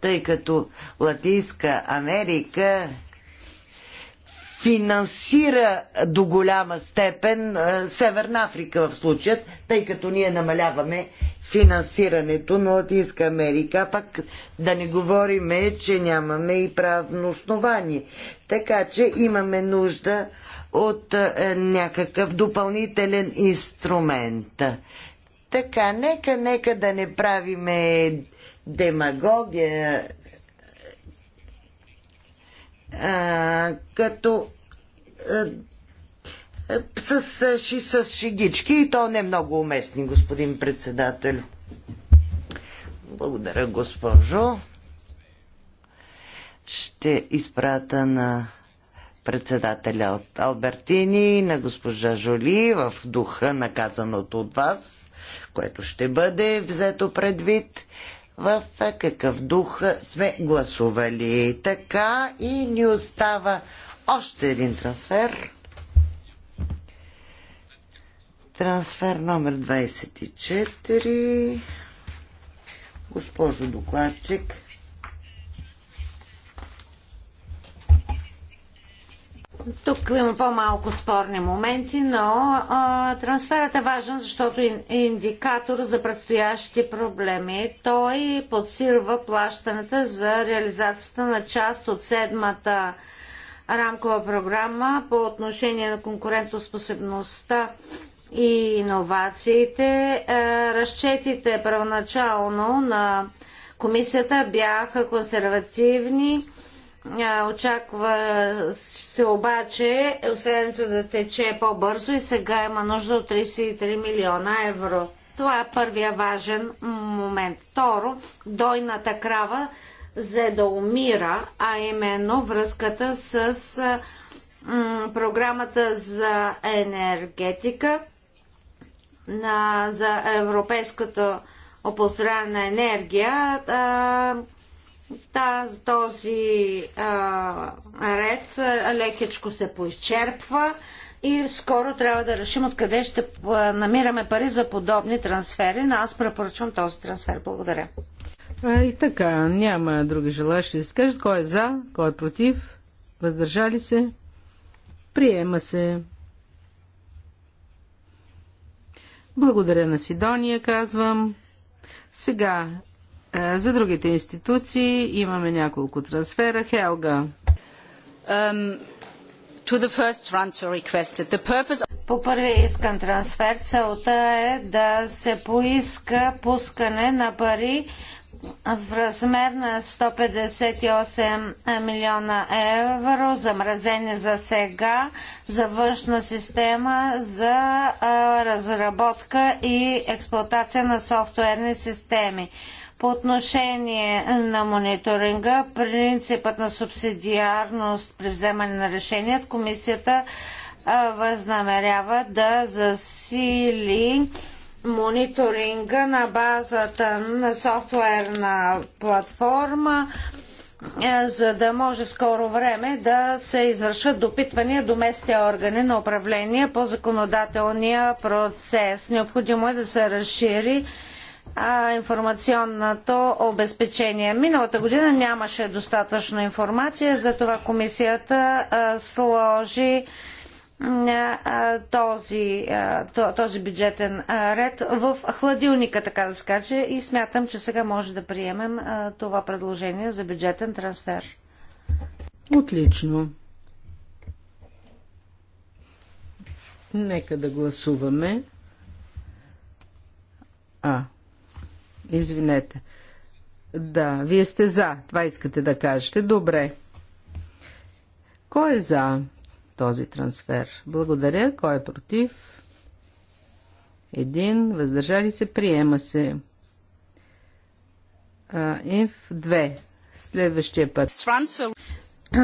тъй като Латинска Америка финансира до голяма степен Северна Африка в случая, тъй като ние намаляваме финансирането на Латинска Америка, пък да не говориме, че нямаме и правно основание. Така че имаме нужда от някакъв допълнителен инструмент. Така, нека, нека да не правиме демагогия, а, като а, с, с, с шигички и то не е много уместни, господин председател. Благодаря, госпожо. Ще изпрата на председателя от Албертини, на госпожа Жоли в духа на казаното от вас, което ще бъде взето предвид в какъв дух сме гласували. Така и ни остава още един трансфер. Трансфер номер 24. Госпожо докладчик, Тук има по-малко спорни моменти, но а, трансферът е важен, защото е индикатор за предстоящи проблеми. Той подсирва плащането за реализацията на част от седмата рамкова програма по отношение на конкурентоспособността и иновациите. Е, разчетите първоначално на комисията бяха консервативни Очаква се обаче усвоението да тече по-бързо и сега има нужда от 33 милиона евро. Това е първия важен момент. Второ, дойната крава за да умира, а именно връзката с програмата за енергетика на, за европейското опозоряване на енергия. Да, с този а, ред лекичко се поизчерпва и скоро трябва да решим откъде ще намираме пари за подобни трансфери, но аз препоръчвам този трансфер. Благодаря. А, и така, няма други желащи да скажат кажат. Кой е за, кой е против, въздържали се, приема се. Благодаря на Сидония, казвам. Сега е, за другите институции имаме няколко трансфера. Хелга. Um, purpose... По първия искан трансфер целта е да се поиска пускане на пари в размер на 158 милиона евро, замразени за сега, за външна система за разработка и експлуатация на софтуерни системи. По отношение на мониторинга, принципът на субсидиарност при вземане на решения, комисията възнамерява да засили мониторинга на базата на софтуерна платформа, за да може в скоро време да се извършат допитвания до местни органи на управление по законодателния процес. Необходимо е да се разшири информационното обезпечение. Миналата година нямаше достатъчно информация, затова комисията сложи този, този бюджетен ред в хладилника, така да скаже, и смятам, че сега може да приемем това предложение за бюджетен трансфер. Отлично. Нека да гласуваме. А, Извинете. Да, вие сте за. Това искате да кажете. Добре. Кой е за този трансфер? Благодаря. Кой е против? Един. Въздържали се. Приема се. Инф Две. Следващия път. Трансфер.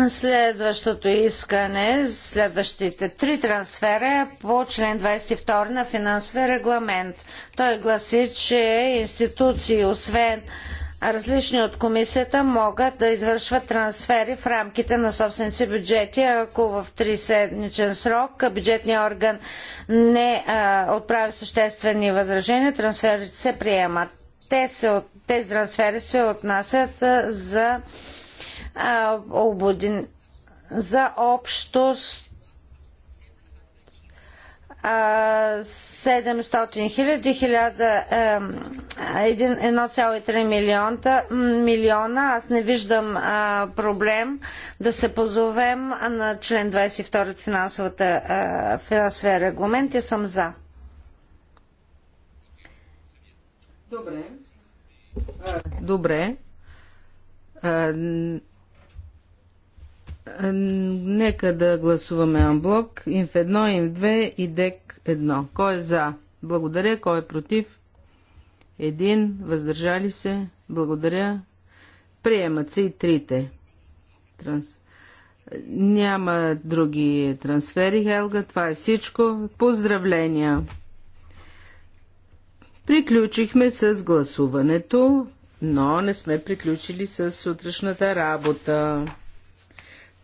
Следващото искане, следващите три трансфера е по член 22 на финансовия регламент. Той гласи, че институции, освен различни от комисията, могат да извършват трансфери в рамките на собствените бюджети, ако в седмичен срок бюджетният орган не а, отправи съществени възражения, трансферите се приемат. Те се, тези трансфери се отнасят а, за а, ободин, за общост 700 хиляди, 1,3 милиона, Аз не виждам проблем да се позовем на член 22 от финансовата, финансовия регламент и съм за. Добре. Добре. Е, нека да гласуваме анблок. Инф 1, инф 2 и дек 1. Кой е за? Благодаря. Кой е против? Един. Въздържали се? Благодаря. Приемат се и трите. Транс... Няма други трансфери, Хелга. Това е всичко. Поздравления! Приключихме с гласуването, но не сме приключили с сутрешната работа.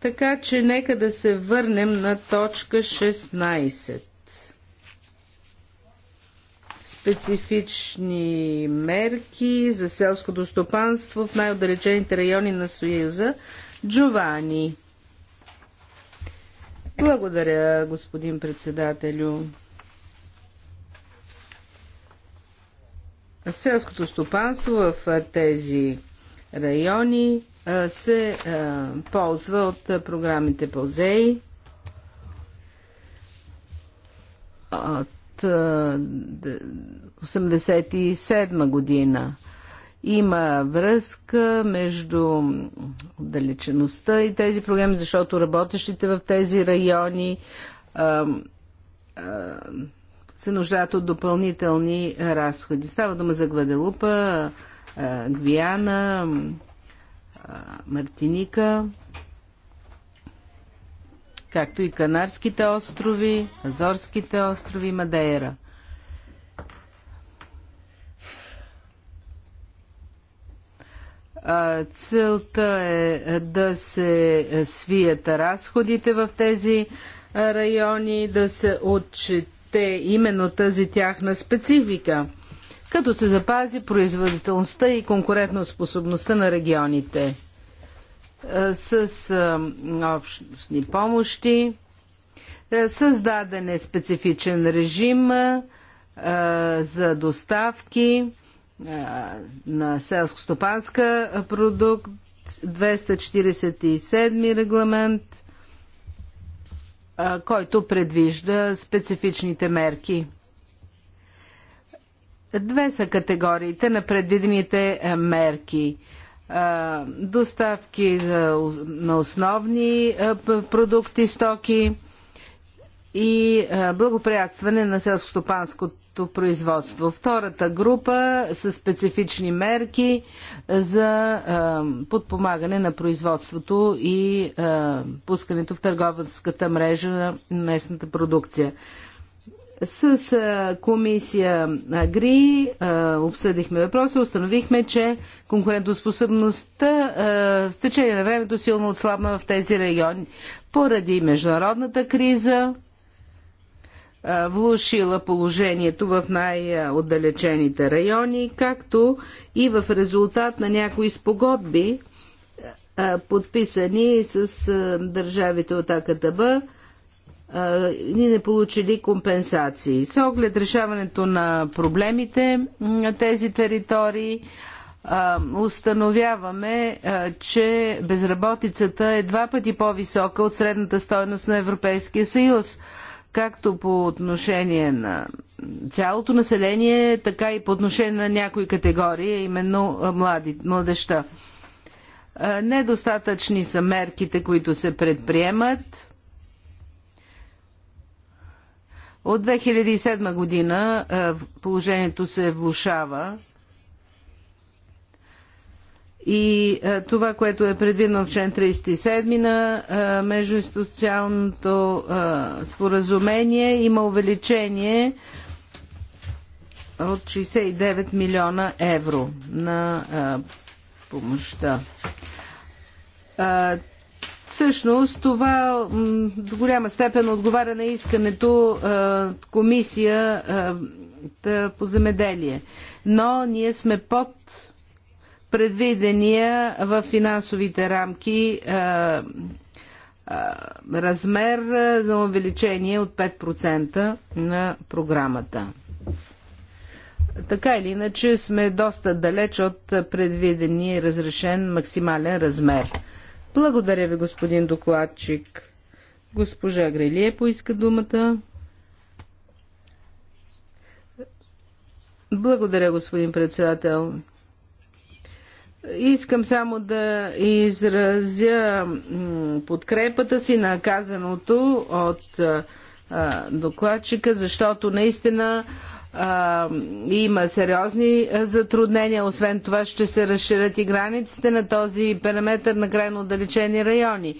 Така че нека да се върнем на точка 16. Специфични мерки за селското стопанство в най-отдалечените райони на Съюза. Джовани. Благодаря, господин председателю. Селското стопанство в тези райони се ползва от програмите по ЗЕИ, от 1987 година. Има връзка между отдалечеността и тези програми, защото работещите в тези райони а, а, се нуждаят от допълнителни разходи. Става дума за Гваделупа, а, Гвиана, Мартиника, както и Канарските острови, Азорските острови, Мадейра. Целта е да се свият разходите в тези райони, да се отчете именно тази тяхна специфика – като се запази производителността и конкурентоспособността на регионите. Е, с е, общностни помощи е, създаден е специфичен режим за доставки на селско-стопанска продукт 247 регламент, който предвижда специфичните мерки. Две са категориите на предвидените е, мерки. Е, доставки на основни е, продукти, стоки и благоприятстване на селскостопанското производство. Втората група са специфични мерки за подпомагане на производството и пускането в търговската мрежа на местната продукция. С комисия Агри обсъдихме въпроса, установихме, че конкурентоспособността с течение на времето силно отслабна в тези райони поради международната криза, влушила положението в най-отдалечените райони, както и в резултат на някои спогодби, подписани с държавите от АКТБ ни не получили компенсации. С оглед решаването на проблемите на тези територии, установяваме, че безработицата е два пъти по-висока от средната стойност на Европейския съюз, както по отношение на цялото население, така и по отношение на някои категории, именно млади, младеща. Недостатъчни са мерките, които се предприемат От 2007 година е, положението се влушава и е, това, което е предвидено в член 37 на е, междуинституционното споразумение, има увеличение от 69 милиона евро на помощта. Всъщност това в голяма степен отговаря на искането комисията комисия по земеделие. Но ние сме под предвидения в финансовите рамки размер за увеличение от 5% на програмата. Така или иначе сме доста далеч от предвидения разрешен максимален размер. Благодаря ви, господин докладчик. Госпожа Грелие поиска думата. Благодаря, господин председател. Искам само да изразя подкрепата си на казаното от докладчика, защото наистина а, има сериозни затруднения. Освен това ще се разширят и границите на този периметр на крайно отдалечени райони.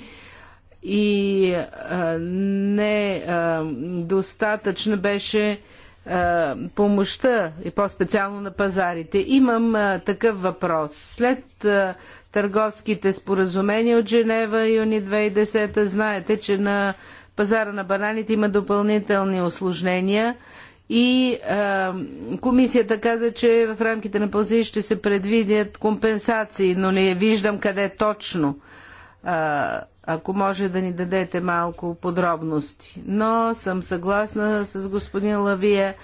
И а, не а, достатъчно беше а, помощта и по-специално на пазарите. Имам а, такъв въпрос. След а, търговските споразумения от Женева юни 2010 знаете, че на пазара на бананите има допълнителни осложнения и а, комисията каза, че в рамките на пълзи ще се предвидят компенсации, но не виждам къде точно. А, ако може да ни дадете малко подробности. Но съм съгласна с господин Лавия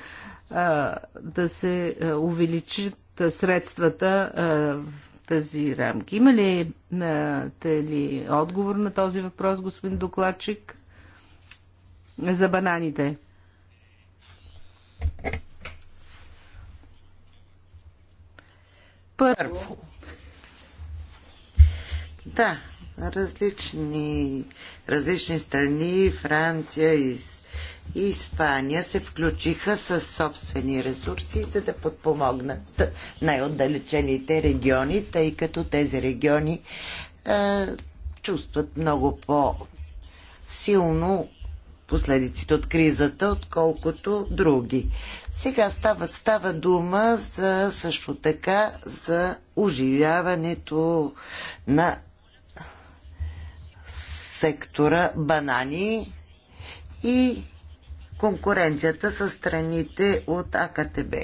а, да се увеличат средствата а, в тази рамки. Има ли, а, ли отговор на този въпрос, господин докладчик? За бананите. Първо. Да, различни, различни страни, Франция и и Испания се включиха с собствени ресурси, за да подпомогнат най-отдалечените региони, тъй като тези региони е, чувстват много по-силно последиците от кризата, отколкото други. Сега става, става дума за също така за оживяването на сектора банани и конкуренцията с страните от АКТБ.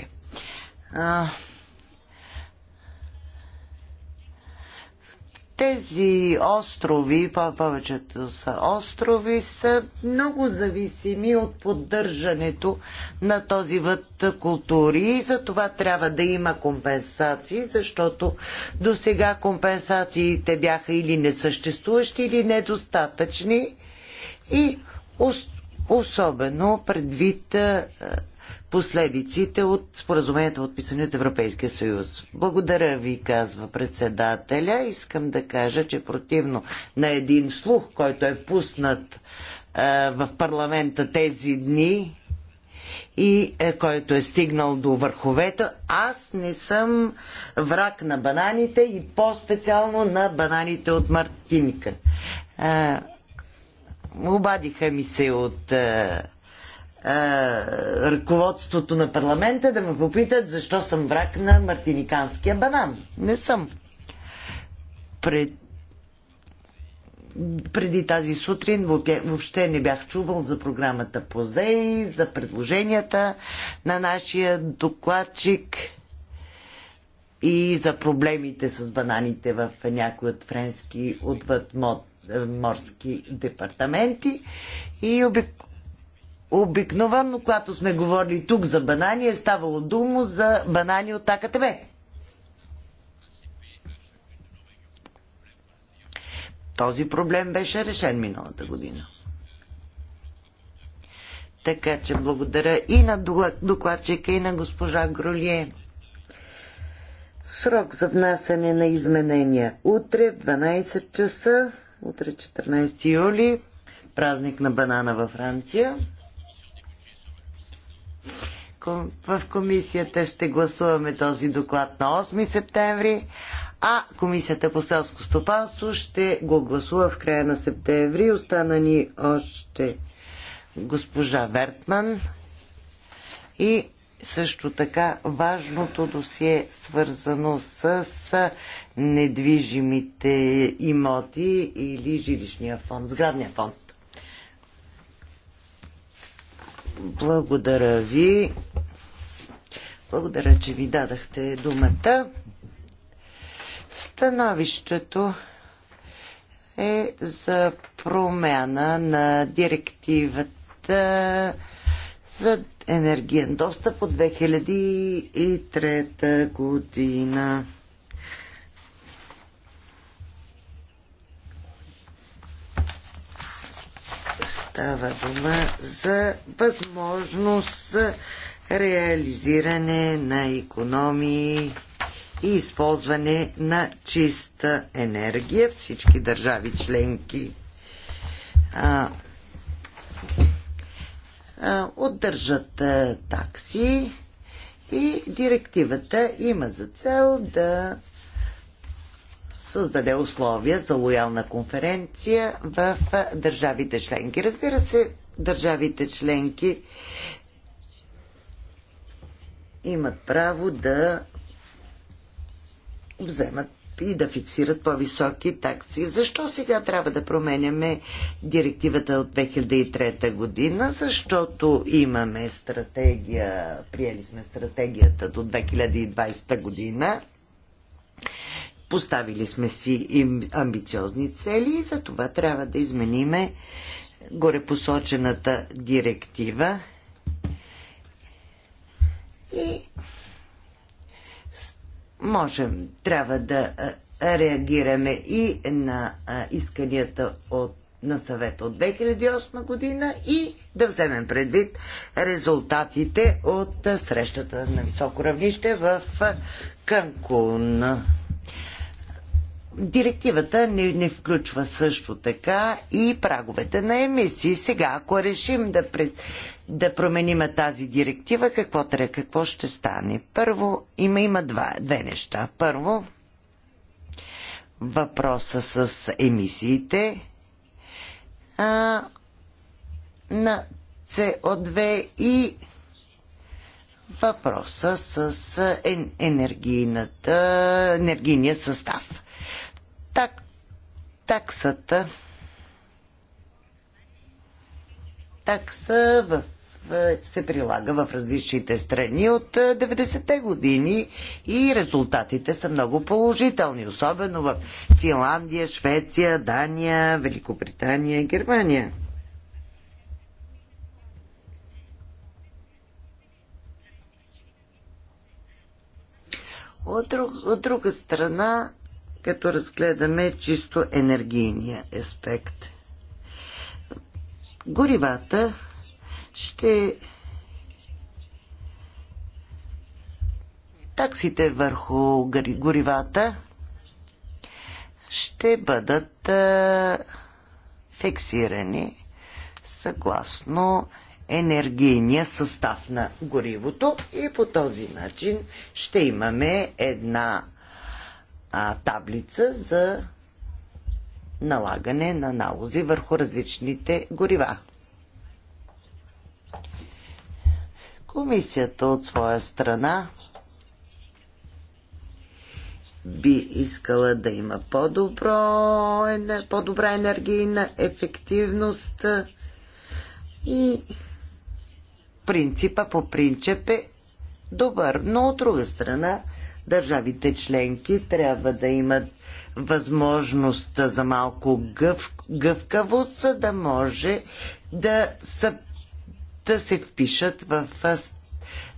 Тези острови, повечето са острови, са много зависими от поддържането на този вид култури и за това трябва да има компенсации, защото до сега компенсациите бяха или несъществуващи, или недостатъчни и особено предвид последиците от споразуменията, отписани от Европейския съюз. Благодаря ви, казва председателя. Искам да кажа, че противно на един слух, който е пуснат а, е, в парламента тези дни и е, който е стигнал до върховете, аз не съм враг на бананите и по-специално на бананите от Мартиника. А, е, обадиха ми се от е, ръководството на парламента да ме попитат защо съм враг на мартиниканския банан. Не съм. Пред... Преди тази сутрин въобще не бях чувал за програмата Позей, за предложенията на нашия докладчик и за проблемите с бананите в някои от френски отвъдморски е, департаменти. И обик Обикновено, когато сме говорили тук за банани, е ставало дума за банани от АКТВ. Този проблем беше решен миналата година. Така че благодаря и на докладчика, и на госпожа Гролие. Срок за внасяне на изменения утре в 12 часа, утре 14 юли, празник на банана във Франция. В комисията ще гласуваме този доклад на 8 септември, а комисията по селско стопанство ще го гласува в края на септември. Остана ни още госпожа Вертман и също така важното досие, свързано с недвижимите имоти или жилищния фонд, сградния фонд. Благодаря ви. Благодаря, че ви дадахте думата. Становището е за промяна на директивата за енергиен достъп от 2003 година. Става дума за възможност реализиране на економии и използване на чиста енергия. Всички държави членки а, а, отдържат а, такси и директивата има за цел да създаде условия за лоялна конференция в държавите членки. Разбира се, държавите членки имат право да вземат и да фиксират по-високи такси. Защо сега трябва да променяме директивата от 2003 година? Защото имаме стратегия, приели сме стратегията до 2020 година. Поставили сме си амбициозни цели и за това трябва да измениме горепосочената директива и можем, трябва да реагираме и на исканията от на съвета от 2008 година и да вземем предвид резултатите от срещата на високо равнище в Канкун. Директивата не, не включва също така и праговете на емисии. Сега, ако решим да, да променим тази директива, какво, трябва, какво ще стане? Първо, има, има два, две неща. Първо, въпроса с емисиите а, на CO2 и въпроса с енергийната, енергийния състав так, таксата такса в се прилага в различните страни от 90-те години и резултатите са много положителни, особено в Финландия, Швеция, Дания, Великобритания, Германия. От, друг, от друга страна, като разгледаме чисто енергийния аспект. Горивата ще таксите върху горивата ще бъдат фиксирани съгласно енергийния състав на горивото и по този начин ще имаме една а, таблица за налагане на налози върху различните горива. Комисията от своя страна би искала да има по-добро, по-добра енергийна ефективност и принципа по принцип е добър, но от друга страна Държавите членки трябва да имат възможност за малко гъв, гъвкавост, за да може да, са, да се впишат в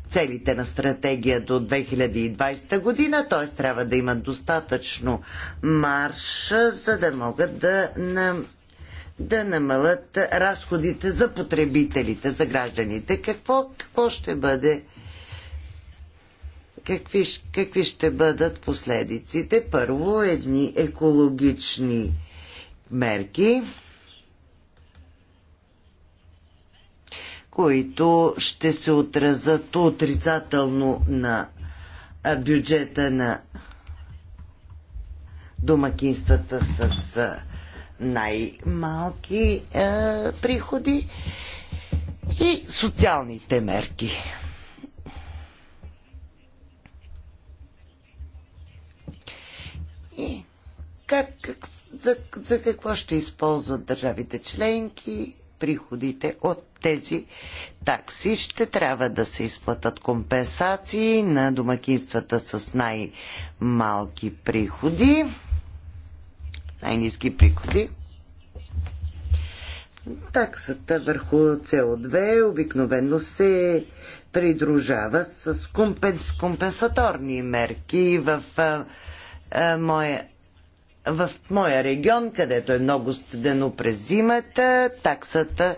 целите на стратегия до 2020 година, т.е. трябва да имат достатъчно марш, за да могат да, нам, да намалят разходите за потребителите, за гражданите. Какво, какво ще бъде какви, какви ще бъдат последиците. Първо, едни екологични мерки, които ще се отразят отрицателно на бюджета на домакинствата с най-малки е, приходи и социалните мерки. И как, за, за какво ще използват държавите членки приходите от тези такси? Ще трябва да се изплатат компенсации на домакинствата с най-малки приходи, най-низки приходи. Таксата върху CO2 обикновено се придружава с компенс, компенсаторни мерки в моя в моя регион, където е много студено през зимата, таксата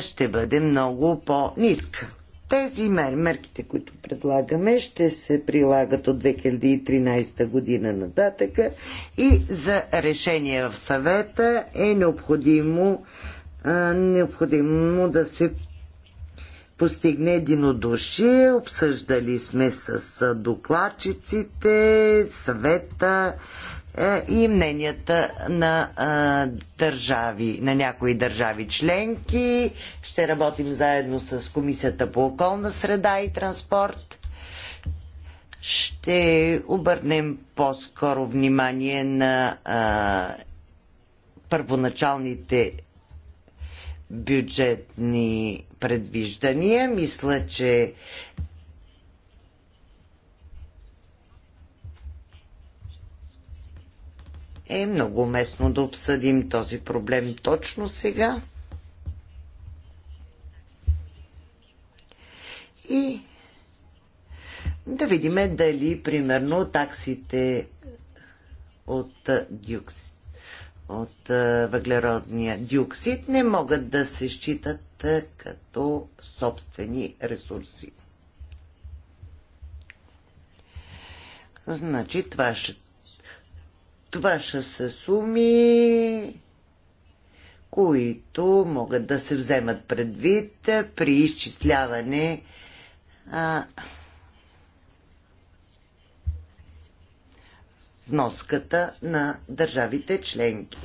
ще бъде много по-ниска. Тези мер, мерките, които предлагаме, ще се прилагат от 2013 година нататъка и за решение в съвета е необходимо, е, необходимо да се постигне единодушие. Обсъждали сме с докладчиците, съвета е, и мненията на а, държави, на някои държави членки. Ще работим заедно с Комисията по околна среда и транспорт. Ще обърнем по-скоро внимание на а, първоначалните бюджетни предвиждания. Мисля, че е много местно да обсъдим този проблем точно сега. И да видим дали, примерно, таксите от дюкси от е, въглеродния диоксид не могат да се считат е, като собствени ресурси. Значи това ще, това ще са суми, които могат да се вземат предвид е, при изчисляване а, вноската на държавите членки.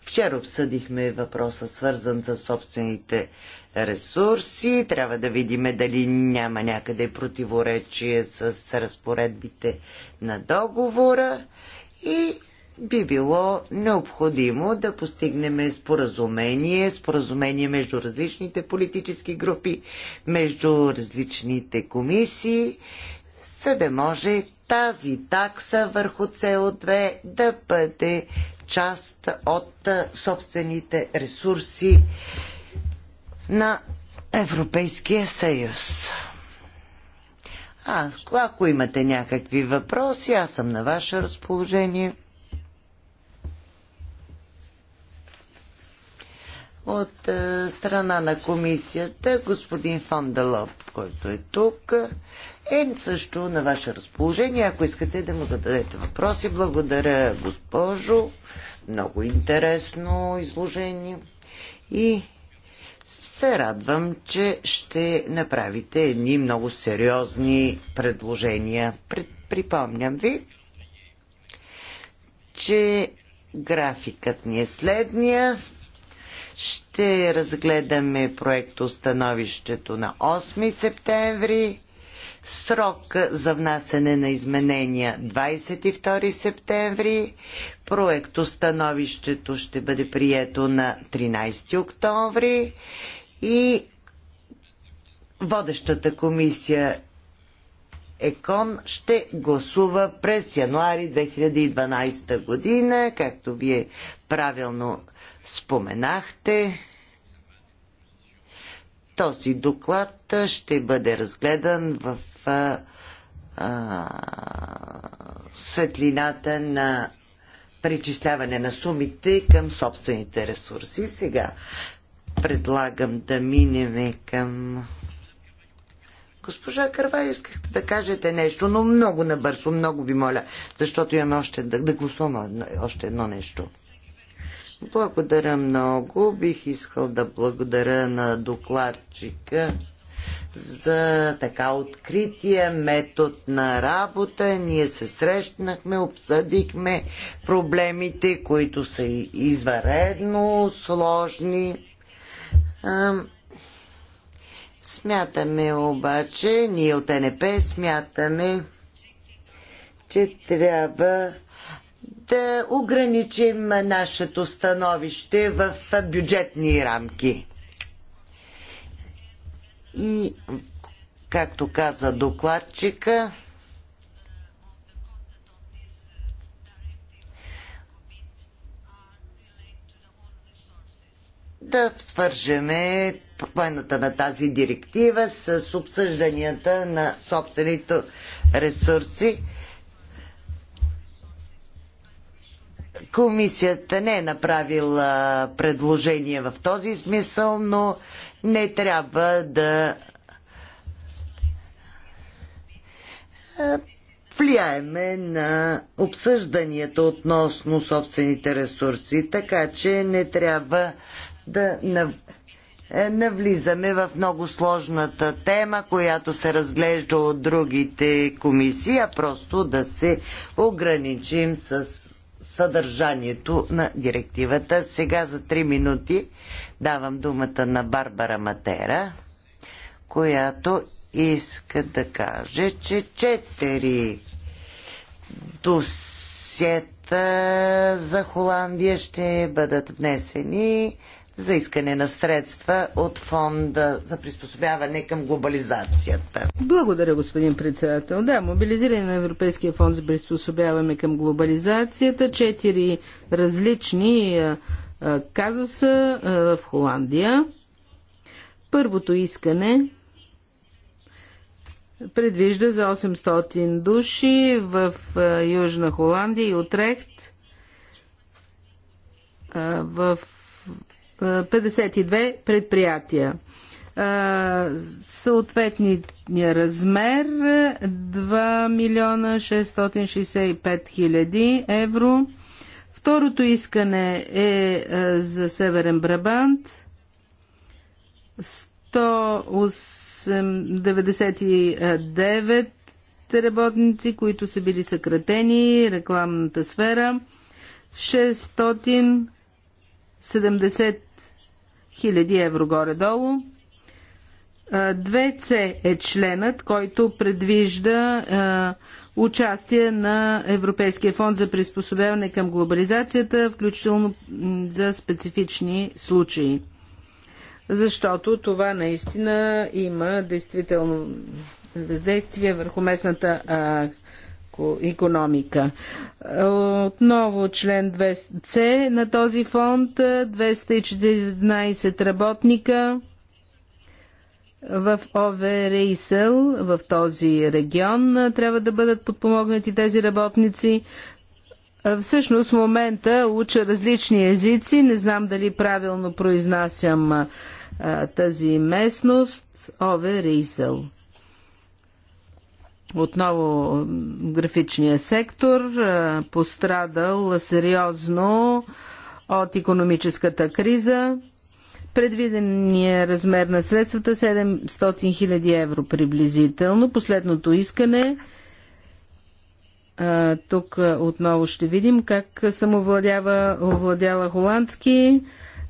Вчера обсъдихме въпроса, свързан с собствените ресурси. Трябва да видим дали няма някъде противоречие с разпоредбите на договора и би било необходимо да постигнем споразумение, споразумение между различните политически групи, между различните комисии за да може тази такса върху со 2 да бъде част от собствените ресурси на Европейския съюз. А, ако имате някакви въпроси, аз съм на ваше разположение. От страна на комисията, господин Фонделоп, който е тук, е също на ваше разположение, ако искате да му зададете въпроси. Благодаря, госпожо. Много интересно изложение. И се радвам, че ще направите едни много сериозни предложения. Припомням ви, че графикът ни е следния. Ще разгледаме проекто становището на 8 септември Срок за внасене на изменения 22 септември. Проекто становището ще бъде прието на 13 октомври и водещата комисия ЕКОН ще гласува през януари 2012 година, както вие правилно споменахте. Този доклад ще бъде разгледан в а, а, светлината на причисляване на сумите към собствените ресурси. Сега предлагам да минем към Госпожа Кърва, искахте да кажете нещо, но много набързо, много ви моля, защото имаме още да, да гласуваме още едно нещо. Благодаря много. Бих искал да благодаря на докладчика за така открития метод на работа. Ние се срещнахме, обсъдихме проблемите, които са изваредно сложни. Смятаме обаче, ние от НП смятаме, че трябва да ограничим нашето становище в бюджетни рамки. И, както каза докладчика, да свържеме поената на тази директива с обсъжданията на собствените ресурси Комисията не е направила предложение в този смисъл, но не трябва да влияеме на обсъжданията относно собствените ресурси, така че не трябва да е, навлизаме в много сложната тема, която се разглежда от другите комисии, а просто да се ограничим с съдържанието на директивата. Сега за 3 минути давам думата на Барбара Матера, която иска да каже, че 4 досета за Холандия ще бъдат внесени за искане на средства от фонда за приспособяване към глобализацията. Благодаря, господин председател. Да, мобилизиране на Европейския фонд за приспособяване към глобализацията. Четири различни казуса в Холандия. Първото искане предвижда за 800 души в Южна Холандия и Отрехт в 52 предприятия. Съответния размер 2 милиона 665 хиляди евро. Второто искане е, е за Северен Брабант 199 работници, които са били съкратени, рекламната сфера 670 1000 евро горе-долу. 2C е членът, който предвижда участие на Европейския фонд за приспособяване към глобализацията, включително за специфични случаи. Защото това наистина има действително въздействие върху местната економика. Е, отново член 200C на този фонд, 214 е, работника в Оверейсъл, в този регион, е, трябва да бъдат подпомогнати тези работници. Всъщност в момента уча различни езици, не знам дали правилно произнасям тази местност, Оверейсъл отново графичния сектор, пострадал сериозно от економическата криза. Предвидения размер на средствата 700 е 000 евро приблизително. Последното искане тук отново ще видим как съм овладяла холандски,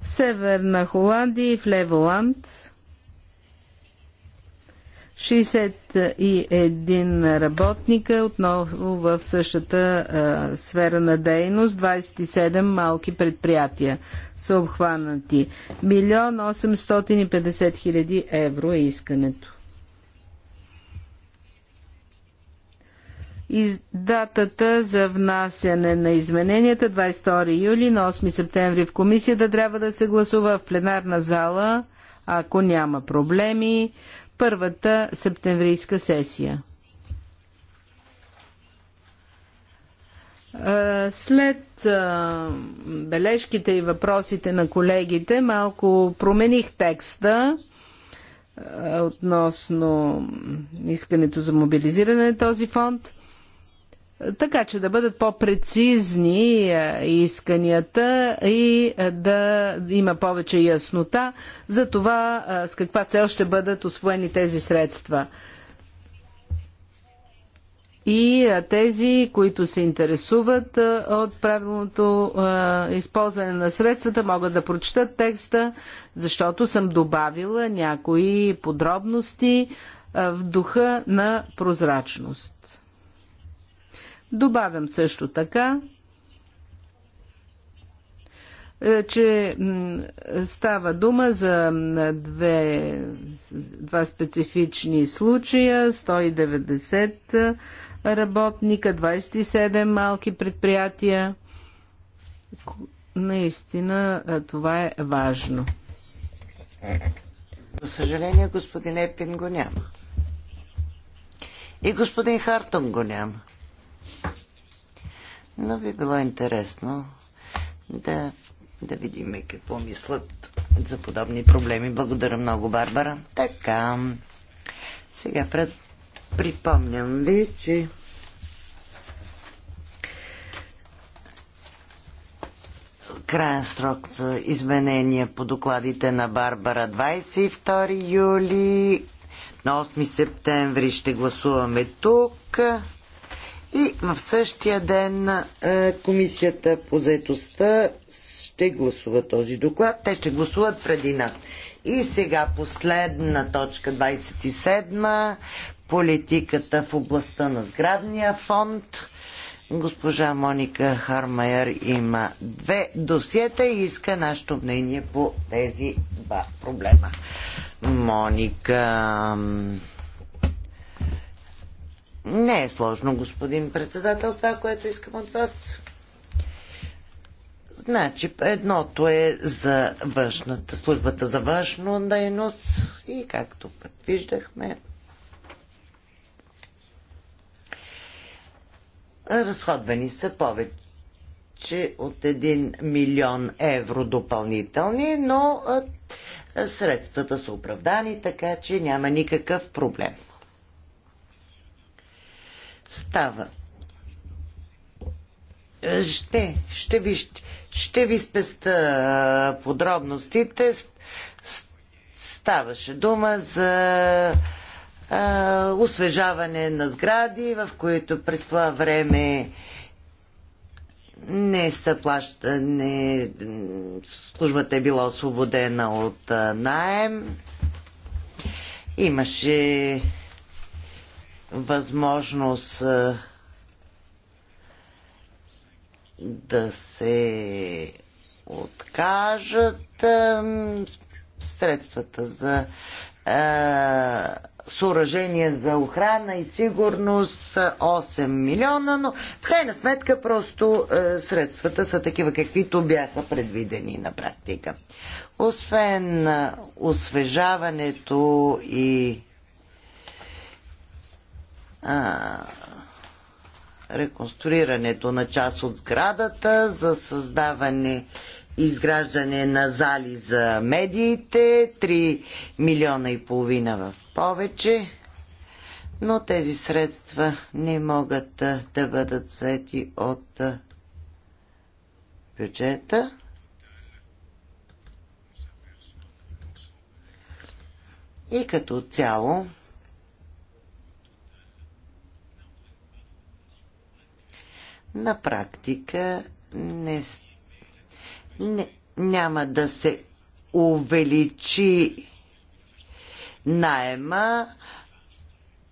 Северна Холандия и Флеволанд. 61 работника, отново в същата а, сфера на дейност, 27 малки предприятия са обхванати. Милион 850 хиляди евро е искането. Из датата за внасяне на измененията 22 юли на 8 септември в комисията трябва да се гласува в пленарна зала, ако няма проблеми първата септемврийска сесия. След бележките и въпросите на колегите, малко промених текста относно искането за мобилизиране на този фонд така че да бъдат по-прецизни е, исканията и е, да има повече яснота за това е, с каква цел ще бъдат освоени тези средства. И тези, които се интересуват от правилното използване на средствата, могат да прочитат текста, защото съм добавила някои подробности в духа на прозрачност. Добавям също така, е, че става дума за две, два специфични случая 190 е, работника, 27 малки предприятия. Наистина е, това е важно. За съжаление, господин Епин го няма. И господин Хартон го няма. Но би било интересно да, да видим какво мислят за подобни проблеми. Благодаря много, Барбара. Така, сега пред... припомням ви, че краен срок за изменения по докладите на Барбара 22 юли. На 8 септември ще гласуваме тук. И в същия ден е, комисията по заедостта ще гласува този доклад. Те ще гласуват преди нас. И сега последна точка 27. Политиката в областта на сградния фонд. Госпожа Моника Хармайер има две досиета и иска нашето мнение по тези два проблема. Моника. Не е сложно, господин председател, това, което искам от вас. Значи, едното е за външната, службата за външно дейност и както предвиждахме, разходвани са повече от 1 милион евро допълнителни, но средствата са оправдани, така че няма никакъв проблем става. Ще, ще ви, ще ви спеста подробностите. Ставаше дума за а, освежаване на сгради, в които през това време не са плаща, не, службата е била освободена от а, наем. Имаше възможност да се откажат средствата за съоръжения за охрана и сигурност 8 милиона, но в крайна сметка просто е, средствата са такива, каквито бяха предвидени на практика. Освен освежаването и а, реконструирането на част от сградата, за създаване и изграждане на зали за медиите, 3 милиона и половина в повече, но тези средства не могат да бъдат взети от бюджета. И като цяло на практика не, не, няма да се увеличи найема,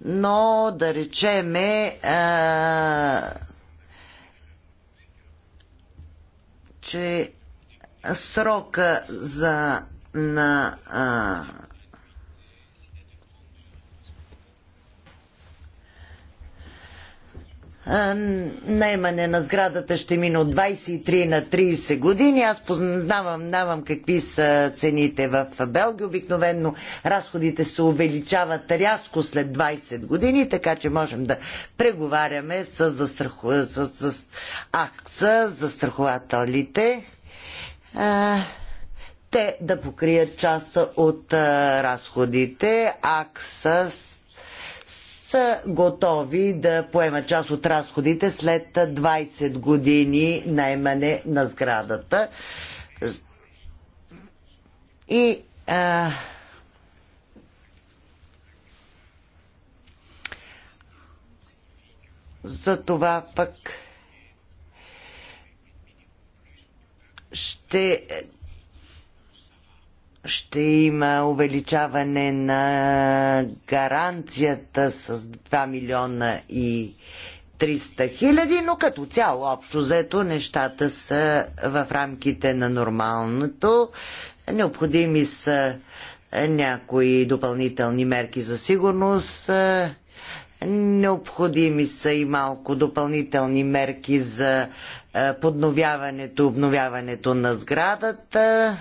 но да речеме а, че срока за на а, наемане на сградата ще мине от 23 на 30 години. Аз познавам давам какви са цените в Белгия. Обикновенно разходите се увеличават рязко след 20 години, така че можем да преговаряме с, Ахса, с, с АКСА, застрахователите. А те да покрият част от а, разходите. АКСА са готови да поемат част от разходите след 20 години наемане на сградата. И а, за това пък ще ще има увеличаване на гаранцията с 2 милиона и 300 хиляди, но като цяло общо взето нещата са в рамките на нормалното. Необходими са някои допълнителни мерки за сигурност, необходими са и малко допълнителни мерки за е, подновяването, обновяването на сградата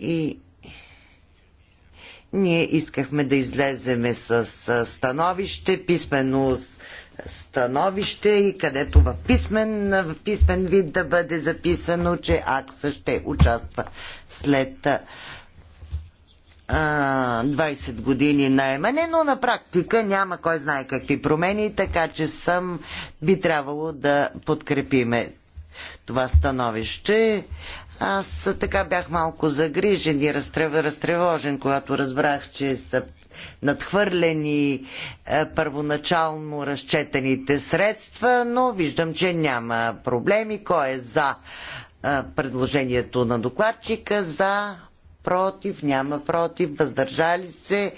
И ние искахме да излеземе с становище, писмено становище и където в писмен, в писмен вид да бъде записано, че АКСА ще участва след 20 години наемане, но на практика няма кой знае какви промени, така че съм би трябвало да подкрепиме това становище. Аз така бях малко загрижен и разтревожен, когато разбрах, че са надхвърлени е, първоначално разчетените средства, но виждам, че няма проблеми. Кой е за е, предложението на докладчика? За, против, няма против, въздържали се.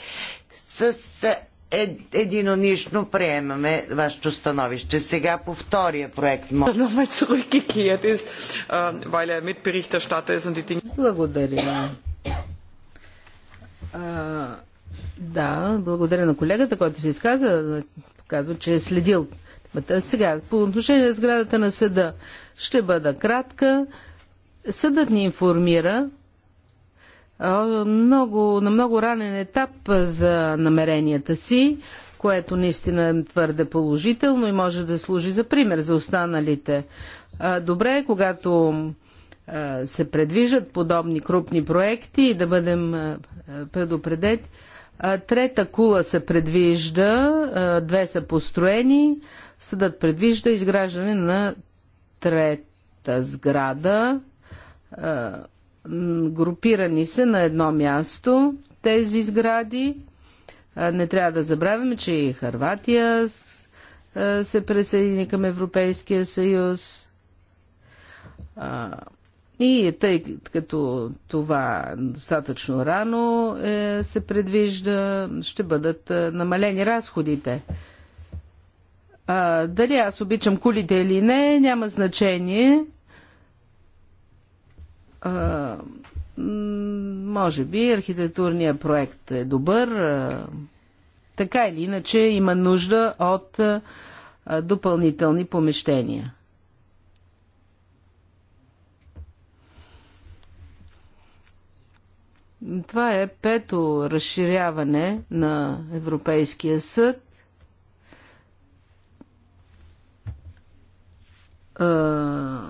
С е, е, единонично приемаме вашето становище. Сега по втория проект. Äh, er благодаря. да, благодаря на колегата, който се изказа. Казва, че е следил сега, по отношение на сградата на съда, ще бъда кратка. Съдът ни информира, много, на много ранен етап за намеренията си, което наистина е твърде положително и може да служи за пример за останалите. Добре е, когато се предвижат подобни крупни проекти и да бъдем предупредени. Трета кула се предвижда, две са построени, съдът предвижда изграждане на трета сграда групирани са на едно място тези сгради. Не трябва да забравяме, че и Харватия се присъедини към Европейския съюз. И тъй като това достатъчно рано е, се предвижда, ще бъдат намалени разходите. А, дали аз обичам кулите или не, няма значение. А, може би архитектурният проект е добър. А, така или иначе има нужда от а, допълнителни помещения. Това е пето разширяване на Европейския съд. Uh,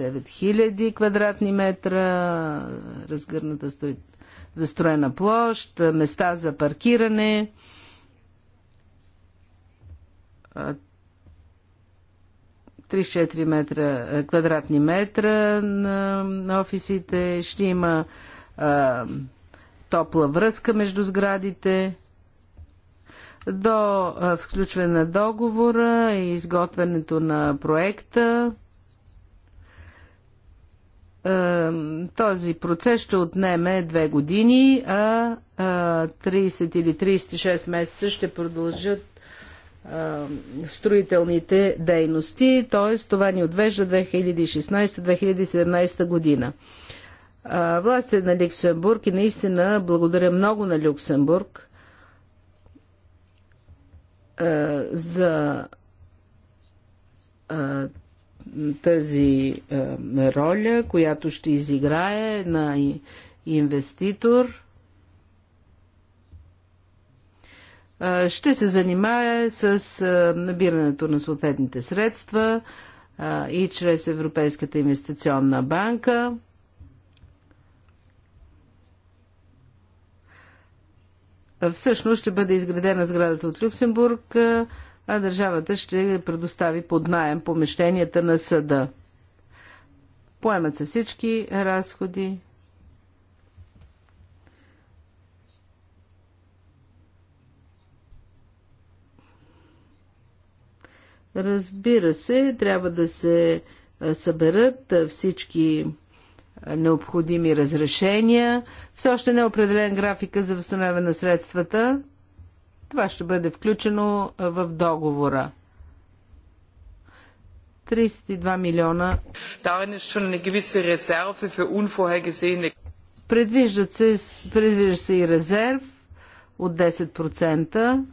9000 квадратни метра, разгърната застроена площ, места за паркиране. А 34 метра, квадратни метра на, на офисите, ще има а, топла връзка между сградите. До а, включване на договора и изготвянето на проекта този процес ще отнеме две години, а 30 или 36 месеца ще продължат строителните дейности, т.е. това ни отвежда 2016-2017 година. Властите на Люксембург и наистина благодаря много на Люксембург е, за е, тази е, роля, която ще изиграе на инвеститор, е, ще се занимае с е, набирането на съответните средства е, и чрез Европейската инвестиционна банка. Всъщност ще бъде изградена сградата от Люксембург а държавата ще предостави под найем помещенията на съда. Поемат се всички разходи. Разбира се, трябва да се съберат всички необходими разрешения. Все още не е определен графика за възстановяване на средствата. Това ще бъде включено в договора. 32 милиона. Предвиждат се, предвижда се и резерв от 10%.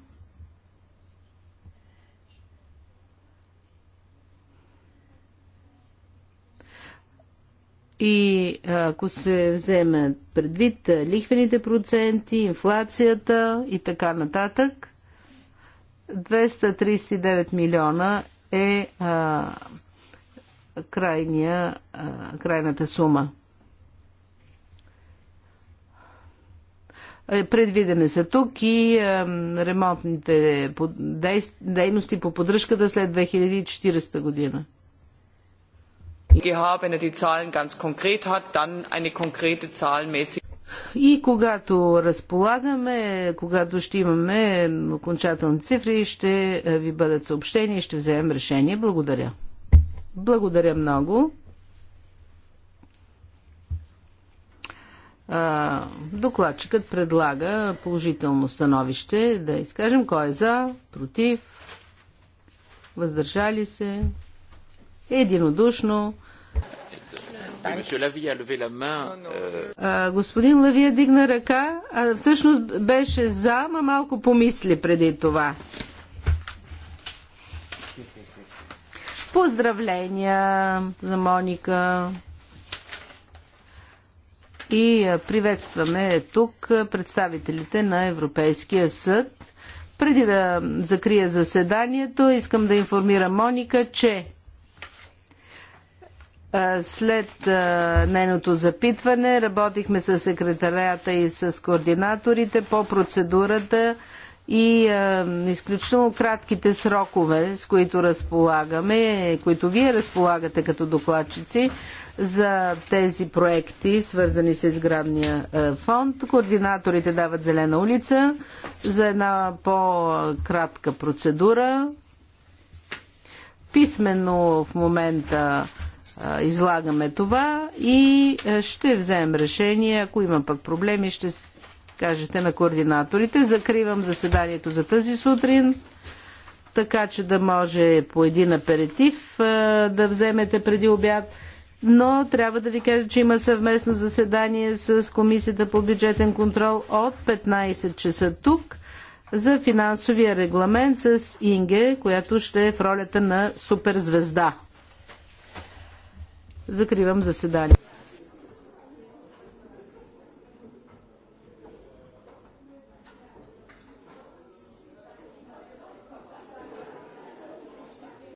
И ако се вземат предвид лихвените проценти, инфлацията и така нататък, 239 милиона е а, крайния, а, крайната сума. Е, предвидени са тук и а, ремонтните дейности по поддръжката след 2040 година. ИГХ, wenn er die Zahlen ganz konkret hat, dann eine konkrete zahlenmäßige и когато разполагаме, когато ще имаме окончателни цифри, ще е, ви бъдат съобщени и ще вземем решение. Благодаря. Благодаря много. докладчикът предлага положително становище да изкажем кой е за, против, въздържали се, единодушно. Euh, господин Лавия дигна ръка, а всъщност беше за, ма малко помисли преди това. Поздравления за Моника. И приветстваме тук представителите на Европейския съд. Преди да закрия заседанието, искам да информира Моника, че след нейното запитване работихме с секретарията и с координаторите по процедурата и изключително кратките срокове, с които разполагаме, които вие разполагате като докладчици за тези проекти, свързани с изградния фонд. Координаторите дават зелена улица за една по-кратка процедура. Писменно в момента излагаме това и е, ще вземем решение. Ако има пък проблеми, ще кажете на координаторите. Закривам заседанието за тази сутрин, така че да може по един аперитив е, да вземете преди обяд. Но трябва да ви кажа, че има съвместно заседание с Комисията по бюджетен контрол от 15 часа тук за финансовия регламент с Инге, която ще е в ролята на суперзвезда. Закривам заседанието.